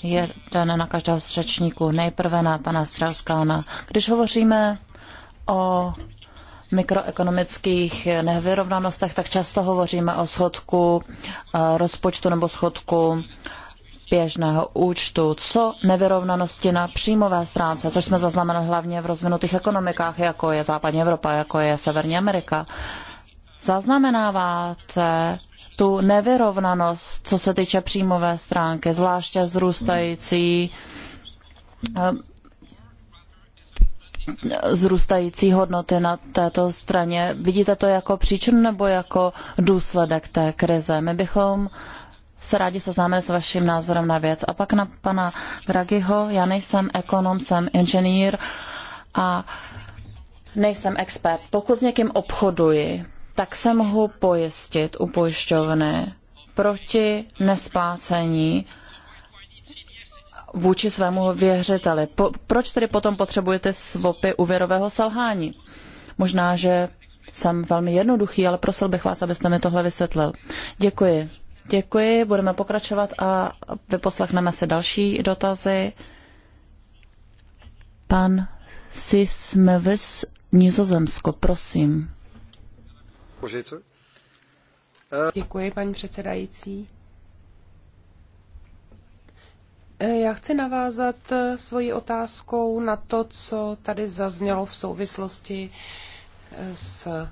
Jeden na každého z řečníků. Nejprve na pana Strauskána. Když hovoříme o mikroekonomických nevyrovnanostech, tak často hovoříme o schodku eh, rozpočtu nebo schodku běžného účtu, co nevyrovnanosti na příjmové stránce, což jsme zaznamenali hlavně v rozvinutých ekonomikách, jako je západní Evropa, jako je Severní Amerika. Zaznamenáváte tu nevyrovnanost, co se týče příjmové stránky, zvláště zrůstající eh, zrůstající hodnoty na této straně. Vidíte to jako příčinu nebo jako důsledek té krize? My bychom se rádi seznámili s vaším názorem na věc. A pak na pana Dragiho, já nejsem ekonom, jsem inženýr a nejsem expert. Pokud s někým obchoduji, tak se mohu pojistit u pojišťovny proti nesplácení vůči svému věřiteli. Po, proč tedy potom potřebujete svopy úvěrového selhání? Možná, že jsem velmi jednoduchý, ale prosil bych vás, abyste mi tohle vysvětlil. Děkuji. Děkuji, budeme pokračovat a vyposlechneme si další dotazy. Pan Sismevis, Nizozemsko, prosím. Děkuji, paní předsedající. Já chci navázat eh, svoji otázkou na to, co tady zaznělo v souvislosti eh, s eh,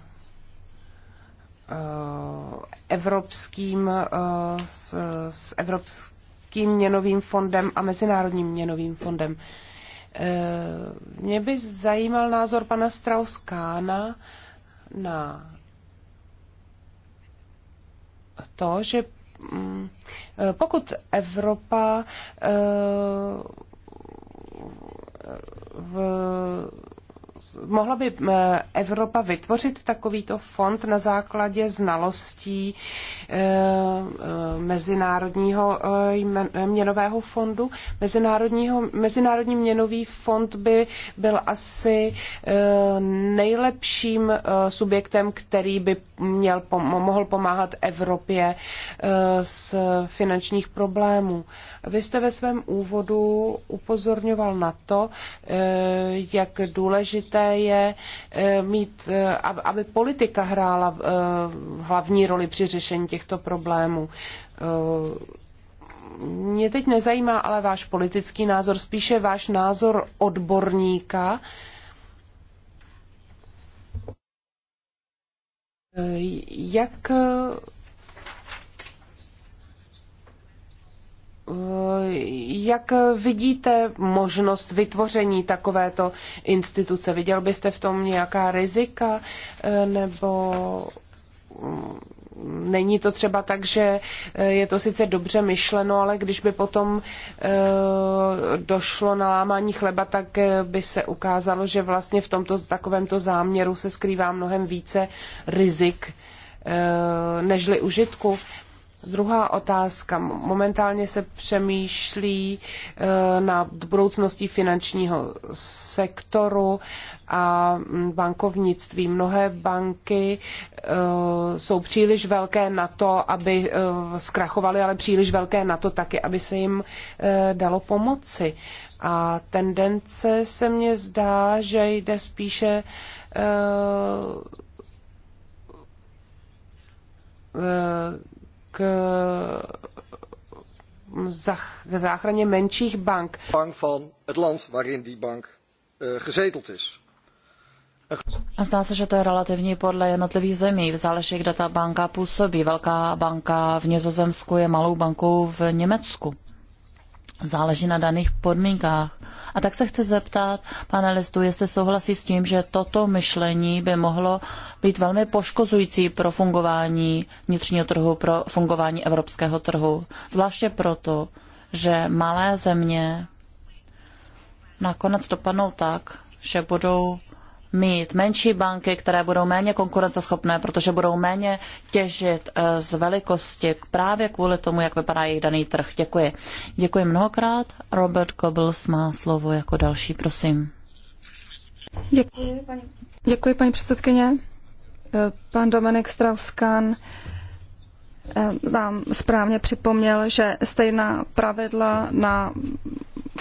evropským, s, s evropským měnovým fondem a mezinárodním měnovým fondem. Mě by zajímal názor pana Strauskána na to, že Mm. Eh, pokud Evropa eh, v mohla by eh, Evropa vytvořit takovýto fond na základě znalostí eh, eh, Mezinárodního měnového fondu. Mezinárodního, Mezinárodní měnový fond by byl asi nejlepším subjektem, který by měl, mohl pomáhat Evropě z finančních problémů. Vy jste ve svém úvodu upozorňoval na to, jak důležité důležité je eh, mít, eh, aby politika hrála eh, hlavní roli při řešení těchto problémů. Mě teď nezajímá ale váš politický názor, spíše váš názor odborníka. Jak Jak vidíte možnost vytvoření takovéto instituce? Viděl byste v tom nějaká rizika nebo mm, není to třeba tak, že eh, je to sice dobře myšleno, ale když by potom eh, došlo na lámání chleba, tak eh, by se ukázalo, že vlastně v tomto takovémto záměru se skrývá mnohem více rizik nežli užitku. Druhá otázka. Momentálně se přemýšlí e, na budoucnosti finančního sektoru a mm, bankovnictví. Mnohé banky e, jsou příliš velké na to, aby e, zkrachovaly, ale příliš velké na to taky, aby se jim dalo pomoci. A tendence se mně zdá, že jde spíše Mm, k záchraně menších bank. Bank van het land waarin die bank eh, gezeteld is. A zdá se, že to je relativní podle jednotlivých zemí. Záleží, kde ta banka působí. Velká banka v Nizozemsku je malou bankou v Německu záleží na daných podmínkách. A tak se chci zeptat Listu, jestli souhlasí s tím, že toto myšlení by mohlo být velmi poškozující pro fungování vnitřního trhu, pro fungování evropského trhu. Zvláště proto, že malé země nakonec dopadnou tak, že budou mít menší banky, které budou méně konkurenceschopné, protože budou méně těžit eh, z velikosti právě kvůli tomu, jak vypadá jejich daný trh. Děkuji. Děkuji mnohokrát. Robert Goebbels má slovo jako další, prosím. Děkuji, paní, Děkuji, paní předsedkyně. Eh, pan Dominik Strauskan eh, nám správně připomněl, že stejná pravidla na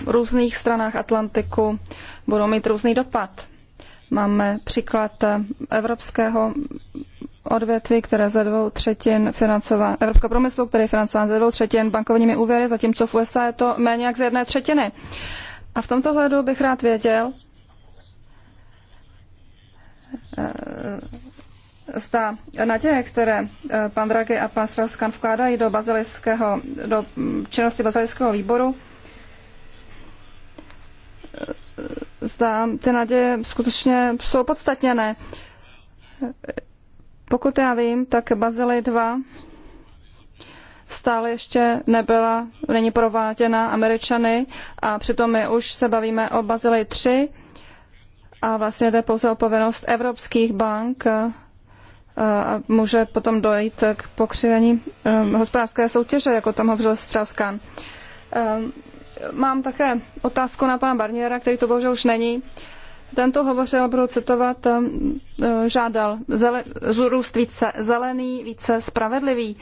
různých stranách Atlantiku budou mít různý dopad Máme příklad evropského odvětví, které ze dvou třetin financová, evropského průmyslu, který je financován ze dvou třetin bankovními úvěry, zatímco v USA je to méně jak z jedné třetiny. A v tomto hledu bych rád věděl, eh, zda naděje, které eh, pan Draghi a pan strauss vkládají do, bazilického, do mm, činnosti bazilického výboru, zda ty naděje skutečně jsou podstatněné. Pokud já vím, tak Bazily 2 stále ještě nebyla, není prováděna Američany a přitom my už se bavíme o Bazily 3 a vlastně jde pouze o povinnost evropských bank eh, a může potom dojít k pokřivení eh, hospodářské soutěže, jako tam hovořil Strauss-Kahn. Eh, mám také otázku na pana Barniera, který to bohužel už není. Tento hovořil, budu citovat, eh, eh, žádal zele, růst více zelený, více spravedlivý,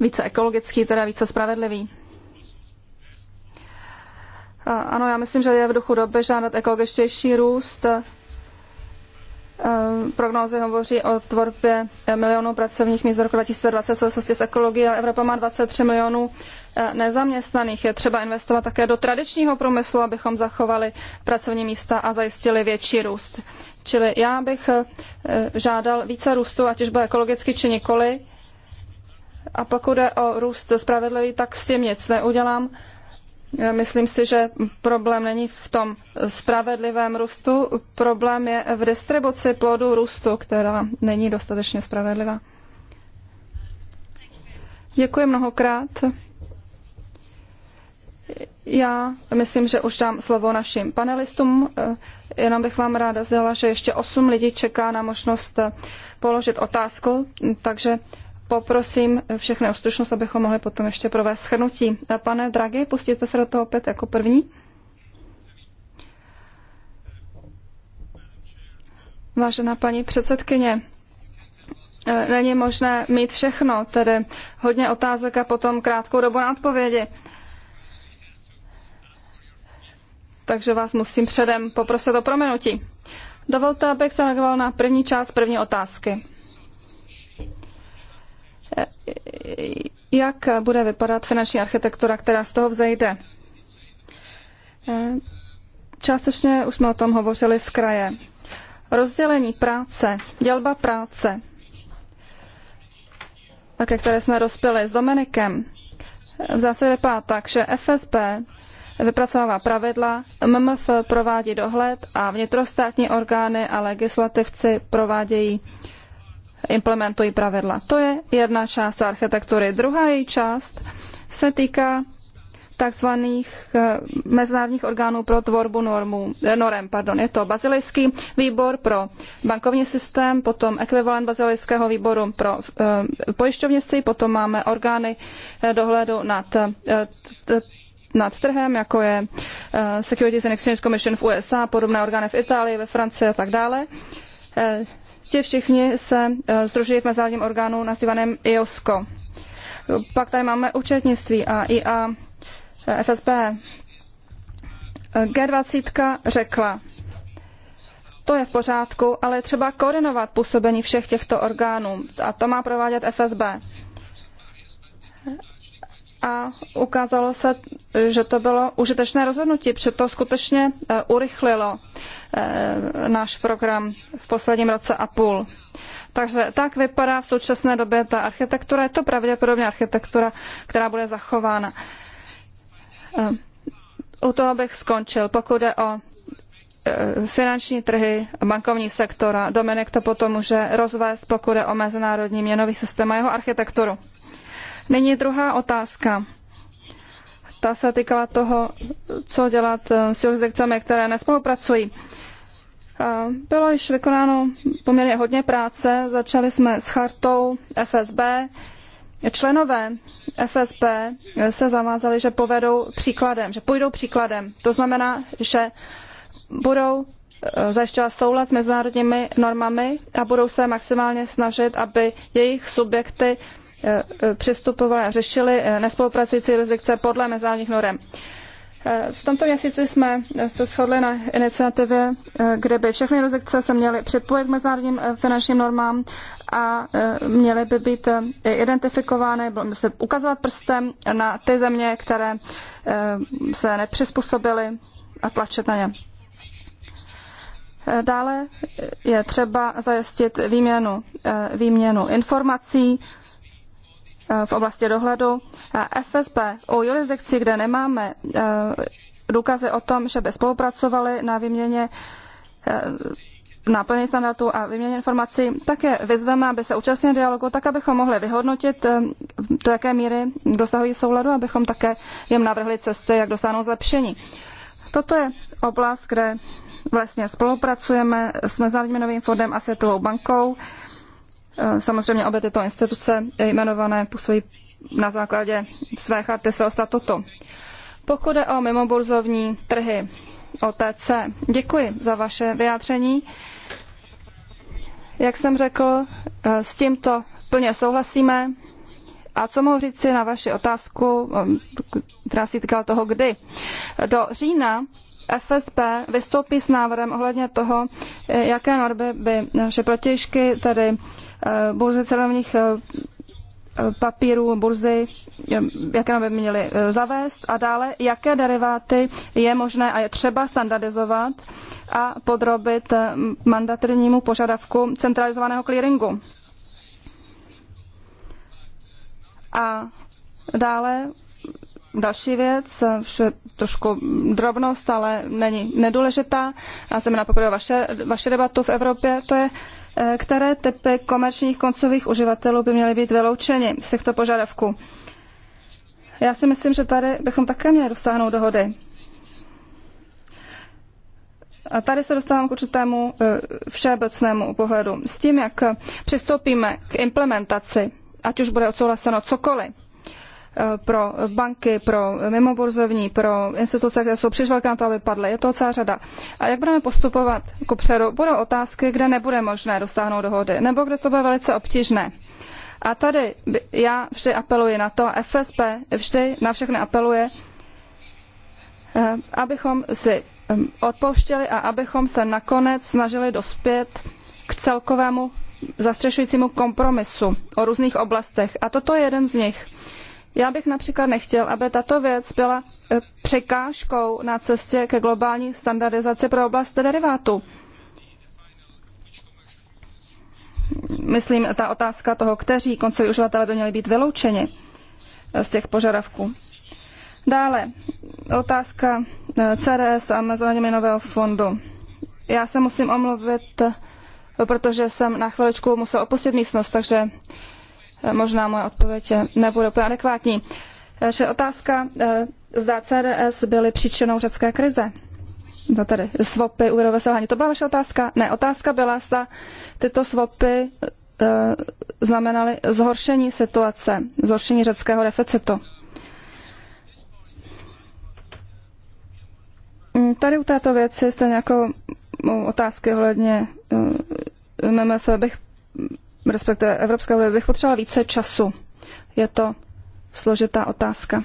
více ekologický, teda více spravedlivý. Eh, ano, já myslím, že je v duchu doby žádat ekologičtější růst. Prognózy hovoří o tvorbě milionů pracovních míst do roku 2020 v souvislosti s ekologií, ale Evropa má 23 milionů E, nezaměstnaných. Je třeba investovat také do tradičního průmyslu, abychom zachovali pracovní místa a zajistili větší růst. Čili já bych e, žádal více růstu, ať už bude ekologicky či nikoli. A pokud jde o růst spravedlivý, tak s tím nic neudělám. E, myslím si, že problém není v tom spravedlivém růstu, problém je v distribuci plodů růstu, která není dostatečně spravedlivá. Děkuji mnohokrát. Já myslím, že už dám slovo našim panelistům. Eh, jenom bych vám ráda sdělila, že ještě osm lidí čeká na možnost eh, položit otázku, takže poprosím všechny o stručnost, abychom mohli potom ještě provést shrnutí. Eh, pane Dragi, pustíte se do toho opět jako první. Vážená paní předsedkyně, není možné mít všechno, tedy hodně otázek a potom krátkou dobu na odpovědi. takže vás musím předem poprosit o promenutí. Dovolte, abych se reagoval na první část první otázky. Jak bude vypadat finanční architektura, která z toho vzejde? Částečně už jsme o tom hovořili z kraje. Rozdělení práce, dělba práce, ke které jsme rozpěli s Dominikem, v zase vypadá tak, že FSB vypracovává pravidla, MMF provádí dohled a vnitrostátní orgány a legislativci provádějí implementují pravidla. To je jedna část architektury. Druhá její část se týká takzvaných eh, mezinárodních orgánů pro tvorbu normů, eh, norem. Pardon. Je to bazilejský výbor pro bankovní systém, potom ekvivalent bazilejského výboru pro eh, pojišťovnictví, potom máme orgány dohledu nad nad trhem, jako je eh, Securities and Exchange Commission v USA, podobné orgány v Itálii, ve Francii a tak dále. Eh, ti všichni se združují eh, v mezinárodním orgánu nazývaném IOSCO. Pak tady máme účetnictví a IA, FSB. G20 řekla, to je v pořádku, ale třeba koordinovat působení všech těchto orgánů a to má provádět FSB a ukázalo se, že to bylo užitečné rozhodnutí, protože to skutečně eh, urychlilo eh, náš program v posledním roce a půl. Takže tak vypadá v současné době ta architektura. Je to pravděpodobně architektura, která bude zachována. Eh, u toho bych skončil. Pokud je o finanční trhy, bankovní sektora. Dominik to potom může rozvést, pokud je o mezinárodní měnový systém a jeho architekturu. Nyní druhá otázka. Ta se týkala toho, co dělat eh, s jurisdikcemi, které nespolupracují. Eh, bylo již vykonáno poměrně hodně práce. Začali jsme s chartou FSB. Členové FSB eh, se zavázali, že povedou příkladem, že půjdou příkladem. To znamená, že budou zajišťovat soulad s mezinárodními normami a budou se maximálně snažit, aby jejich subjekty přistupovali a řešili eh, nespolupracující jurisdikce podle mezinárodních norem. Eh, v tomto měsíci jsme se shodli na iniciativě, eh, kde by všechny jurisdikce se měly připojit k mezinárodním finančním normám a měly by být identifikovány, by se ukazovat prstem na ty země, které se nepřizpůsobily a tlačit na ně. Dále je třeba zajistit výměnu, výměnu informací Eh, v oblasti dohledu. Eh, FSB o jurisdikci, kde nemáme eh, důkazy o tom, že by spolupracovali na výměně na plnění standardů a výměně informací, také vyzveme, aby se účastnili dialogu, tak abychom mohli vyhodnotit, do jaké míry dosahují souladu, abychom také jim navrhli cesty, jak dosáhnout zlepšení. Toto je oblast, kde vlastně spolupracujeme s Mezinárodním novým fondem a Světovou bankou Eh, samozřejmě obě tyto instituce jmenované působí na základě své charty svého statutu. Pokud je o mimoburzovní trhy OTC, děkuji za vaše vyjádření. Jak jsem řekl, eh, s tímto plně souhlasíme. A co mohu říct si na vaši otázku, eh, která se týkala toho, kdy? Do října FSB vystoupí s návrhem ohledně toho, jaké normy by naše protěžky, tedy Eh, burzy cenovních eh, papírů burzy, eh, jaké by měly zavést a dále, jaké deriváty je možné a je třeba standardizovat a podrobit mandatrnímu požadavku centralizovaného clearingu. A dále další věc, vše trošku drobnost, ale není nedůležitá, a zejména pokud vaše, vaše debatu v Evropě, to je Eh, které typy komerčních koncových uživatelů by měly být vyloučeny z těchto požadavků. Já si myslím, že tady bychom také měli dosáhnout dohody. A tady se dostávám k určitému eh, všeobecnému pohledu. S tím, jak přistoupíme k implementaci, ať už bude odsouhlaseno cokoliv, Eh, pro banky, pro mimoburzovní, pro instituce, které jsou příliš velké na to, aby padly. Je to celá řada. A jak budeme postupovat ku předu? Budou otázky, kde nebude možné dosáhnout dohody, nebo kde to bude velice obtížné. A tady já vždy apeluji na to, FSP vždy na všechny apeluje, eh, abychom si ehm, odpouštěli a abychom se nakonec snažili dospět k celkovému zastřešujícímu kompromisu o různých oblastech. A toto je jeden z nich. Já bych například nechtěl, aby tato věc byla eh, překážkou na cestě ke globální standardizaci pro oblast derivátu. Myslím, ta otázka toho, kteří koncoví uživatelé by měli být vyloučeni eh, z těch požadavků. Dále otázka eh, CRS a Mezinárodního fondu. Já se musím omluvit, protože jsem na chviličku musel opustit místnost, takže možná moje odpověď nebude úplně adekvátní. Že otázka, eh, zda CDS byly příčinou řecké krize. Za tady svopy, úvěrové selhání. To byla vaše otázka? Ne, otázka byla, zda tyto svopy eh, znamenaly zhoršení situace, zhoršení řeckého deficitu. Mm, tady u této věci, jste jako otázky ohledně eh, MMF, bych respektive Evropské unie, bych potřebovala více času. Je to složitá otázka.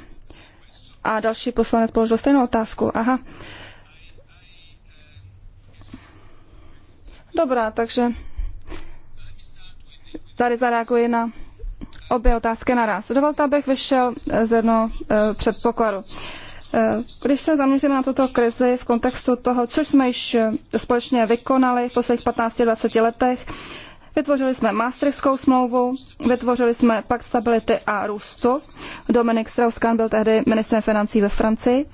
A další poslanec položil stejnou otázku. Aha. Dobrá, takže tady zareaguji na obě otázky naraz. Dovolte, abych vyšel z jednoho eh, předpokladu. Eh, když se zaměříme na tuto krizi v kontextu toho, co jsme již společně vykonali v posledních 15-20 letech, Vytvořili jsme Maastrichtskou smlouvu, vytvořili jsme Pakt stability a růstu. Dominik Strauss-Kahn byl tehdy ministrem financí ve Francii.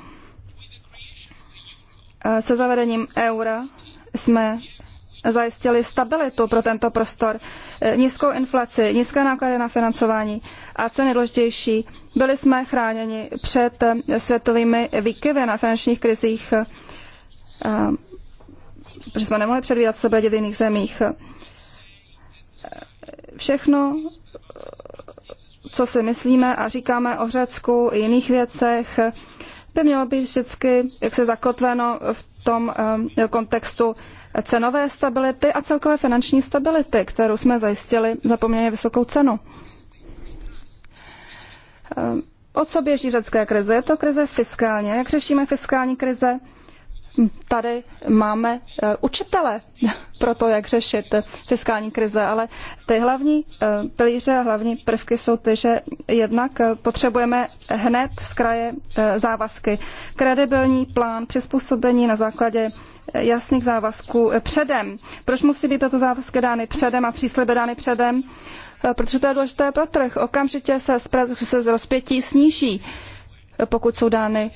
Eh, se zavedením eura jsme zajistili stabilitu pro tento prostor, eh, nízkou inflaci, nízké náklady na financování a co nejdůležitější, byli jsme chráněni před eh, světovými výkyvy na finančních krizích, protože jsme nemohli předvídat, co se bude v jiných zemích všechno, co si myslíme a říkáme o Řecku i jiných věcech, by mělo být vždycky, jak se zakotveno v tom eh, kontextu cenové stability a celkové finanční stability, kterou jsme zajistili za poměrně vysokou cenu. Eh, o co běží řecké krize? Je to krize fiskálně. Jak řešíme fiskální krize? tady máme eh, učitele pro to, jak řešit fiskální krize, ale ty hlavní eh, pilíře a hlavní prvky jsou ty, že jednak eh, potřebujeme hned z kraje závazky. Kredibilní plán přizpůsobení na základě jasných závazků předem. Proč musí být tato závazky dány předem a přísliby dány předem? Protože to je důležité pro trh. Okamžitě se, se z rozpětí sníží, pokud jsou dány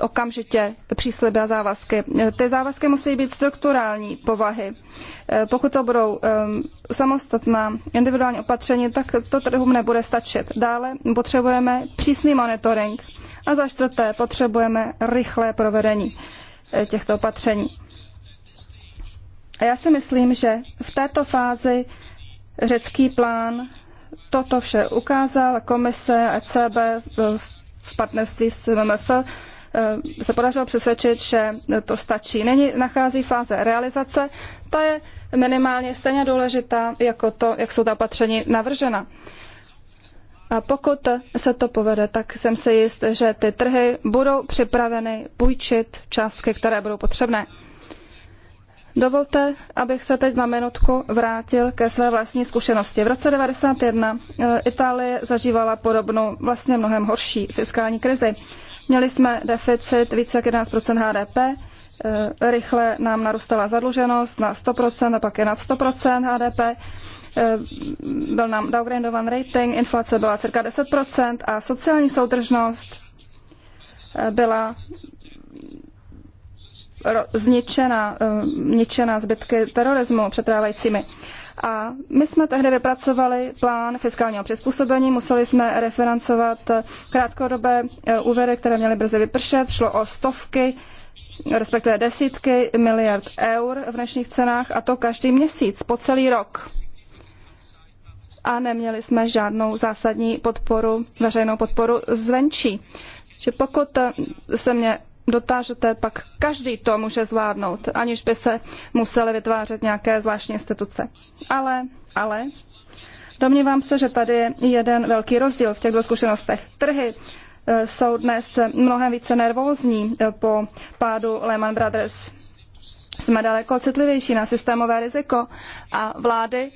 okamžitě přísliby a závazky. Ty závazky musí být strukturální povahy. Eh, pokud to budou ehm, samostatná individuální opatření, tak to trhům nebude stačit. Dále potřebujeme přísný monitoring a za čtvrté potřebujeme rychlé provedení eh, těchto opatření. A já si myslím, že v této fázi řecký plán toto vše ukázal, komise, ECB eh, v partnerství s MMF Eh, se podařilo přesvědčit, že to stačí. Není, nachází fáze realizace, ta je minimálně stejně důležitá jako to, jak jsou ta opatření navržena. A pokud se to povede, tak jsem si jist, že ty trhy budou připraveny půjčit částky, které budou potřebné. Dovolte, abych se teď na minutku vrátil ke své vlastní zkušenosti. V roce 1991 eh, Itálie zažívala podobnou, vlastně mnohem horší fiskální krizi. Měli jsme deficit více jak 11 HDP, eh, rychle nám narůstala zadluženost na 100 a pak je nad 100 HDP eh, byl nám downgradovan rating, inflace byla cirka 10% a sociální soudržnost eh, byla zničena, zničena zbytky terorismu přetrávajícími. A my jsme tehdy vypracovali plán fiskálního přizpůsobení, museli jsme referencovat krátkodobé eh, úvěry, které měly brzy vypršet, šlo o stovky respektive desítky miliard eur v dnešních cenách a to každý měsíc po celý rok. A neměli jsme žádnou zásadní podporu, veřejnou podporu zvenčí. Že pokud se mě dotážete, pak každý to může zvládnout, aniž by se museli vytvářet nějaké zvláštní instituce. Ale, ale, domnívám se, že tady je jeden velký rozdíl v těchto zkušenostech. Trhy eh, jsou dnes mnohem více nervózní eh, po pádu Lehman Brothers. Jsme daleko citlivější na systémové riziko a vlády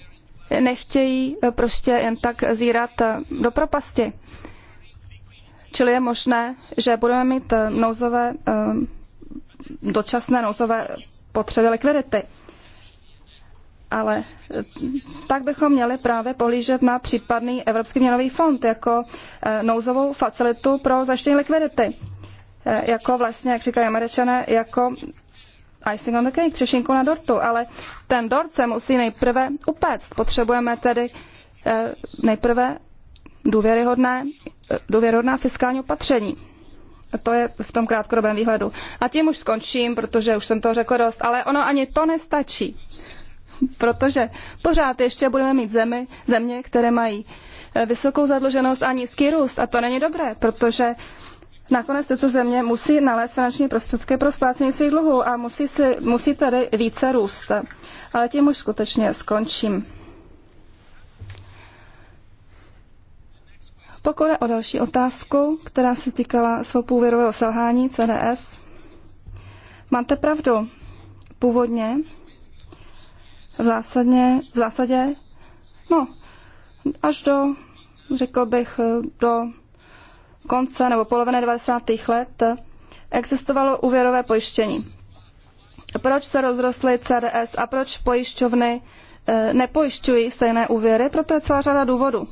nechtějí eh, prostě jen tak zírat do propasti. Čili je možné, že budeme mít eh, nouzové, eh, dočasné nouzové potřeby likvidity. Ale eh, tak bychom měli právě pohlížet na případný Evropský měnový fond jako nouzovou facilitu pro zajištění likvidity. Jako vlastně, jak říkají američané, jako icing on the cake, třešinku na dortu, ale ten dort se musí nejprve upéct. Potřebujeme tedy nejprve důvěryhodné, důvěryhodná fiskální opatření. To je v tom krátkodobém výhledu. A tím už skončím, protože už jsem to řekl dost, ale ono ani to nestačí. Protože pořád ještě budeme mít zemi, země, které mají eh, vysokou zadluženost a nízký růst. A to není dobré, protože Nakonec tyto země musí nalézt finanční prostředky pro splácení svých dluhů a musí, si, musí tady více růst. Ale tím už skutečně skončím. Pokud je o další otázku, která se týkala půvěrového selhání CDS, máte pravdu. Původně v zásadě, v zásadě no, až do, řekl bych, do konce nebo poloviny 90. let existovalo úvěrové pojištění. Proč se rozrostly CDS a proč pojišťovny eh, nepojišťují stejné úvěry? Proto je celá řada důvodů.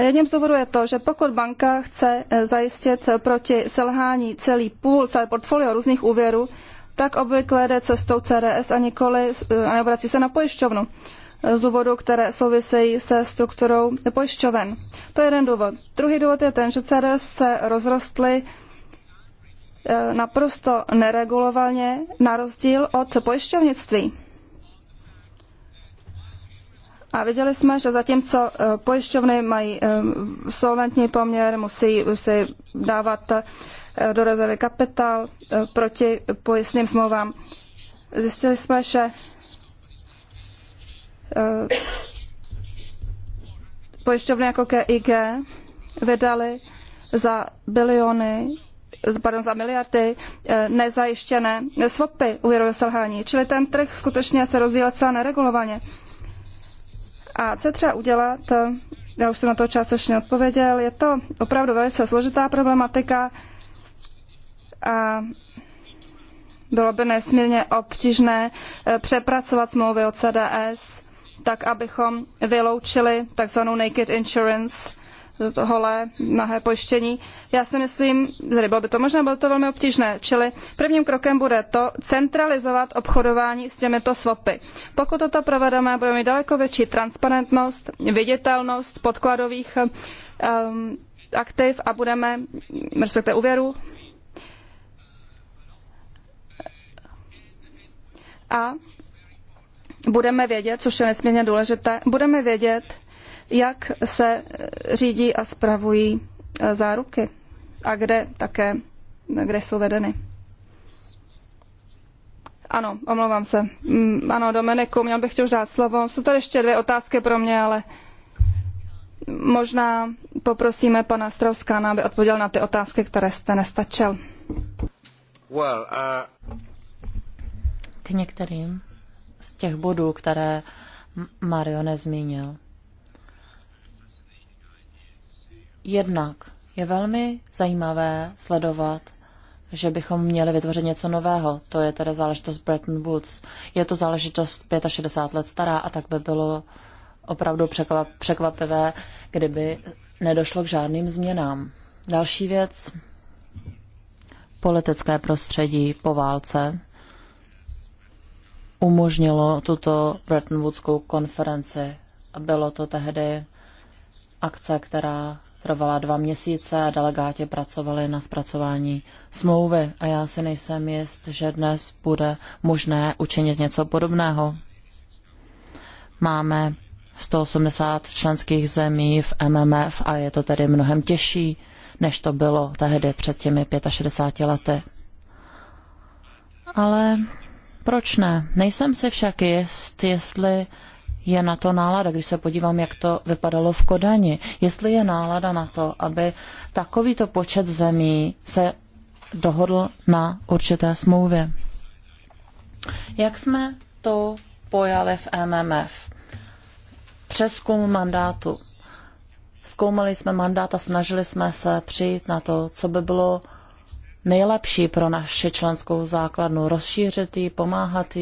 Jedním z důvodů je to, že pokud banka chce eh, zajistit eh, proti selhání celý půl, celé portfolio různých úvěrů, tak obvykle jde cestou CDS a nikoli eh, a vrací se na pojišťovnu z důvodů, které souvisejí se strukturou pojišťoven. To je jeden důvod. Druhý důvod je ten, že CDS se rozrostly naprosto neregulovaně na rozdíl od pojišťovnictví. A viděli jsme, že zatímco eh, pojišťovny mají eh, solventní poměr, musí si dávat eh, do rezervy kapitál proti pojistným smlouvám. Zjistili jsme, že pojišťovny jako KIG vydali za biliony, pardon, za miliardy nezajištěné swapy úvěrové selhání. Čili ten trh skutečně se rozvíjel celá neregulovaně. A co třeba udělat, já už jsem na to částečně odpověděl, je to opravdu velice složitá problematika a bylo by nesmírně obtížné eh, přepracovat smlouvy o CDS, tak abychom vyloučili takzvanou naked insurance, holé, nahé pojištění. Já si myslím, že bylo by to možné, bylo to velmi obtížné. Čili prvním krokem bude to centralizovat obchodování s těmito swapy. Pokud toto provedeme, budeme mít daleko větší transparentnost, viditelnost podkladových um, aktiv a budeme, respektive úvěru, a budeme vědět, což je nesmírně důležité, budeme vědět, jak se řídí a spravují eh, záruky a kde také, kde jsou vedeny. Ano, omlouvám se. Mm, ano, Domeniku, měl bych chtěl už dát slovo. Jsou tady ještě dvě otázky pro mě, ale možná poprosíme pana Strauskána, aby odpověděl na ty otázky, které jste nestačil. Well, uh... K některým z těch bodů, které Mario nezmínil. Jednak je velmi zajímavé sledovat, že bychom měli vytvořit něco nového. To je teda záležitost Bretton Woods. Je to záležitost 65 let stará a tak by bylo opravdu překvapivé, kdyby nedošlo k žádným změnám. Další věc, politické prostředí po válce umožnilo tuto Bretton Woodskou konferenci. Bylo to tehdy akce, která trvala dva měsíce a delegáti pracovali na zpracování smlouvy a já si nejsem jist, že dnes bude možné učinit něco podobného. Máme 180 členských zemí v MMF a je to tedy mnohem těžší, než to bylo tehdy před těmi 65 lety. Ale proč ne? Nejsem si však jist, jestli je na to nálada, když se podívám, jak to vypadalo v Kodani. Jestli je nálada na to, aby takovýto počet zemí se dohodl na určité smlouvě. Jak jsme to pojali v MMF? Přeskum mandátu. Zkoumali jsme mandát a snažili jsme se přijít na to, co by bylo nejlepší pro naši členskou základnu. Rozšířit ji, pomáhat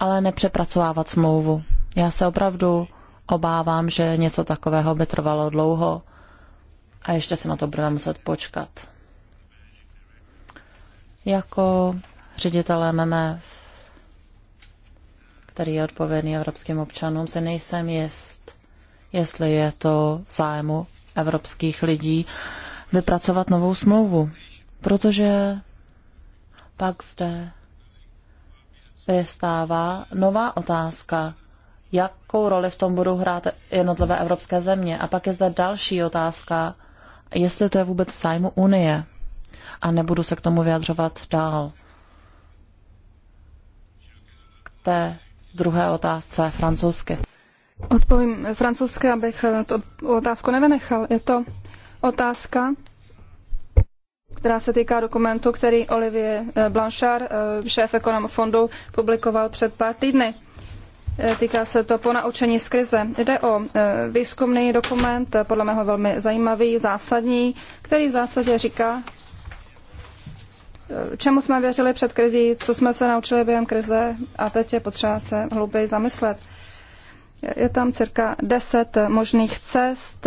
ale nepřepracovávat smlouvu. Já se opravdu obávám, že něco takového by trvalo dlouho a ještě se na to budeme muset počkat. Jako ředitel MMF, který je odpovědný evropským občanům, se nejsem jist, jestli je to v zájmu evropských lidí vypracovat novou smlouvu, protože pak zde vystává nová otázka, jakou roli v tom budou hrát jednotlivé evropské země. A pak je zde další otázka, jestli to je vůbec v zájmu Unie. A nebudu se k tomu vyjadřovat dál. K té druhé otázce francouzsky. Odpovím francouzsky, abych tu otázku nevynechal. Je to otázka, která se týká dokumentu, který Olivier Blanchard, eh, šéf ekonom fondu, publikoval před pár týdny. Eh, týká se to po z krize. Jde o eh, výzkumný dokument, eh, podle mého velmi zajímavý, zásadní, který v zásadě říká, čemu jsme věřili před krizí, co jsme se naučili během krize a teď je potřeba se hlouběji zamyslet. Je tam cirka deset možných cest.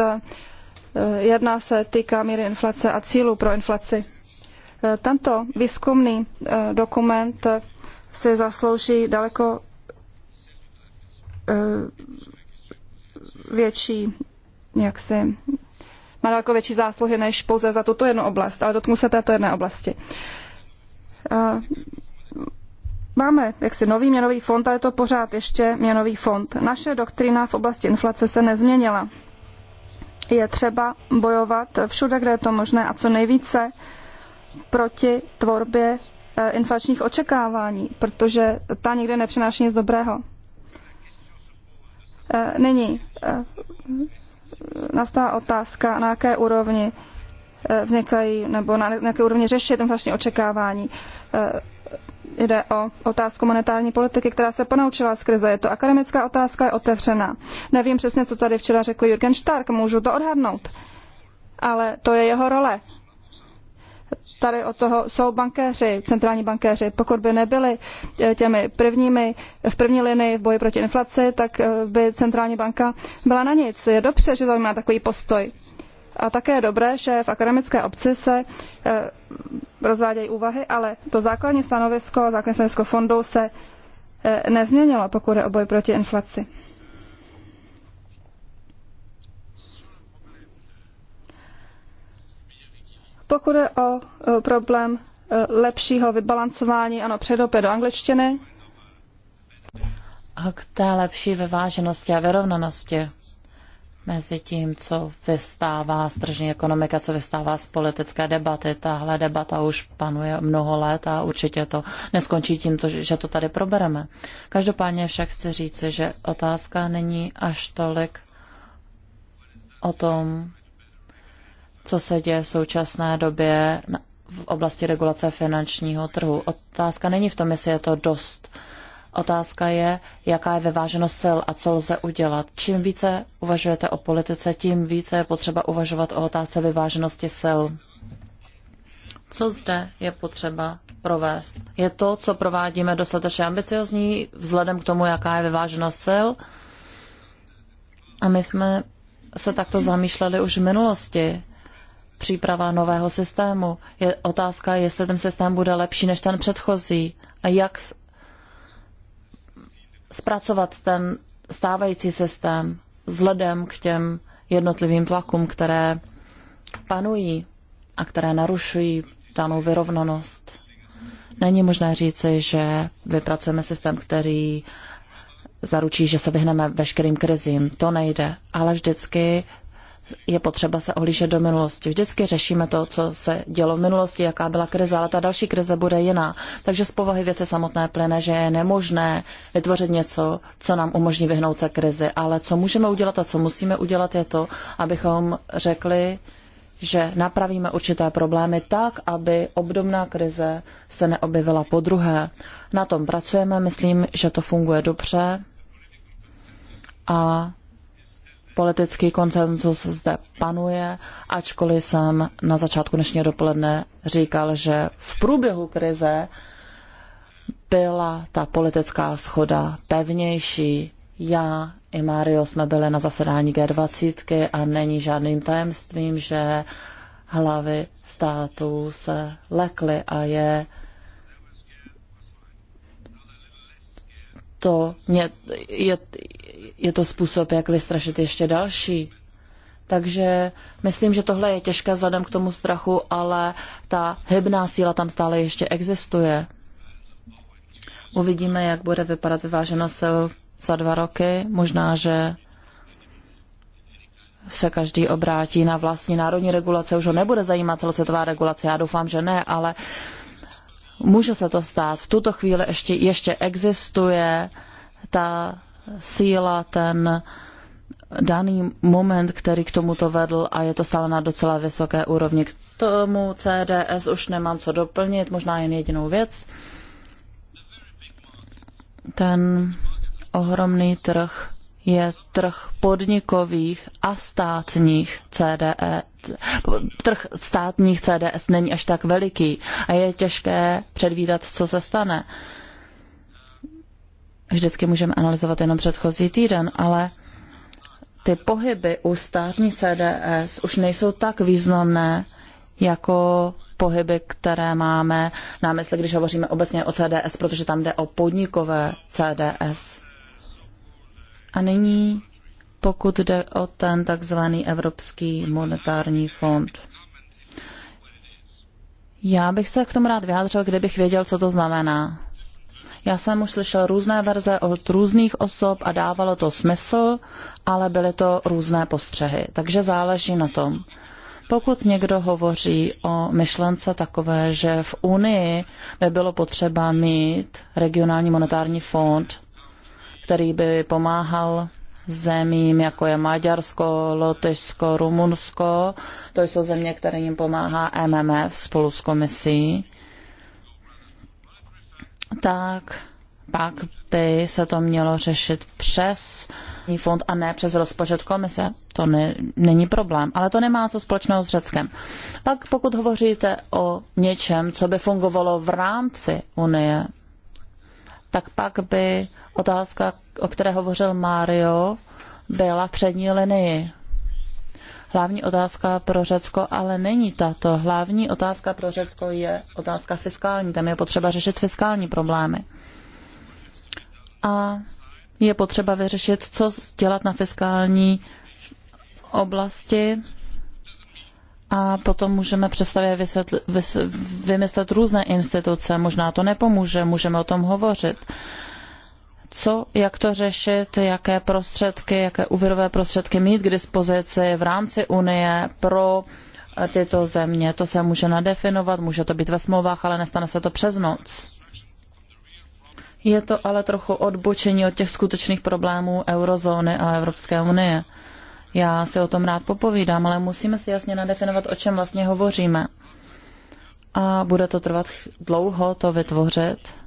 Jedna se týká míry inflace a cílu pro inflaci. Tento výzkumný dokument si zaslouží daleko Eh, větší, jak se má daleko větší zásluhy než pouze za tuto jednu oblast, ale dotknu se této jedné oblasti. Eh, máme jaksi nový měnový fond, ale je to pořád ještě měnový fond. Naše doktrina v oblasti inflace se nezměnila. Je třeba bojovat všude, kde je to možné a co nejvíce proti tvorbě eh, inflačních očekávání, protože ta nikdy nepřináší nic dobrého. E, nyní e, nastává otázka, na jaké úrovni e, vznikají, nebo na jaké úrovni řešit inflační očekávání. Jde o otázku monetární politiky, která se ponaučila z krize. Je to akademická otázka, je otevřená. Nevím přesně, co tady včera řekl Jürgen Stark, můžu to odhadnout. Ale to je jeho role tady od toho jsou bankéři, centrální bankéři. Pokud by nebyli eh, těmi prvními v první linii v boji proti inflaci, tak eh, by centrální banka byla na nic. Je dobře, že zaujímá takový postoj. A také je dobré, že v akademické obci se eh, rozvádějí úvahy, ale to základní stanovisko, základní stanovisko fondu se nezměnilo, pokud je o boj proti inflaci. Pokud je o e, problém e, lepšího vybalancování, ano, předopě do angličtiny. A k té lepší vyváženosti a vyrovnanosti mezi tím, co vystává z tržní ekonomika, co vystává z politické debaty. Tahle debata už panuje mnoho let a určitě to neskončí tím, to, že to tady probereme. Každopádně však chci říci, že otázka není až tolik o tom, co se děje v současné době v oblasti regulace finančního trhu. Otázka není v tom, jestli je to dost. Otázka je, jaká je vyváženost sil a co lze udělat. Čím více uvažujete o politice, tím více je potřeba uvažovat o otázce vyváženosti sil. Co zde je potřeba provést? Je to, co provádíme, dostatečně ambiciozní vzhledem k tomu, jaká je vyváženost sil? A my jsme se takto zamýšleli už v minulosti příprava nového systému. Je otázka, jestli ten systém bude lepší než ten předchozí a jak zpracovat ten stávající systém vzhledem k těm jednotlivým tlakům, které panují a které narušují danou vyrovnanost. Není možné říci, že vypracujeme systém, který zaručí, že se vyhneme veškerým krizím. To nejde. Ale vždycky je potřeba se ohlížet do minulosti. Vždycky řešíme to, co se dělo v minulosti, jaká byla krize, ale ta další krize bude jiná. Takže z povahy věce samotné plyne, že je nemožné vytvořit něco, co nám umožní vyhnout se krizi. Ale co můžeme udělat a co musíme udělat, je to, abychom řekli, že napravíme určité problémy tak, aby obdobná krize se neobjevila po druhé. Na tom pracujeme, myslím, že to funguje dobře a politický konsenzus zde panuje, ačkoliv jsem na začátku dnešního dopoledne říkal, že v průběhu krize byla ta politická schoda pevnější. Já i Mario jsme byli na zasedání G20 a není žádným tajemstvím, že hlavy států se lekly a je to, je, je to způsob, jak vystrašit ještě další. Takže myslím, že tohle je těžké vzhledem k tomu strachu, ale ta hybná síla tam stále ještě existuje. Uvidíme, jak bude vypadat vyváženost za dva roky. Možná, že se každý obrátí na vlastní národní regulace, už ho nebude zajímat celosvětová regulace. Já doufám, že ne, ale uh, Může se to stát. V tuto chvíli ještě, ještě existuje ta síla, ten daný moment, který k tomuto vedl a je to stále na docela vysoké úrovni. K tomu CDS už nemám co doplnit, možná jen jedinou věc. Ten ohromný trh je trh podnikových a státních CDE, trh státních CDS není až tak veliký a je těžké předvídat, co se stane. Vždycky můžeme analyzovat jenom předchozí týden, ale ty pohyby u státní CDS už nejsou tak významné jako pohyby, které máme na mysli, když hovoříme obecně o CDS, protože tam jde o podnikové CDS. A nyní pokud jde o ten takzvaný Evropský monetární fond. Já bych se k tomu rád vyjádřil, kdybych věděl, co to znamená. Já jsem už slyšel různé verze od různých osob a dávalo to smysl, ale byly to různé postřehy, takže záleží na tom. Pokud někdo hovoří o myšlence takové, že v Unii by bylo potřeba mít regionální monetární fond, který by pomáhal zemím, jako je Maďarsko, Lotyšsko, Rumunsko. To jsou země, které jim pomáhá MMF spolu s komisí. Tak pak by se to mělo řešit přes fond a ne přes rozpočet komise. To ne, není problém, ale to nemá co společného s Řeckem. Pak pokud hovoříte o něčem, co by fungovalo v rámci Unie, tak pak by Otázka, o které hovořil Mario, byla v přední linii. Hlavní otázka pro Řecko ale není tato. Hlavní otázka pro Řecko je otázka fiskální. Tam je potřeba řešit fiskální problémy. A je potřeba vyřešit, co dělat na fiskální oblasti a potom můžeme představě vymyslet různé instituce. Možná to nepomůže, můžeme o tom hovořit co, jak to řešit, jaké prostředky, jaké úvěrové prostředky mít k dispozici v rámci Unie pro eh, tyto země. To se může nadefinovat, může to být ve smlouvách, ale nestane se to přes noc. Je to ale trochu odbočení od těch skutečných problémů eurozóny a Evropské unie. Já si o tom rád popovídám, ale musíme si jasně nadefinovat, o čem vlastně hovoříme. A bude to trvat dlouho to vytvořit.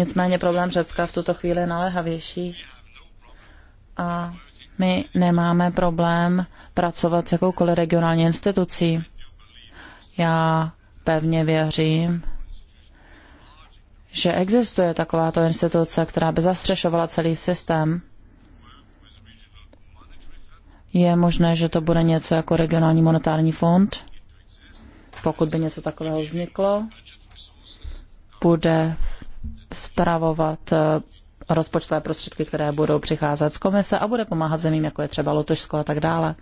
Nicméně problém Řecka v tuto chvíli je naléhavější a my nemáme problém pracovat s jakoukoliv regionální institucí. Já pevně věřím, že existuje takováto instituce, která by zastřešovala celý systém. Je možné, že to bude něco jako regionální monetární fond. Pokud by něco takového vzniklo, bude spravovat eh, rozpočtové prostředky, které budou přicházet z komise a bude pomáhat zemím, jako je třeba Lotyšsko a tak dále.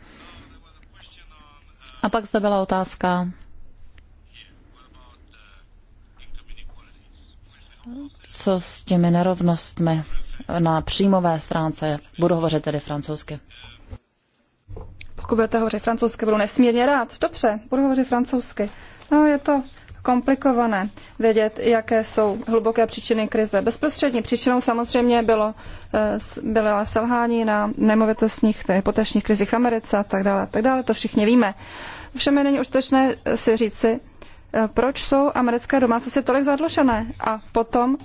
A pak zde byla otázka. Co s těmi nerovnostmi na příjmové stránce? Budu hovořit tedy francouzsky. Pokud budete hovořit francouzsky, budu nesmírně rád. Dobře, budu hovořit francouzsky. No, je to komplikované vědět, jaké jsou hluboké příčiny krize. Bezprostřední příčinou samozřejmě bylo, eh, bylo selhání na nemovitostních, hypotečních krizích Americe a tak dále, tak dále, to všichni víme. Všem je není užitečné eh, si říci, eh, proč jsou americké domácnosti tolik zadlužené a potom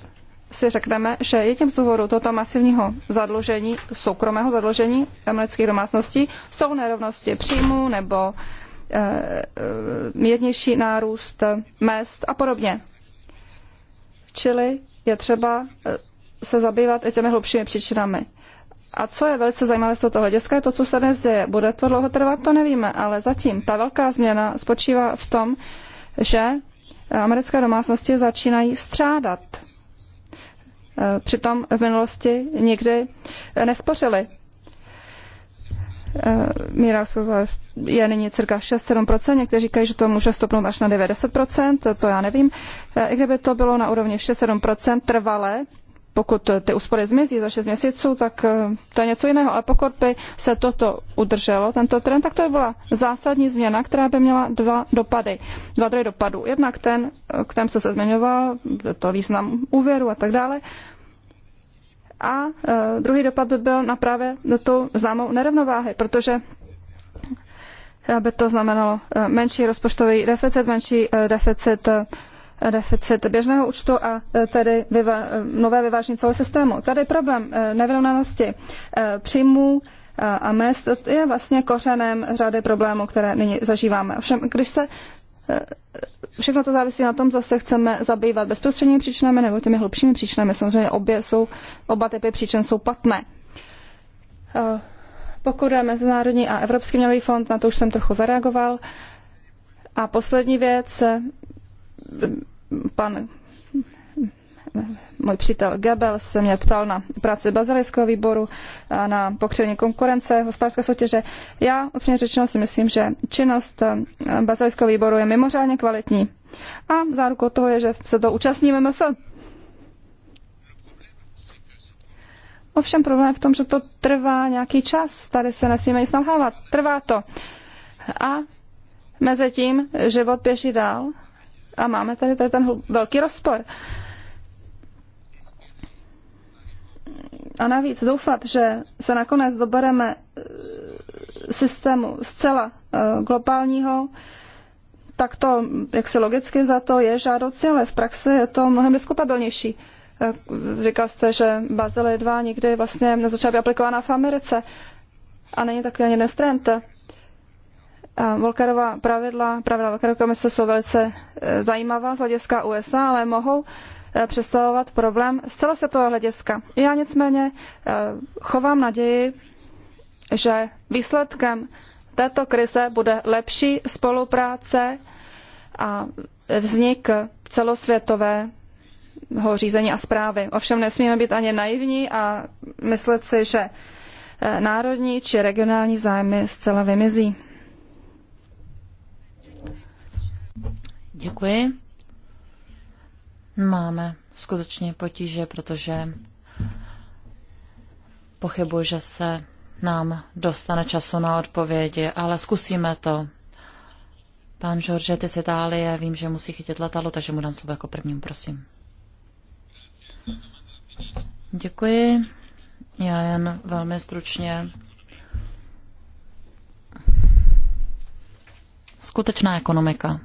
si řekneme, že jedním z důvodů tohoto masivního zadlužení, soukromého zadlužení amerických domácností jsou nerovnosti příjmů nebo Eh, eh, mírnější nárůst mest a podobně. Čili je třeba eh, se zabývat i těmi hlubšími příčinami. A co je velice zajímavé z toho hlediska, je to, co se dnes děje. Bude to dlouho trvat, to nevíme, ale zatím ta velká změna spočívá v tom, že americké domácnosti začínají střádat. Přitom v minulosti nikdy nespořili Eh, míra je nyní cirka 6-7%, někteří říkají, že to může stopnout až na 9-10%, to já nevím. Eh, I kdyby to bylo na úrovni 6-7% trvale, pokud ty úspory zmizí za 6 měsíců, tak eh, to je něco jiného. Ale pokud by se toto udrželo, tento trend, tak to by byla zásadní změna, která by měla dva dopady. Dva druhy dopadů. Jednak ten, kterém se se zmiňoval, to význam úvěru a tak dále. A e, druhý dopad by byl na právě tu známou nerovnováhy, protože by to znamenalo e, menší rozpočtový deficit, menší e, deficit deficit běžného účtu a tedy vyva- nové vyvážení celého systému. Tady problém nevyrovnanosti příjmů a mest je vlastně kořenem řady problémů, které nyní zažíváme. Ovšem, když se Všechno to závisí na tom, zase chceme zabývat bezprostředními příčinami nebo těmi hlubšími příčinami. Samozřejmě obě jsou, oba typy příčin jsou platné. Eh, pokud je Mezinárodní a Evropský měnový fond, na to už jsem trochu zareagoval. A poslední věc, eh, pan můj přítel Gebel se mě ptal na práci bazilického výboru, na pokření konkurence, hospodářské soutěže. Já upřímně řečeno si myslím, že činnost eh, bazilického výboru je mimořádně kvalitní. A zárukou toho je, že se to účastní MMF. Ovšem problém je v tom, že to trvá nějaký čas. Tady se nesmíme nic nalhávat. Trvá to. A mezi tím život běží dál a máme tady, tady ten velký rozpor. a navíc doufat, že se nakonec dobereme eh, systému zcela eh, globálního, tak to, jak se logicky za to, je žádoucí, ale v praxi je to mnohem diskutabilnější. Eh, říkal jste, že Basel 2 nikdy vlastně nezačala být aplikována v Americe a není takový ani dnes trend. A Volkerová pravidla, pravidla Volkerové komise jsou velice zajímavá z hlediska USA, ale mohou Eh, představovat problém z celosvětového hlediska. Já nicméně eh, chovám naději, že výsledkem této krize bude lepší spolupráce a vznik celosvětové řízení a zprávy. Ovšem nesmíme být ani naivní a myslet si, že eh, národní či regionální zájmy zcela vymizí. Děkuji. Máme skutečně potíže, protože pochybuji, že se nám dostane času na odpovědi, ale zkusíme to. Pan ty z Itálie, vím, že musí chytit letadlo, takže mu dám slovo jako prvním, prosím. Děkuji. Já jen velmi stručně. Skutečná ekonomika.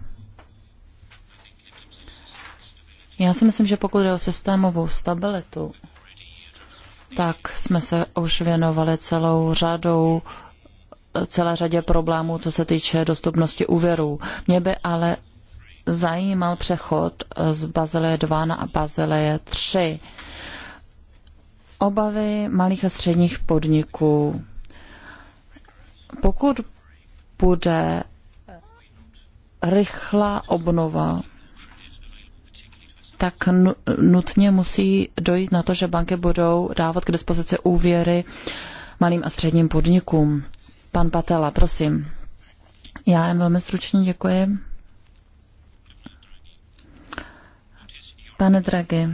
Já si myslím, že pokud jde o systémovou stabilitu, tak jsme se už věnovali celou řadou celé řadě problémů, co se týče dostupnosti úvěrů. Mě by ale zajímal přechod z Bazileje 2 na Bazileje 3. Obavy malých a středních podniků. Pokud bude rychlá obnova tak nutně musí dojít na to, že banky budou dávat k dispozici úvěry malým a středním podnikům. Pan Patela, prosím. Já jen velmi stručně děkuji. Pane Draghi,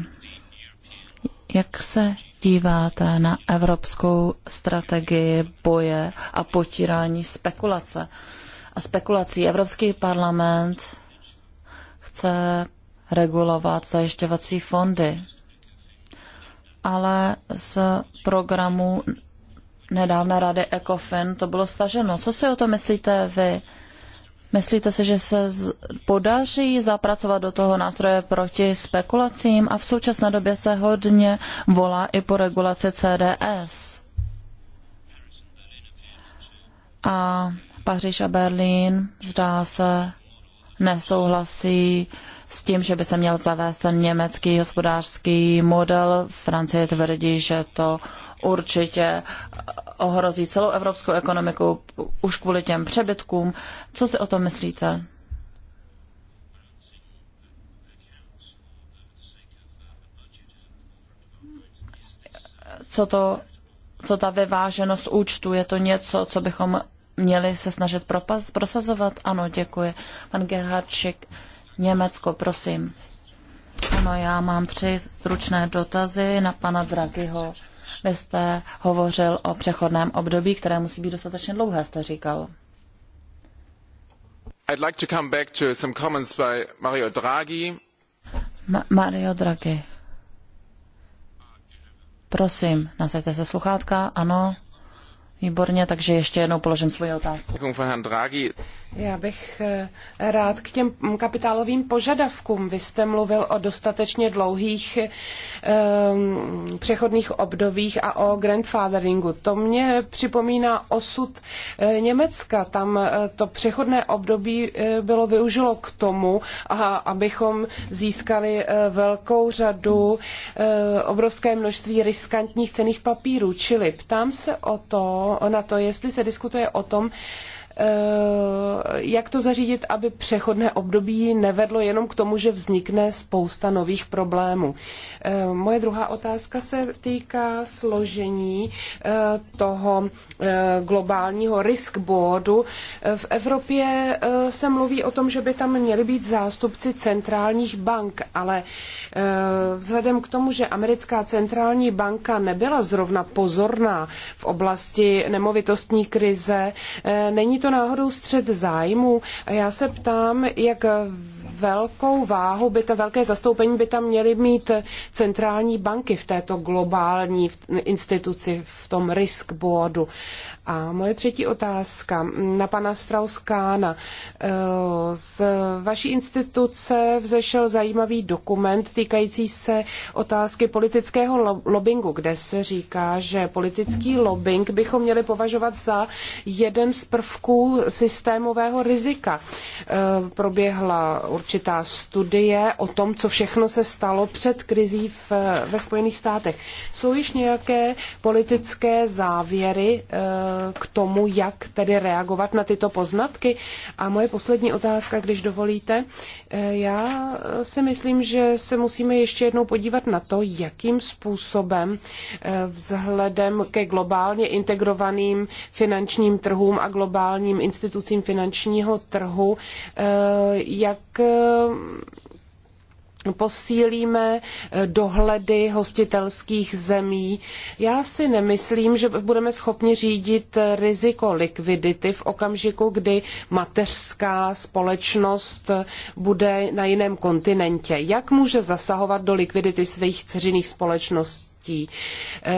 jak se díváte na evropskou strategii boje a potírání spekulace a spekulací? Evropský parlament chce regulovat zajišťovací fondy, ale z programu nedávné rady ECOFIN to bylo staženo. Co si o to myslíte vy? Myslíte si, že se podaří zapracovat do toho nástroje proti spekulacím a v současné době se hodně volá i po regulaci CDS? A Paříž a Berlín, zdá se, nesouhlasí s tím, že by se měl zavést ten německý hospodářský model. Francie tvrdí, že to určitě ohrozí celou evropskou ekonomiku už kvůli těm přebytkům. Co si o tom myslíte? Co to, co ta vyváženost účtu, je to něco, co bychom měli se snažit propas, prosazovat? Ano, děkuji. Pan Gerhard Schick. Německo, prosím. Ano, já mám tři stručné dotazy na pana Draghiho. Vy jste hovořil o přechodném období, které musí být dostatečně dlouhé, jste říkal. I'd like to come back to some comments by Mario Draghi. Ma- Mario Draghi. Prosím, nasaďte se sluchátka, ano. Výborně, takže ještě jednou položím svoji otázku. Já bych eh, rád k těm kapitálovým požadavkům. Vy jste mluvil o dostatečně dlouhých um, přechodných obdobích a o grandfatheringu. To mě připomíná osud eh, Německa. Tam to přechodné období bylo využilo k tomu, a, abychom získali velkou řadu, obrovské množství riskantních cených papírů. Čili ptám se o to, na to, jestli se diskutuje o tom, Eh, jak to zařídit, aby přechodné období nevedlo jenom k tomu, že vznikne spousta nových problémů. Eh, moje druhá otázka se týká složení eh, toho globálního risk boardu. V Evropě se mluví o tom, že by tam měli být zástupci centrálních bank, ale Eh, vzhledem k tomu, že americká centrální banka nebyla zrovna pozorná v oblasti nemovitostní krize, eh, není to náhodou střed zájmu? Já se ptám, jak velkou váhu by to velké zastoupení by tam měly mít centrální banky v této globální instituci, v tom risk boardu. A moje třetí otázka na pana Strauskána. E, z vaší instituce vzešel zajímavý dokument týkající se otázky politického lobbingu, kde se říká, že politický lobbying bychom měli považovat za jeden z prvků systémového rizika. E, proběhla určitá studie o tom, co všechno se stalo před krizí v, ve Spojených státech. Jsou již nějaké politické závěry e, k tomu, jak tedy reagovat na tyto poznatky. A moje poslední otázka, když dovolíte, eh, já si myslím, že se musíme ještě jednou podívat na to, jakým způsobem eh, vzhledem ke globálně integrovaným finančním trhům a globálním institucím finančního trhu, eh, jak posílíme eh, dohledy hostitelských zemí. Já si nemyslím, že budeme schopni řídit eh, riziko likvidity v okamžiku, kdy mateřská společnost eh, bude na jiném kontinentě. Jak může zasahovat do likvidity svých dceřiných společností?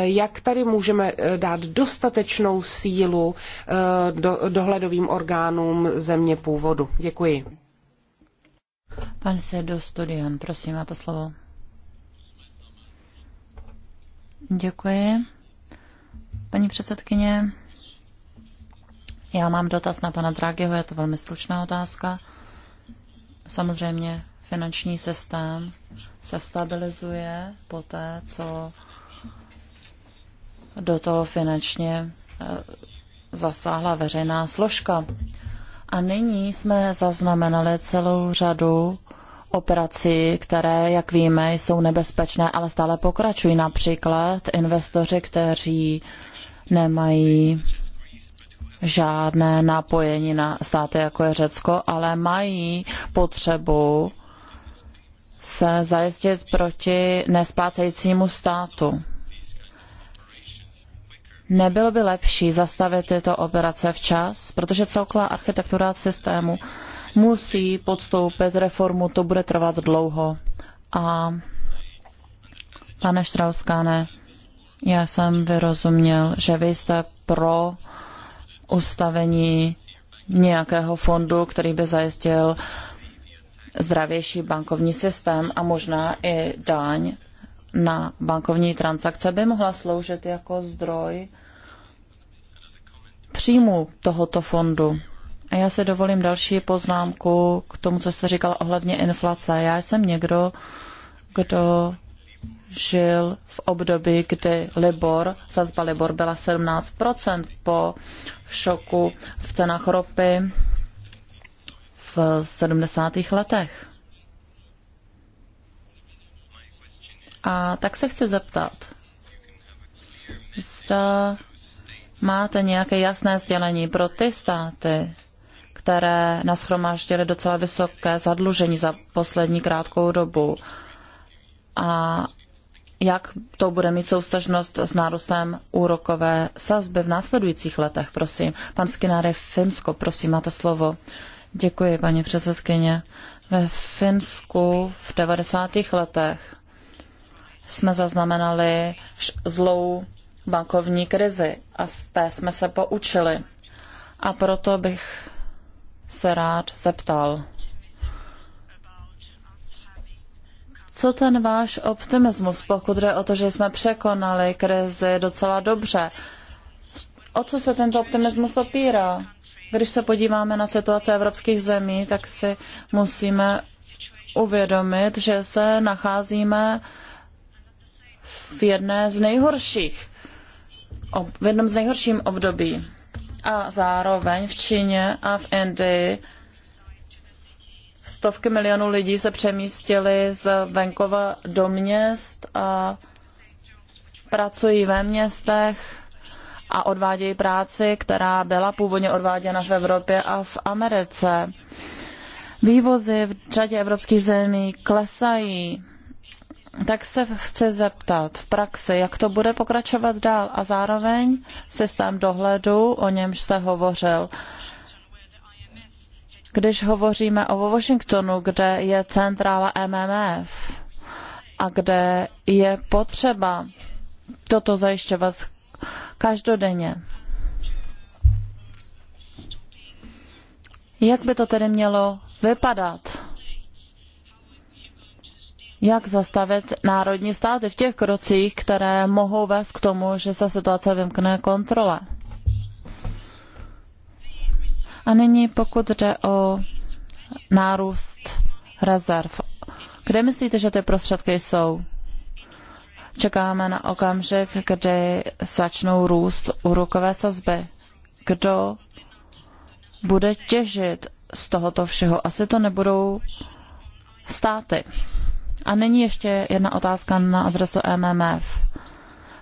Jak tady můžeme dát dostatečnou sílu dohledovým orgánům země původu? Děkuji. Pan Sedo Studion, prosím, máte slovo. Děkuji. Paní předsedkyně, já mám dotaz na pana Drágyho, je to velmi stručná otázka. Samozřejmě finanční systém se stabilizuje po té, co do toho finančně eh, zasáhla veřejná složka. A nyní jsme zaznamenali celou řadu operací, které, jak víme, jsou nebezpečné, ale stále pokračují. Například investoři, kteří nemají žádné napojení na státy, jako je Řecko, ale mají potřebu se zajistit proti nesplácejícímu státu. Nebylo by lepší zastavit tyto operace včas, protože celková architektura systému musí podstoupit reformu, to bude trvat dlouho. A pane Štrauskáne, já jsem vyrozuměl, že vy jste pro ustavení nějakého fondu, který by zajistil zdravější bankovní systém a možná i daň na bankovní transakce by mohla sloužit jako zdroj příjmu tohoto fondu. A já si dovolím další poznámku k tomu, co jste říkal ohledně inflace. Já jsem někdo, kdo žil v období, kdy Libor, sazba Libor byla 17% po šoku v cenách ropy v 70. letech. A tak se chci zeptat, zda máte nějaké jasné sdělení pro ty státy, které nashromáždily docela vysoké zadlužení za poslední krátkou dobu a jak to bude mít soustažnost s nárůstem úrokové sazby v následujících letech, prosím. Pan Skináre, Finsko, prosím, máte slovo. Děkuji, paní předsedkyně. Ve Finsku v 90. letech jsme zaznamenali zlou bankovní krizi a z té jsme se poučili. A proto bych se rád zeptal, co ten váš optimismus, pokud jde o to, že jsme překonali krizi docela dobře, o co se tento optimismus opírá? Když se podíváme na situaci evropských zemí, tak si musíme uvědomit, že se nacházíme v jedné z nejhorších, v jednom z nejhorším období. A zároveň v Číně a v Indii stovky milionů lidí se přemístily z venkova do měst a pracují ve městech a odvádějí práci, která byla původně odváděna v Evropě a v Americe. Vývozy v řadě evropských zemí klesají tak se chci zeptat v praxi, jak to bude pokračovat dál a zároveň systém dohledu, o němž jste hovořil. Když hovoříme o Washingtonu, kde je centrála MMF a kde je potřeba toto zajišťovat každodenně, jak by to tedy mělo vypadat? jak zastavit národní státy v těch krocích, které mohou vést k tomu, že se situace vymkne kontrole. A nyní pokud jde o nárůst rezerv. Kde myslíte, že ty prostředky jsou? Čekáme na okamžik, kdy začnou růst úrokové sazby. Kdo bude těžit z tohoto všeho? Asi to nebudou státy. A není ještě jedna otázka na adresu MMF.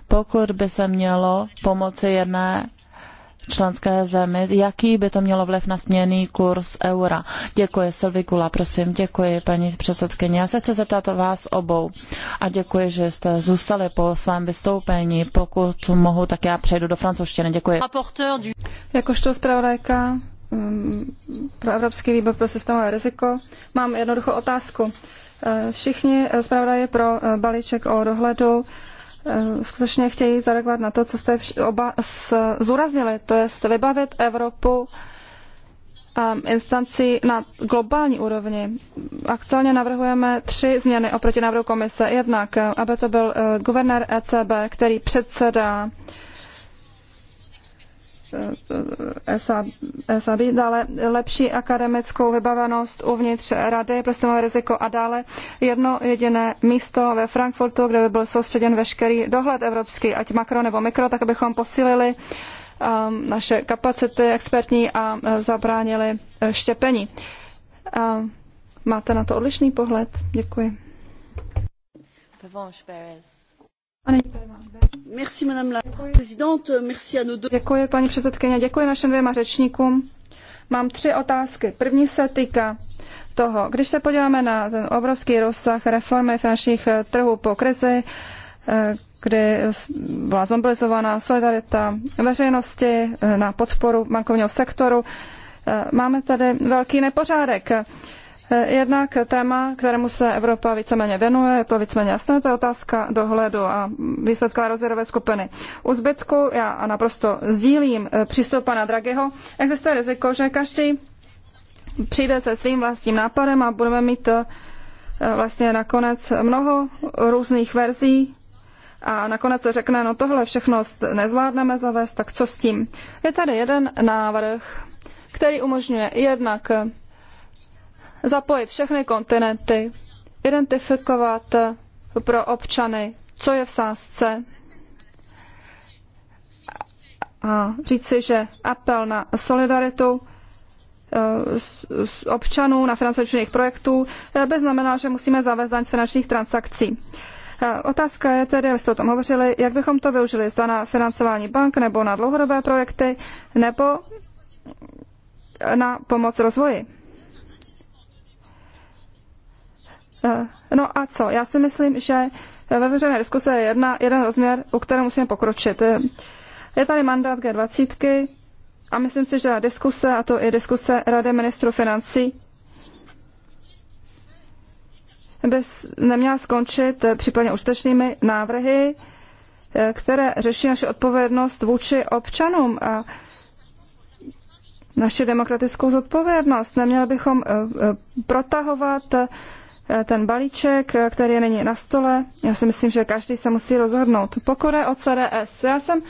Pokud by se mělo pomoci jedné členské zemi, jaký by to mělo vliv na směný kurz eura. Děkuji, Silvi Gula, prosím, děkuji, paní předsedkyně. Já se chci zeptat vás obou a děkuji, že jste zůstali po svém vystoupení. Pokud mohu, tak já přejdu do francouzštiny. Děkuji. Jakožto zpravodajka mm, pro Evropský výbor pro systémové riziko mám jednoduchou otázku. Všichni zpravodaje pro eh, balíček o dohledu eh, skutečně chtějí zareagovat na to, co jste oba zúraznili, to je vybavit Evropu ehm, instancí na globální úrovni. Aktuálně navrhujeme tři změny oproti návrhu komise. Jednak, eh, aby to byl guvernér ECB, který předsedá uh, SAB, dále lepší akademickou vybavenost uvnitř rady, plesnové prostě riziko a dále jedno jediné místo ve Frankfurtu, kde by byl soustředěn veškerý dohled evropský, ať makro nebo mikro, tak abychom posílili um, naše kapacity expertní a uh, zabránili uh, štěpení. Um, máte na to odlišný pohled? Děkuji. Děkuji, paní předsedkyně, děkuji našim dvěma řečníkům. Mám tři otázky. První se týká toho, když se podíváme na ten obrovský rozsah reformy finančních eh, trhů po krizi, eh, kdy byla zmobilizována solidarita veřejnosti eh, na podporu bankovního sektoru, máme tady velký nepořádek. Jednak téma, kterému se Evropa víceméně věnuje, je to víceméně jasné, to je otázka dohledu a výsledka rozvěrové skupiny. U zbytku, já a naprosto sdílím eh, přístup pana Dragiho, existuje riziko, že každý přijde se svým vlastním nápadem a budeme mít eh, vlastně nakonec mnoho různých verzí a nakonec se řekne, no tohle všechno nezvládneme zavést, tak co s tím? Je tady jeden návrh, který umožňuje jednak zapojit všechny kontinenty, identifikovat eh, pro občany, co je v sázce a říci, že apel na solidaritu eh, občanů na finančních projektů eh, by znamenal, že musíme zavést daň z finančních transakcí. Otázka je tedy, jak jste o tom hovořili, jak bychom to využili, zda na financování bank nebo na dlouhodobé projekty nebo na pomoc rozvoji. Eh, no a co? Já si myslím, že ve veřejné diskuse je jedna, jeden rozměr, u kterém musíme pokročit. Eh, je tady mandát G20 a myslím si, že diskuse, a to i diskuse Rady ministru financí, by neměla skončit eh, případně užitečnými návrhy, které řeší naši odpovědnost vůči občanům a naši demokratickou zodpovědnost. Neměli bychom protahovat Eh, ten balíček, eh, který není na stole. Já si myslím, že každý se musí rozhodnout. Pokud je o CDS, já jsem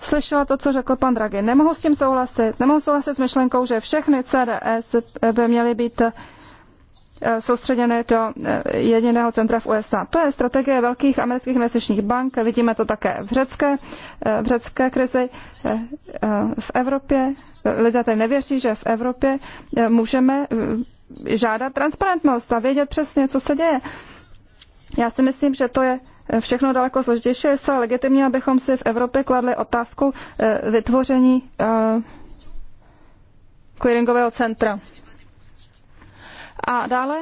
slyšela to, co řekl pan Draghi. Nemohu s tím souhlasit. Nemohu souhlasit s myšlenkou, že všechny CDS eh, by měly být soustředěny do jediného centra v USA. To je strategie velkých amerických investičních bank, vidíme to také v řecké, v řecké krizi, v Evropě. Lidé tady nevěří, že v Evropě můžeme žádat transparentnost a vědět přesně, co se děje. Já si myslím, že to je všechno daleko složitější. Je se legitimní, abychom si v Evropě kladli otázku eh, vytvoření eh, clearingového centra. A dále,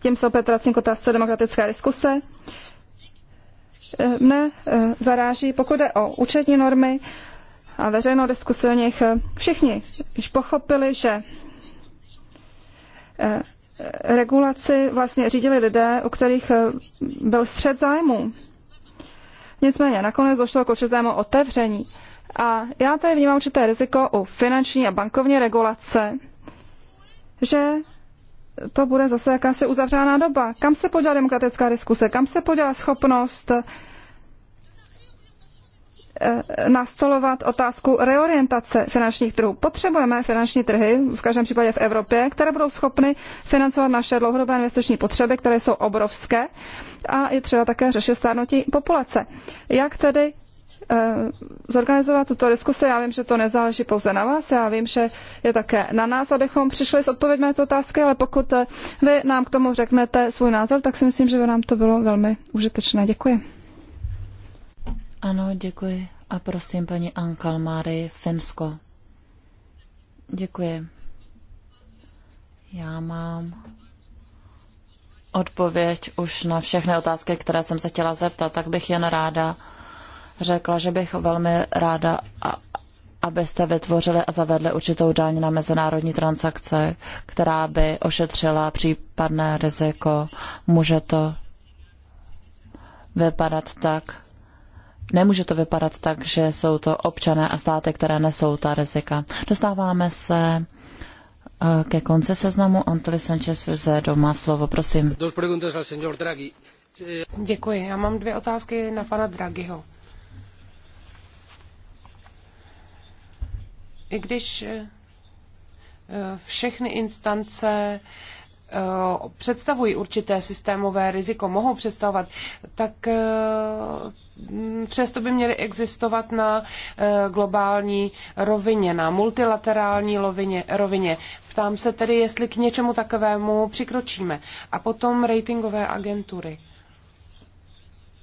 tím se opět vracím k otázce demokratické diskuse. Eh, mne zaráží, pokud jde o účetní normy a veřejnou diskusi o nich, všichni již pochopili, že Eh, regulaci vlastně řídili lidé, u kterých eh, byl střed zájmu. Nicméně nakonec došlo k určitému otevření. A já tady vnímám určité riziko u finanční a bankovní regulace, že to bude zase jakási uzavřená doba. Kam se podělá demokratická diskuse? Kam se podělá schopnost Eh, nastolovat otázku reorientace finančních trhů. Potřebujeme finanční trhy, v každém případě v Evropě, které budou schopny financovat naše dlouhodobé investiční potřeby, které jsou obrovské a je třeba také řešit stárnutí populace. Jak tedy eh, zorganizovat tuto diskusi. Já vím, že to nezáleží pouze na vás, já vím, že je také na nás, abychom přišli s odpověďmi na tyto otázky, ale pokud eh, vy nám k tomu řeknete svůj názor, tak si myslím, že by nám to bylo velmi užitečné. Děkuji. Ano, děkuji. A prosím, paní Ankalmáry, Finsko. Děkuji. Já mám odpověď už na všechny otázky, které jsem se chtěla zeptat, tak bych jen ráda řekla, že bych velmi ráda, abyste vytvořili a zavedli určitou daň na mezinárodní transakce, která by ošetřila případné riziko. Může to vypadat tak, Nemůže to vypadat tak, že jsou to občané a státy, které nesou ta rizika. Dostáváme se eh, ke konci seznamu. Antoli Sanchez Vizedo doma slovo, prosím. Děkuji. Já mám dvě otázky na pana Draghiho. I když eh, všechny instance eh, představují určité systémové riziko, mohou představovat, tak Mm, přesto by měly existovat na eh, globální rovině, na multilaterální rovině. rovině. Ptám se tedy, jestli k něčemu takovému přikročíme. A potom ratingové agentury.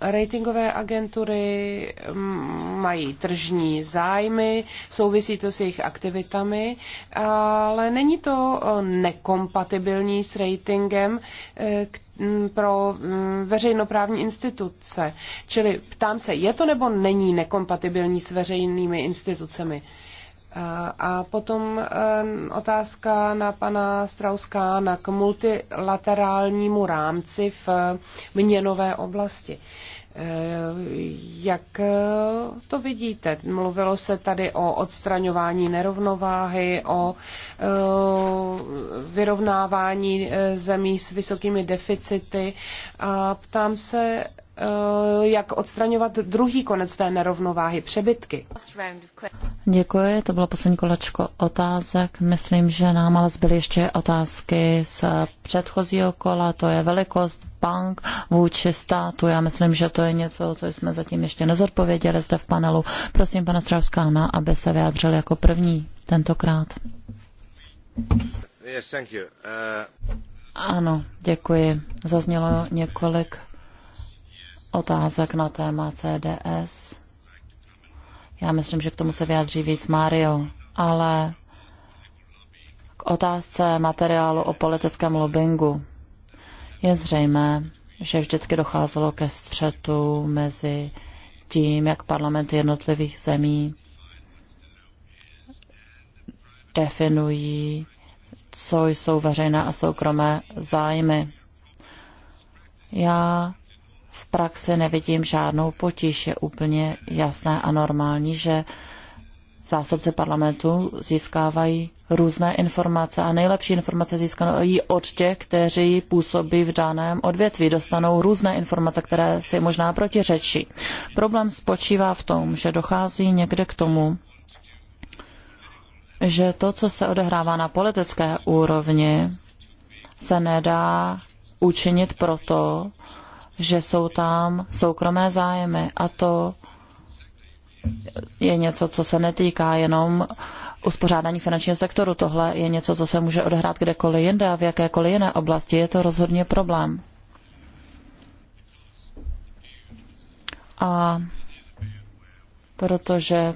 Ratingové agentury mm, mají tržní zájmy, souvisí to s jejich aktivitami, ale není to eh, nekompatibilní s ratingem, který eh, Mm, pro mm, veřejnoprávní instituce. Čili ptám se, je to nebo není nekompatibilní s veřejnými institucemi? A potom otázka na pana Strauska na k multilaterálnímu rámci v eh, měnové oblasti. Jak eh, to vidíte? Mluvilo se tady o odstraňování nerovnováhy, o eh, vyrovnávání eh, zemí s vysokými deficity a ptám se, Eh, jak odstraňovat druhý konec té nerovnováhy, přebytky. Děkuji, to bylo poslední kolečko otázek. Myslím, že nám ale zbyly ještě otázky z předchozího kola, to je velikost bank vůči státu. Já myslím, že to je něco, co jsme zatím ještě nezodpověděli zde v panelu. Prosím pana Stravskána, aby se vyjádřil jako první tentokrát. Yes, thank you. Uh... Ano, děkuji. Zaznělo několik otázek na téma CDS. Já myslím, že k tomu se vyjádří víc Mario, ale k otázce materiálu o politickém lobbingu je zřejmé, že vždycky docházelo ke střetu mezi tím, jak parlamenty jednotlivých zemí definují, co jsou veřejné a soukromé zájmy. Já v praxi nevidím žádnou potíž. Je úplně jasné a normální, že zástupce parlamentu získávají různé informace a nejlepší informace získají od těch, kteří působí v daném odvětví. Dostanou různé informace, které si možná protiřečí. Problém spočívá v tom, že dochází někde k tomu, že to, co se odehrává na politické úrovni, se nedá učinit proto, že jsou tam soukromé zájmy a to je něco, co se netýká jenom uspořádání finančního sektoru. Tohle je něco, co se může odehrát kdekoliv jinde a v jakékoliv jiné oblasti. Je to rozhodně problém. A protože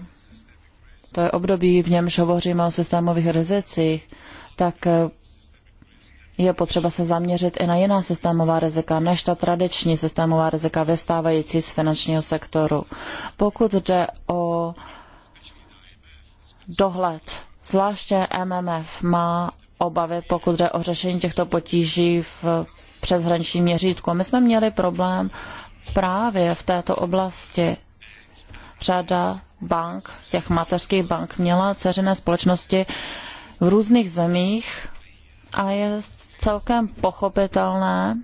to je období, v němž hovoříme o systémových rizicích, tak je potřeba se zaměřit i na jiná systémová rizika než ta tradiční systémová rizika vystávající z finančního sektoru. Pokud jde o dohled, zvláště MMF má obavy, pokud jde o řešení těchto potíží v přeshraničním měřítku. My jsme měli problém právě v této oblasti. Řada bank, těch mateřských bank, měla ceřené společnosti v různých zemích a je celkem pochopitelné,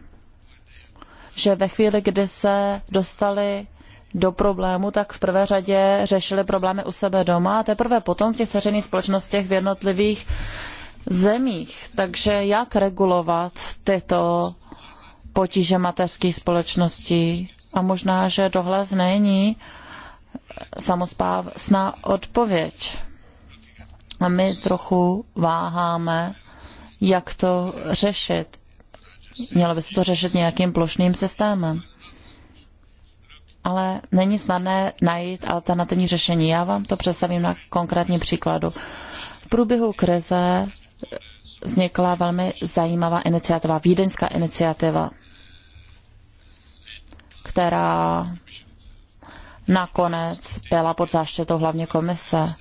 že ve chvíli, kdy se dostali do problému, tak v prvé řadě řešili problémy u sebe doma a teprve potom v těch seřených společnostech v jednotlivých zemích. Takže jak regulovat tyto potíže mateřských společností? A možná, že dohled není samozpávná odpověď. A my trochu váháme jak to řešit. Mělo by se to řešit nějakým plošným systémem. Ale není snadné najít alternativní řešení. Já vám to představím na konkrétním příkladu. V průběhu krize vznikla velmi zajímavá iniciativa, vídeňská iniciativa, která nakonec byla pod záštětou hlavně komise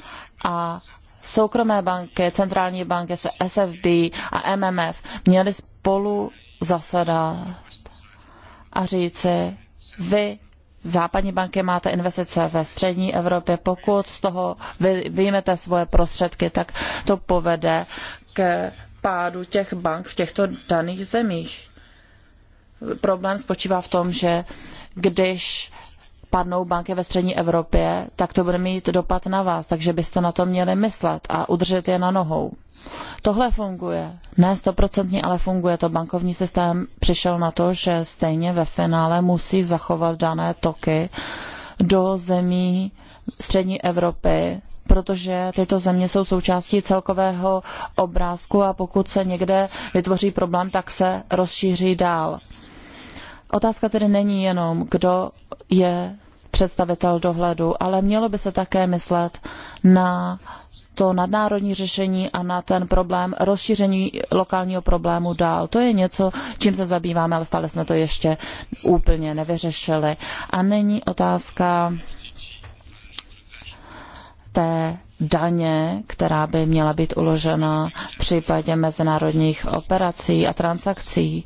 a soukromé banky, centrální banky, SFB a MMF měly spolu zasedat a říci, vy západní banky máte investice ve střední Evropě, pokud z toho vy, vyjmete svoje prostředky, tak to povede k pádu těch bank v těchto daných zemích. Problém spočívá v tom, že když padnou banky ve střední Evropě, tak to bude mít dopad na vás, takže byste na to měli myslet a udržet je na nohou. Tohle funguje. Ne stoprocentně, ale funguje to. Bankovní systém přišel na to, že stejně ve finále musí zachovat dané toky do zemí střední Evropy, protože tyto země jsou součástí celkového obrázku a pokud se někde vytvoří problém, tak se rozšíří dál. Otázka tedy není jenom, kdo je představitel dohledu, ale mělo by se také myslet na to nadnárodní řešení a na ten problém rozšíření lokálního problému dál. To je něco, čím se zabýváme, ale stále jsme to ještě úplně nevyřešili. A není otázka té daně, která by měla být uložena v případě mezinárodních operací a transakcí.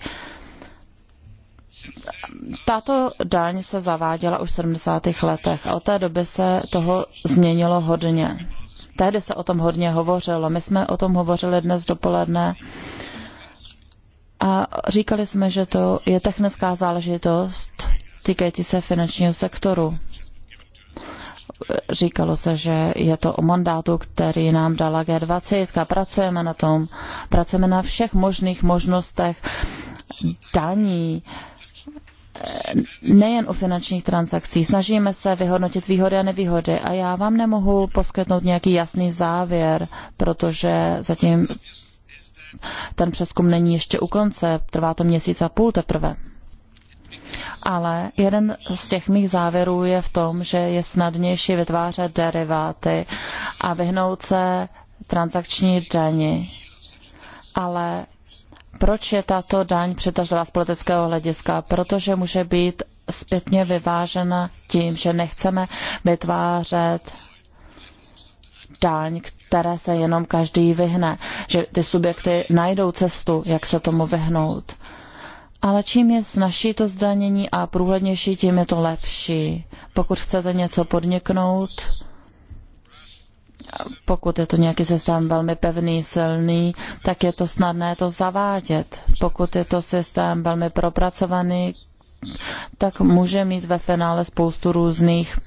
Tato daň se zaváděla už v 70. letech a od té doby se toho změnilo hodně. Tehdy se o tom hodně hovořilo. My jsme o tom hovořili dnes dopoledne a říkali jsme, že to je technická záležitost týkající se finančního sektoru. Říkalo se, že je to o mandátu, který nám dala G20. Pracujeme na tom, pracujeme na všech možných možnostech daní, nejen o finančních transakcích. Snažíme se vyhodnotit výhody a nevýhody a já vám nemohu poskytnout nějaký jasný závěr, protože zatím ten přeskum není ještě u konce, trvá to měsíc a půl teprve. Ale jeden z těch mých závěrů je v tom, že je snadnější vytvářet deriváty a vyhnout se transakční daní. Ale proč je tato daň přitažlivá z politického hlediska? Protože může být zpětně vyvážena tím, že nechceme vytvářet daň, které se jenom každý vyhne, že ty subjekty najdou cestu, jak se tomu vyhnout. Ale čím je snažší to zdanění a průhlednější, tím je to lepší. Pokud chcete něco podniknout, pokud je to nějaký systém velmi pevný, silný, tak je to snadné to zavádět. Pokud je to systém velmi propracovaný, tak může mít ve finále spoustu různých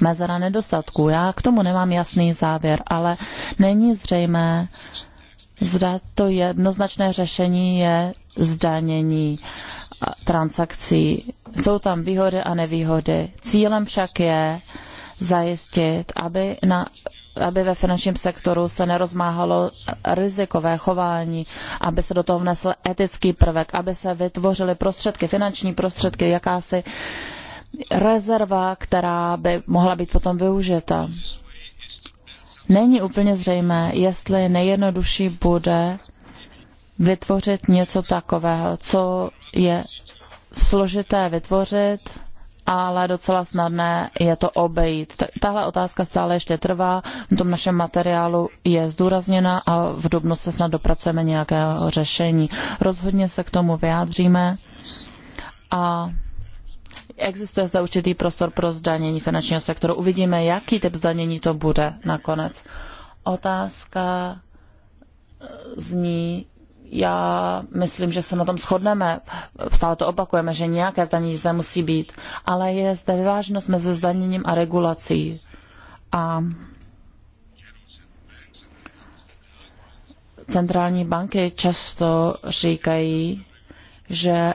mezera nedostatků. Já k tomu nemám jasný závěr, ale není zřejmé, zda to jednoznačné řešení je zdanění transakcí. Jsou tam výhody a nevýhody. Cílem však je zajistit, aby, na, aby ve finančním sektoru se nerozmáhalo rizikové chování, aby se do toho vnesl etický prvek, aby se vytvořily prostředky, finanční prostředky, jakási rezerva, která by mohla být potom využita. Není úplně zřejmé, jestli nejjednodušší bude vytvořit něco takového, co je složité vytvořit, ale docela snadné je to obejít. Tahle otázka stále ještě trvá, v tom našem materiálu je zdůrazněna a v Dubnu se snad dopracujeme nějakého řešení. Rozhodně se k tomu vyjádříme a existuje zde určitý prostor pro zdanění finančního sektoru. Uvidíme, jaký typ zdanění to bude nakonec. Otázka zní, já myslím, že se na tom shodneme. Stále to opakujeme, že nějaké zdanění zde musí být. Ale je zde vyváženost mezi zdaněním a regulací. A centrální banky často říkají, že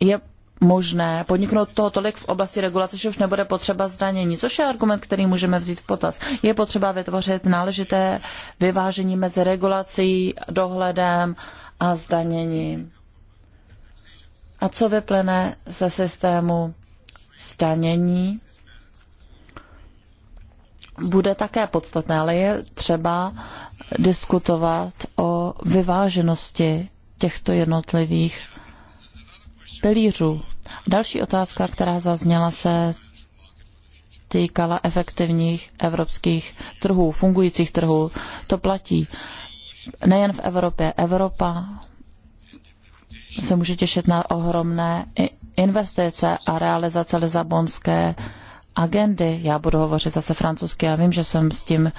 je možné podniknout toho tolik v oblasti regulace, že už nebude potřeba zdanění, což je argument, který můžeme vzít v potaz. Je potřeba vytvořit náležité vyvážení mezi regulací, dohledem a zdaněním. A co vyplyne ze systému zdanění? Bude také podstatné, ale je třeba diskutovat o vyváženosti těchto jednotlivých pilířů. Další otázka, která zazněla, se týkala efektivních evropských trhů, fungujících trhů. To platí nejen v Evropě. Evropa se může těšit na ohromné investice a realizace Lizabonské agendy. Já budu hovořit zase francouzsky, já vím, že jsem s tím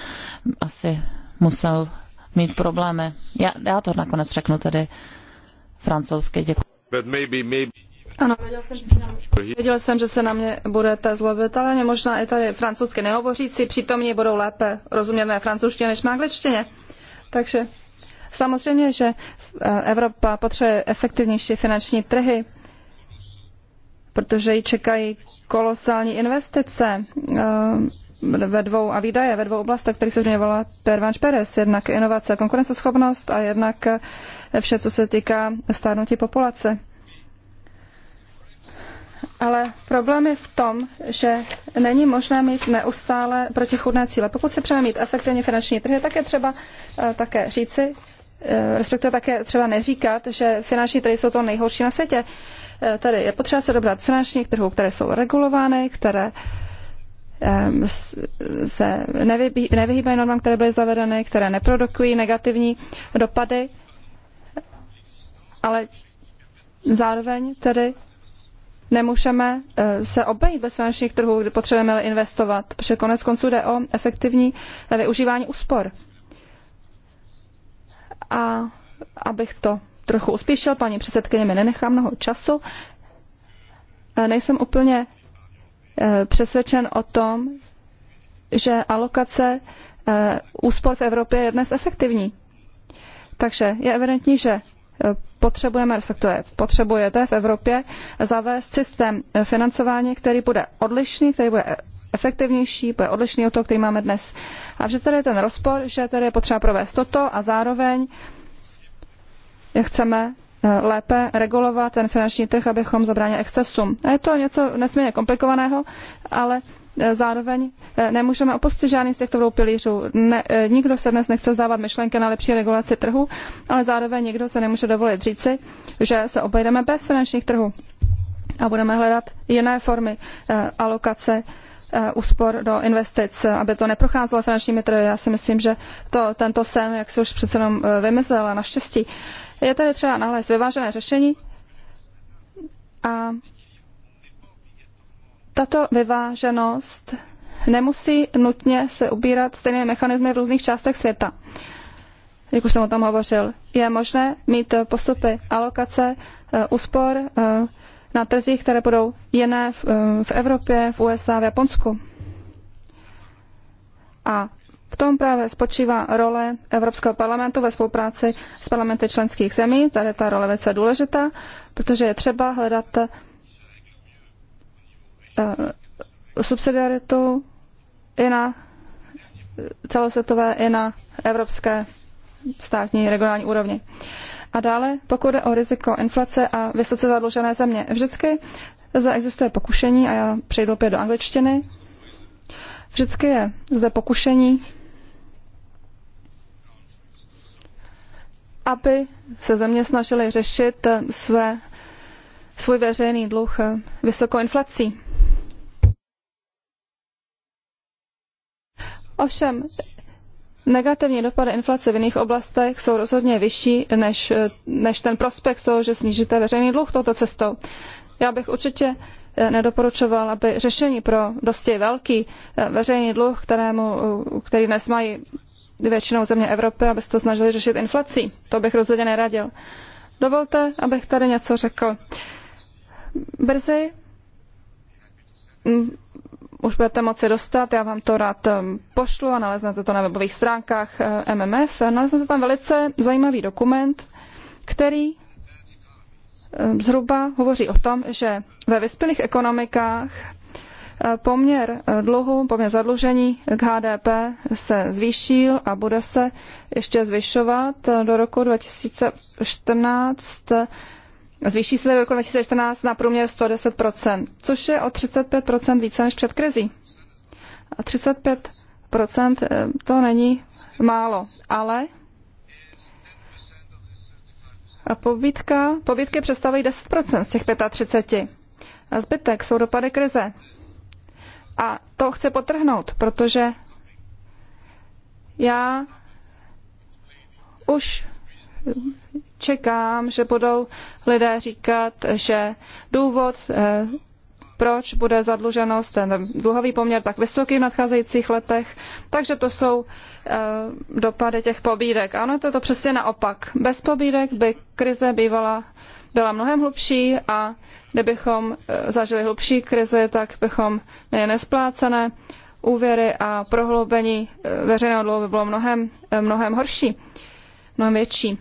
asi musel mít problémy. Já, já to nakonec řeknu tedy francouzsky. Děkuji. Ano, věděl jsem, že se na mě, budete zlobit, ale možná i tady francouzsky nehovořící přítomní budou lépe rozumět mé francouzštině než mé angličtině. Takže samozřejmě, že eh, Evropa potřebuje efektivnější finanční trhy, protože ji čekají kolosální investice. Uh, ve dvou a výdaje ve dvou oblastech, které se zmiňovala Pervanš Perez, jednak inovace a konkurenceschopnost a jednak vše, co se týká stárnutí populace. Ale problém je v tom, že není možné mít neustále protichudné cíle. Pokud si přeme mít efektivně finanční trhy, tak je třeba eh, také říci, eh, respektive také třeba neříkat, že finanční trhy jsou to nejhorší na světě. Eh, Tady je potřeba se dobrat finančních trhů, které jsou regulovány, které uh, Ehm, se nevyhýbají normám, které byly zavedeny, které neprodukují negativní dopady, ale zároveň tedy nemůžeme eh, se obejít bez finančních trhů, kdy potřebujeme investovat, protože konec konců jde o efektivní eh, využívání úspor. A abych to trochu uspíšil, paní předsedkyně mi nenechá mnoho času, eh, nejsem úplně Eh, přesvědčen o tom, že alokace eh, úspor v Evropě je dnes efektivní. Takže je evidentní, že eh, potřebujeme, respektive potřebujete v Evropě zavést systém financování, který bude odlišný, který bude efektivnější, bude odlišný od toho, který máme dnes. A že tady je ten rozpor, že tady je potřeba provést toto a zároveň chceme lépe regulovat ten finanční trh, abychom zabránili excesům. A je to něco nesmírně komplikovaného, ale e, zároveň e, nemůžeme opustit žádný z těchto dvou pilířů. Ne, e, nikdo se dnes nechce zdávat myšlenky na lepší regulaci trhu, ale zároveň nikdo se nemůže dovolit říci, že se obejdeme bez finančních trhů a budeme hledat jiné formy alokace úspor do investic, aby to neprocházelo finančními trhy. Já si myslím, že to, tento sen, jak se už přece jenom vymyslel a naštěstí, je tady třeba nalézt vyvážené řešení a tato vyváženost nemusí nutně se ubírat stejné mechanismy v různých částech světa. Jak už jsem o tom hovořil, je možné mít postupy alokace eh, úspor eh, na trzích, které budou jiné v eh, Evropě, v USA, v Japonsku. A v tom právě spočívá role Evropského parlamentu ve spolupráci s parlamenty členských zemí. Tady je ta role velice důležitá, protože je třeba hledat eh, subsidiaritu i na celosvětové, i na evropské státní regionální úrovni. A dále, pokud jde o riziko inflace a vysoce zadlužené země, vždycky zde existuje pokušení, a já přejdu opět do angličtiny, vždycky je zde pokušení aby se země snažily řešit eh, své, svůj veřejný dluh eh, vysokou inflací. Ovšem, negativní dopady inflace v jiných oblastech jsou rozhodně vyšší než, eh, než ten prospekt toho, že snížíte veřejný dluh touto cestou. Já bych určitě nedoporučoval, aby řešení pro dosti velký veřejný dluh, kterému, který dnes mají většinou země Evropy, aby se to snažili řešit inflací. To bych rozhodně neradil. Dovolte, abych tady něco řekl. Brzy mm, už budete moci dostat, já vám to rád eh, pošlu a naleznete to na webových stránkách eh, MMF. Naleznete tam velice zajímavý dokument, který eh, zhruba hovoří o tom, že ve vyspělých ekonomikách poměr eh, dluhu, poměr zadlužení k HDP se zvýšil a bude se ještě zvyšovat eh, do roku 2014. Eh, zvýší se do roku 2014 na průměr 110 což je o 35 více než před krizí. A 35 to není málo, ale a pobítka, pobítky představují 10 z těch 35. A zbytek jsou dopady krize. A to chci potrhnout, protože já už čekám, že budou lidé říkat, že důvod, eh, proč bude zadluženost, ten dluhový poměr tak vysoký v nadcházejících letech, takže to jsou eh, dopady těch pobídek. Ano, to je to přesně naopak. Bez pobídek by krize bývala byla mnohem hlubší a kdybychom eh, zažili hlubší krizi, tak bychom nejen nesplácené úvěry a prohloubení eh, veřejného dluhu by bylo mnohem, eh, mnohem horší, mnohem větší.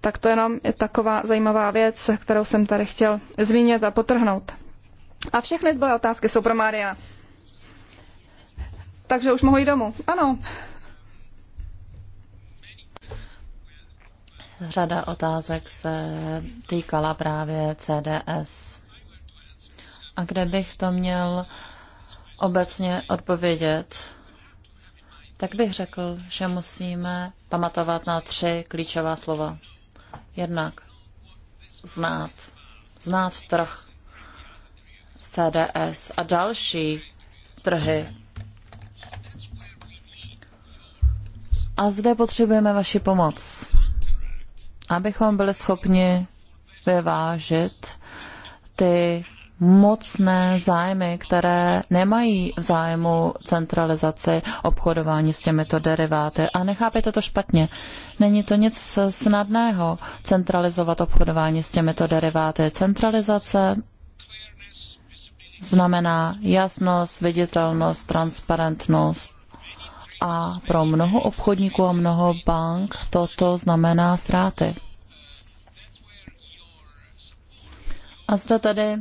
Tak to jenom je taková zajímavá věc, kterou jsem tady chtěl zmínit a potrhnout. A všechny zbylé otázky jsou pro Mária. Takže už mohu jít domů. Ano. Řada otázek se týkala právě CDS. A kde bych to měl obecně odpovědět, tak bych řekl, že musíme pamatovat na tři klíčová slova. Jednak znát, znát trh z CDS a další trhy. A zde potřebujeme vaši pomoc abychom byli schopni vyvážit ty mocné zájmy, které nemají v zájmu centralizaci obchodování s těmito deriváty. A nechápete to špatně. Není to nic snadného centralizovat obchodování s těmito deriváty. Centralizace znamená jasnost, viditelnost, transparentnost a pro mnoho obchodníků a mnoho bank toto znamená ztráty. A zde tady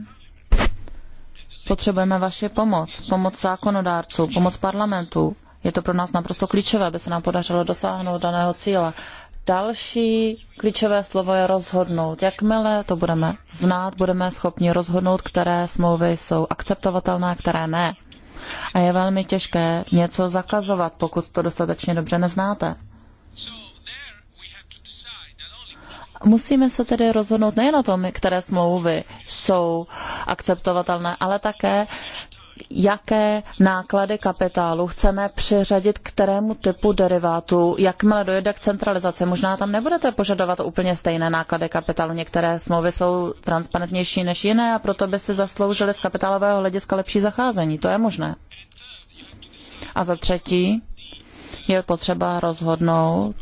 potřebujeme vaši pomoc, pomoc zákonodárců, pomoc parlamentu. Je to pro nás naprosto klíčové, aby se nám podařilo dosáhnout daného cíle. Další klíčové slovo je rozhodnout. Jakmile to budeme znát, budeme schopni rozhodnout, které smlouvy jsou akceptovatelné, které ne a je velmi těžké něco zakazovat, pokud to dostatečně dobře neznáte. Musíme se tedy rozhodnout nejen o tom, které smlouvy jsou akceptovatelné, ale také, jaké náklady kapitálu chceme přiřadit k kterému typu derivátu, jakmile dojde k centralizaci. Možná tam nebudete požadovat úplně stejné náklady kapitálu. Některé smlouvy jsou transparentnější než jiné a proto by si zasloužily z kapitálového hlediska lepší zacházení. To je možné. A za třetí je potřeba rozhodnout,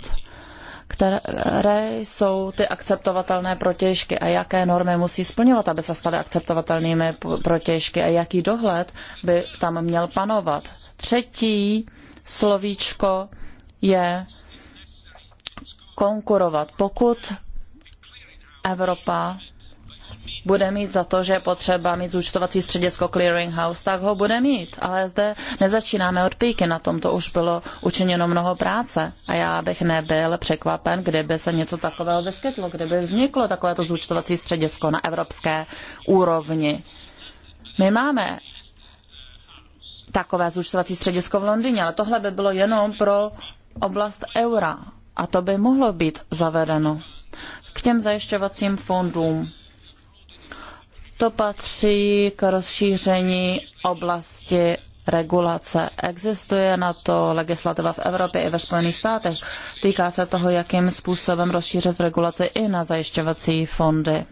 které jsou ty akceptovatelné protěžky a jaké normy musí splňovat, aby se staly akceptovatelnými protěžky a jaký dohled by tam měl panovat. Třetí slovíčko je konkurovat. Pokud Evropa bude mít za to, že je potřeba mít zúčtovací středisko clearinghouse, tak ho bude mít. Ale zde nezačínáme od píky, na tom to už bylo učiněno mnoho práce. A já bych nebyl překvapen, kdyby se něco takového vyskytlo, kdyby vzniklo takovéto zúčtovací středisko na evropské úrovni. My máme takové zúčtovací středisko v Londýně, ale tohle by bylo jenom pro oblast eura. A to by mohlo být zavedeno. K těm zajišťovacím fondům to patří k rozšíření oblasti regulace. Existuje na to legislativa v Evropě i ve Spojených státech. Týká se toho, jakým způsobem rozšířit regulaci i na zajišťovací fondy.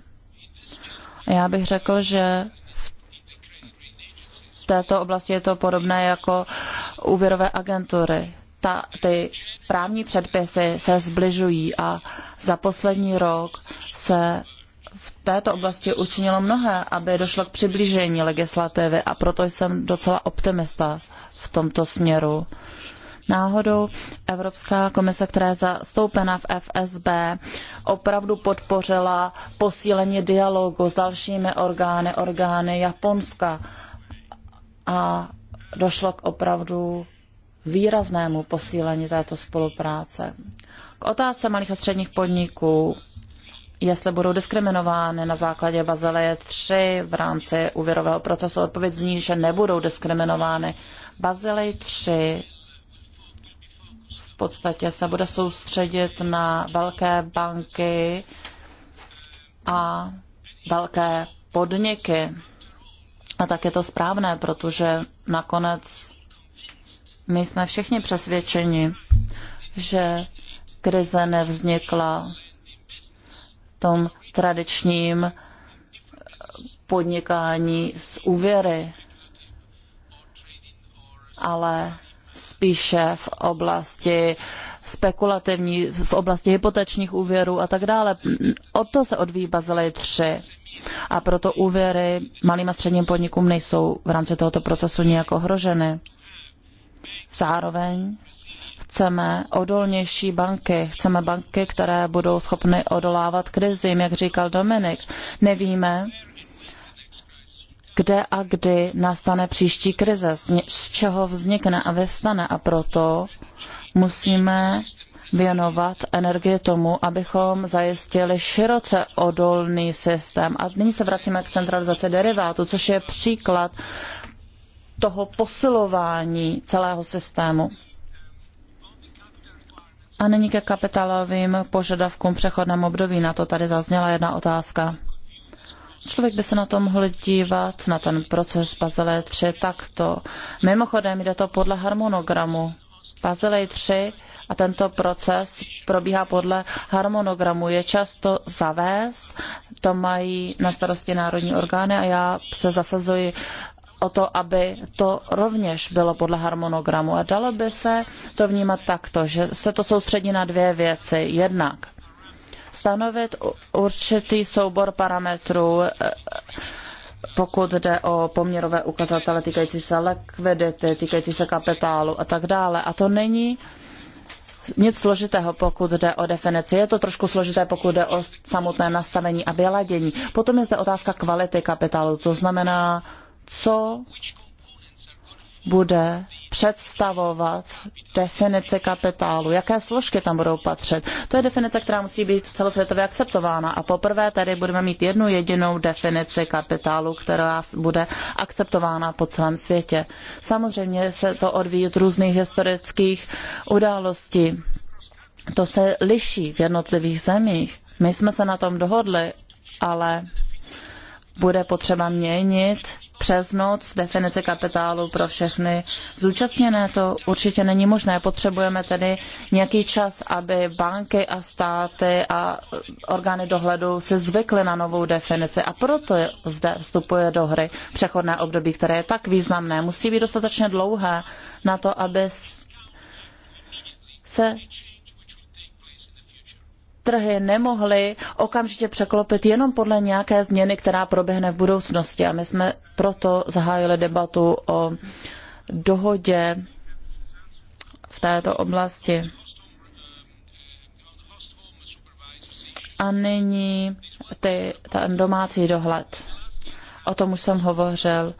Já bych řekl, že v této oblasti je to podobné jako úvěrové agentury. Ta, ty právní předpisy se zbližují a za poslední rok se v této oblasti učinilo mnohé, aby došlo k přiblížení legislativy a proto jsem docela optimista v tomto směru. Náhodou Evropská komise, která je zastoupena v FSB, opravdu podpořila posílení dialogu s dalšími orgány, orgány Japonska a došlo k opravdu výraznému posílení této spolupráce. K otázce malých a středních podniků jestli budou diskriminovány na základě Bazileje 3 v rámci úvěrového procesu. Odpověď zní, že nebudou diskriminovány. Bazilej 3 v podstatě se bude soustředit na velké banky a velké podniky. A tak je to správné, protože nakonec my jsme všichni přesvědčeni, že krize nevznikla tom tradičním podnikání z úvěry, ale spíše v oblasti spekulativní, v oblasti hypotečních úvěrů a tak dále. O to se odvíjí Bazily 3. A proto úvěry malým a středním podnikům nejsou v rámci tohoto procesu nijak ohroženy. Zároveň Chceme odolnější banky, chceme banky, které budou schopny odolávat krizím, jak říkal Dominik. Nevíme, kde a kdy nastane příští krize, z čeho vznikne a vyvstane a proto musíme věnovat energie tomu, abychom zajistili široce odolný systém. A nyní se vracíme k centralizaci derivátu, což je příklad toho posilování celého systému. A nyní ke kapitálovým požadavkům přechodném období. Na to tady zazněla jedna otázka. Člověk by se na to mohl dívat, na ten proces Bazile 3 takto. Mimochodem jde to podle harmonogramu. Bazilej 3 a tento proces probíhá podle harmonogramu. Je často zavést, to mají na starosti národní orgány a já se zasazuji o to, aby to rovněž bylo podle harmonogramu. A dalo by se to vnímat takto, že se to soustředí na dvě věci. Jednak stanovit určitý soubor parametrů, e, pokud jde o poměrové ukazatele týkající se likvidity, týkající se kapitálu a tak dále. A to není nic složitého, pokud jde o definici. Je to trošku složité, pokud jde o samotné nastavení a vyladění. Potom je zde otázka kvality kapitálu, to znamená co bude představovat definici kapitálu, jaké složky tam budou patřit. To je definice, která musí být celosvětově akceptována. A poprvé tady budeme mít jednu jedinou definici kapitálu, která bude akceptována po celém světě. Samozřejmě se to odvíjí od různých historických událostí. To se liší v jednotlivých zemích. My jsme se na tom dohodli, ale bude potřeba měnit přes noc definici kapitálu pro všechny zúčastněné. To určitě není možné. Potřebujeme tedy nějaký čas, aby banky a státy a orgány dohledu se zvykly na novou definici. A proto zde vstupuje do hry přechodné období, které je tak významné. Musí být dostatečně dlouhé na to, aby se trhy nemohly okamžitě překlopit jenom podle nějaké změny, která proběhne v budoucnosti. A my jsme proto zahájili debatu o dohodě v této oblasti. A nyní ty, ten domácí dohled. O tom už jsem hovořil.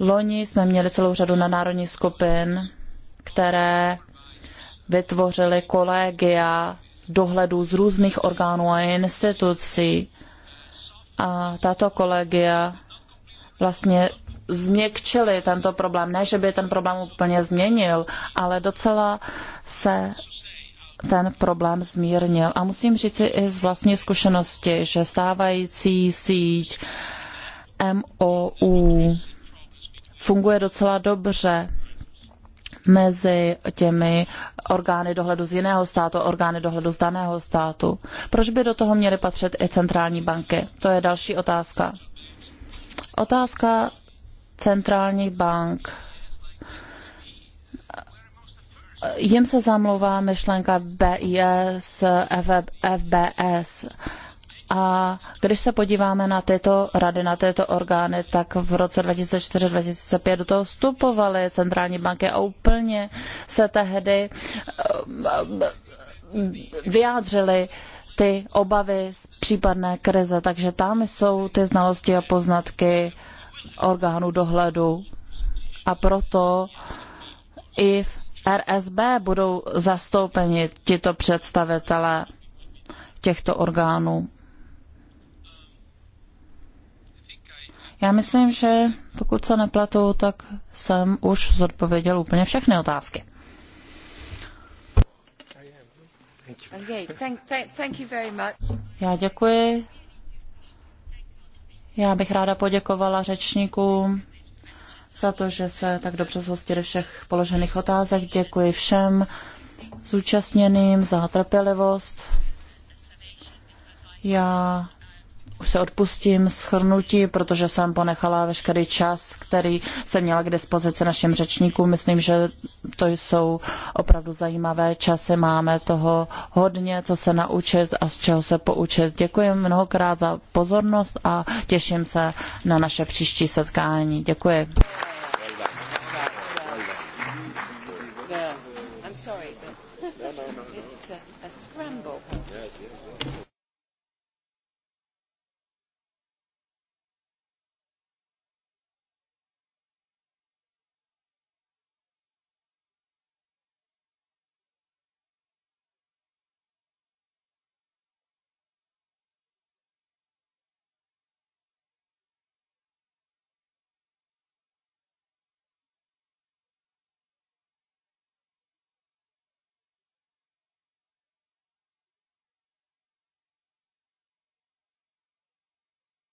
Loni jsme měli celou řadu nadnárodních skupin, které vytvořily kolegia dohledu z různých orgánů a institucí. A tato kolegia vlastně změkčili tento problém. Ne, že by ten problém úplně změnil, ale docela se ten problém zmírnil. A musím říci i z vlastní zkušenosti, že stávající síť MOU funguje docela dobře mezi těmi orgány dohledu z jiného státu a orgány dohledu z daného státu. Proč by do toho měly patřit i centrální banky? To je další otázka. Otázka centrálních bank. Jim se zamlouvá myšlenka BIS, FBS e a když se podíváme na tyto rady, na tyto orgány, tak v roce 2004-2005 do toho vstupovaly centrální banky a úplně se tehdy eh, vyjádřily ty obavy z případné krize. Takže tam jsou ty znalosti a poznatky orgánů dohledu. A proto i v RSB budou zastoupeni tito představitelé těchto orgánů. Já myslím, že pokud se nepletu, tak jsem už zodpověděl úplně všechny otázky. Já děkuji. Já bych ráda poděkovala řečníkům za to, že se tak dobře zhostili všech položených otázek. Děkuji všem zúčastněným za trpělivost. Já už se odpustím schrnutí, protože jsem ponechala veškerý čas, který jsem měla k dispozici našim řečníkům. Myslím, že to jsou opravdu zajímavé časy. Máme toho hodně, co se naučit a z čeho se poučit. Děkuji mnohokrát za pozornost a těším se na naše příští setkání. Děkuji.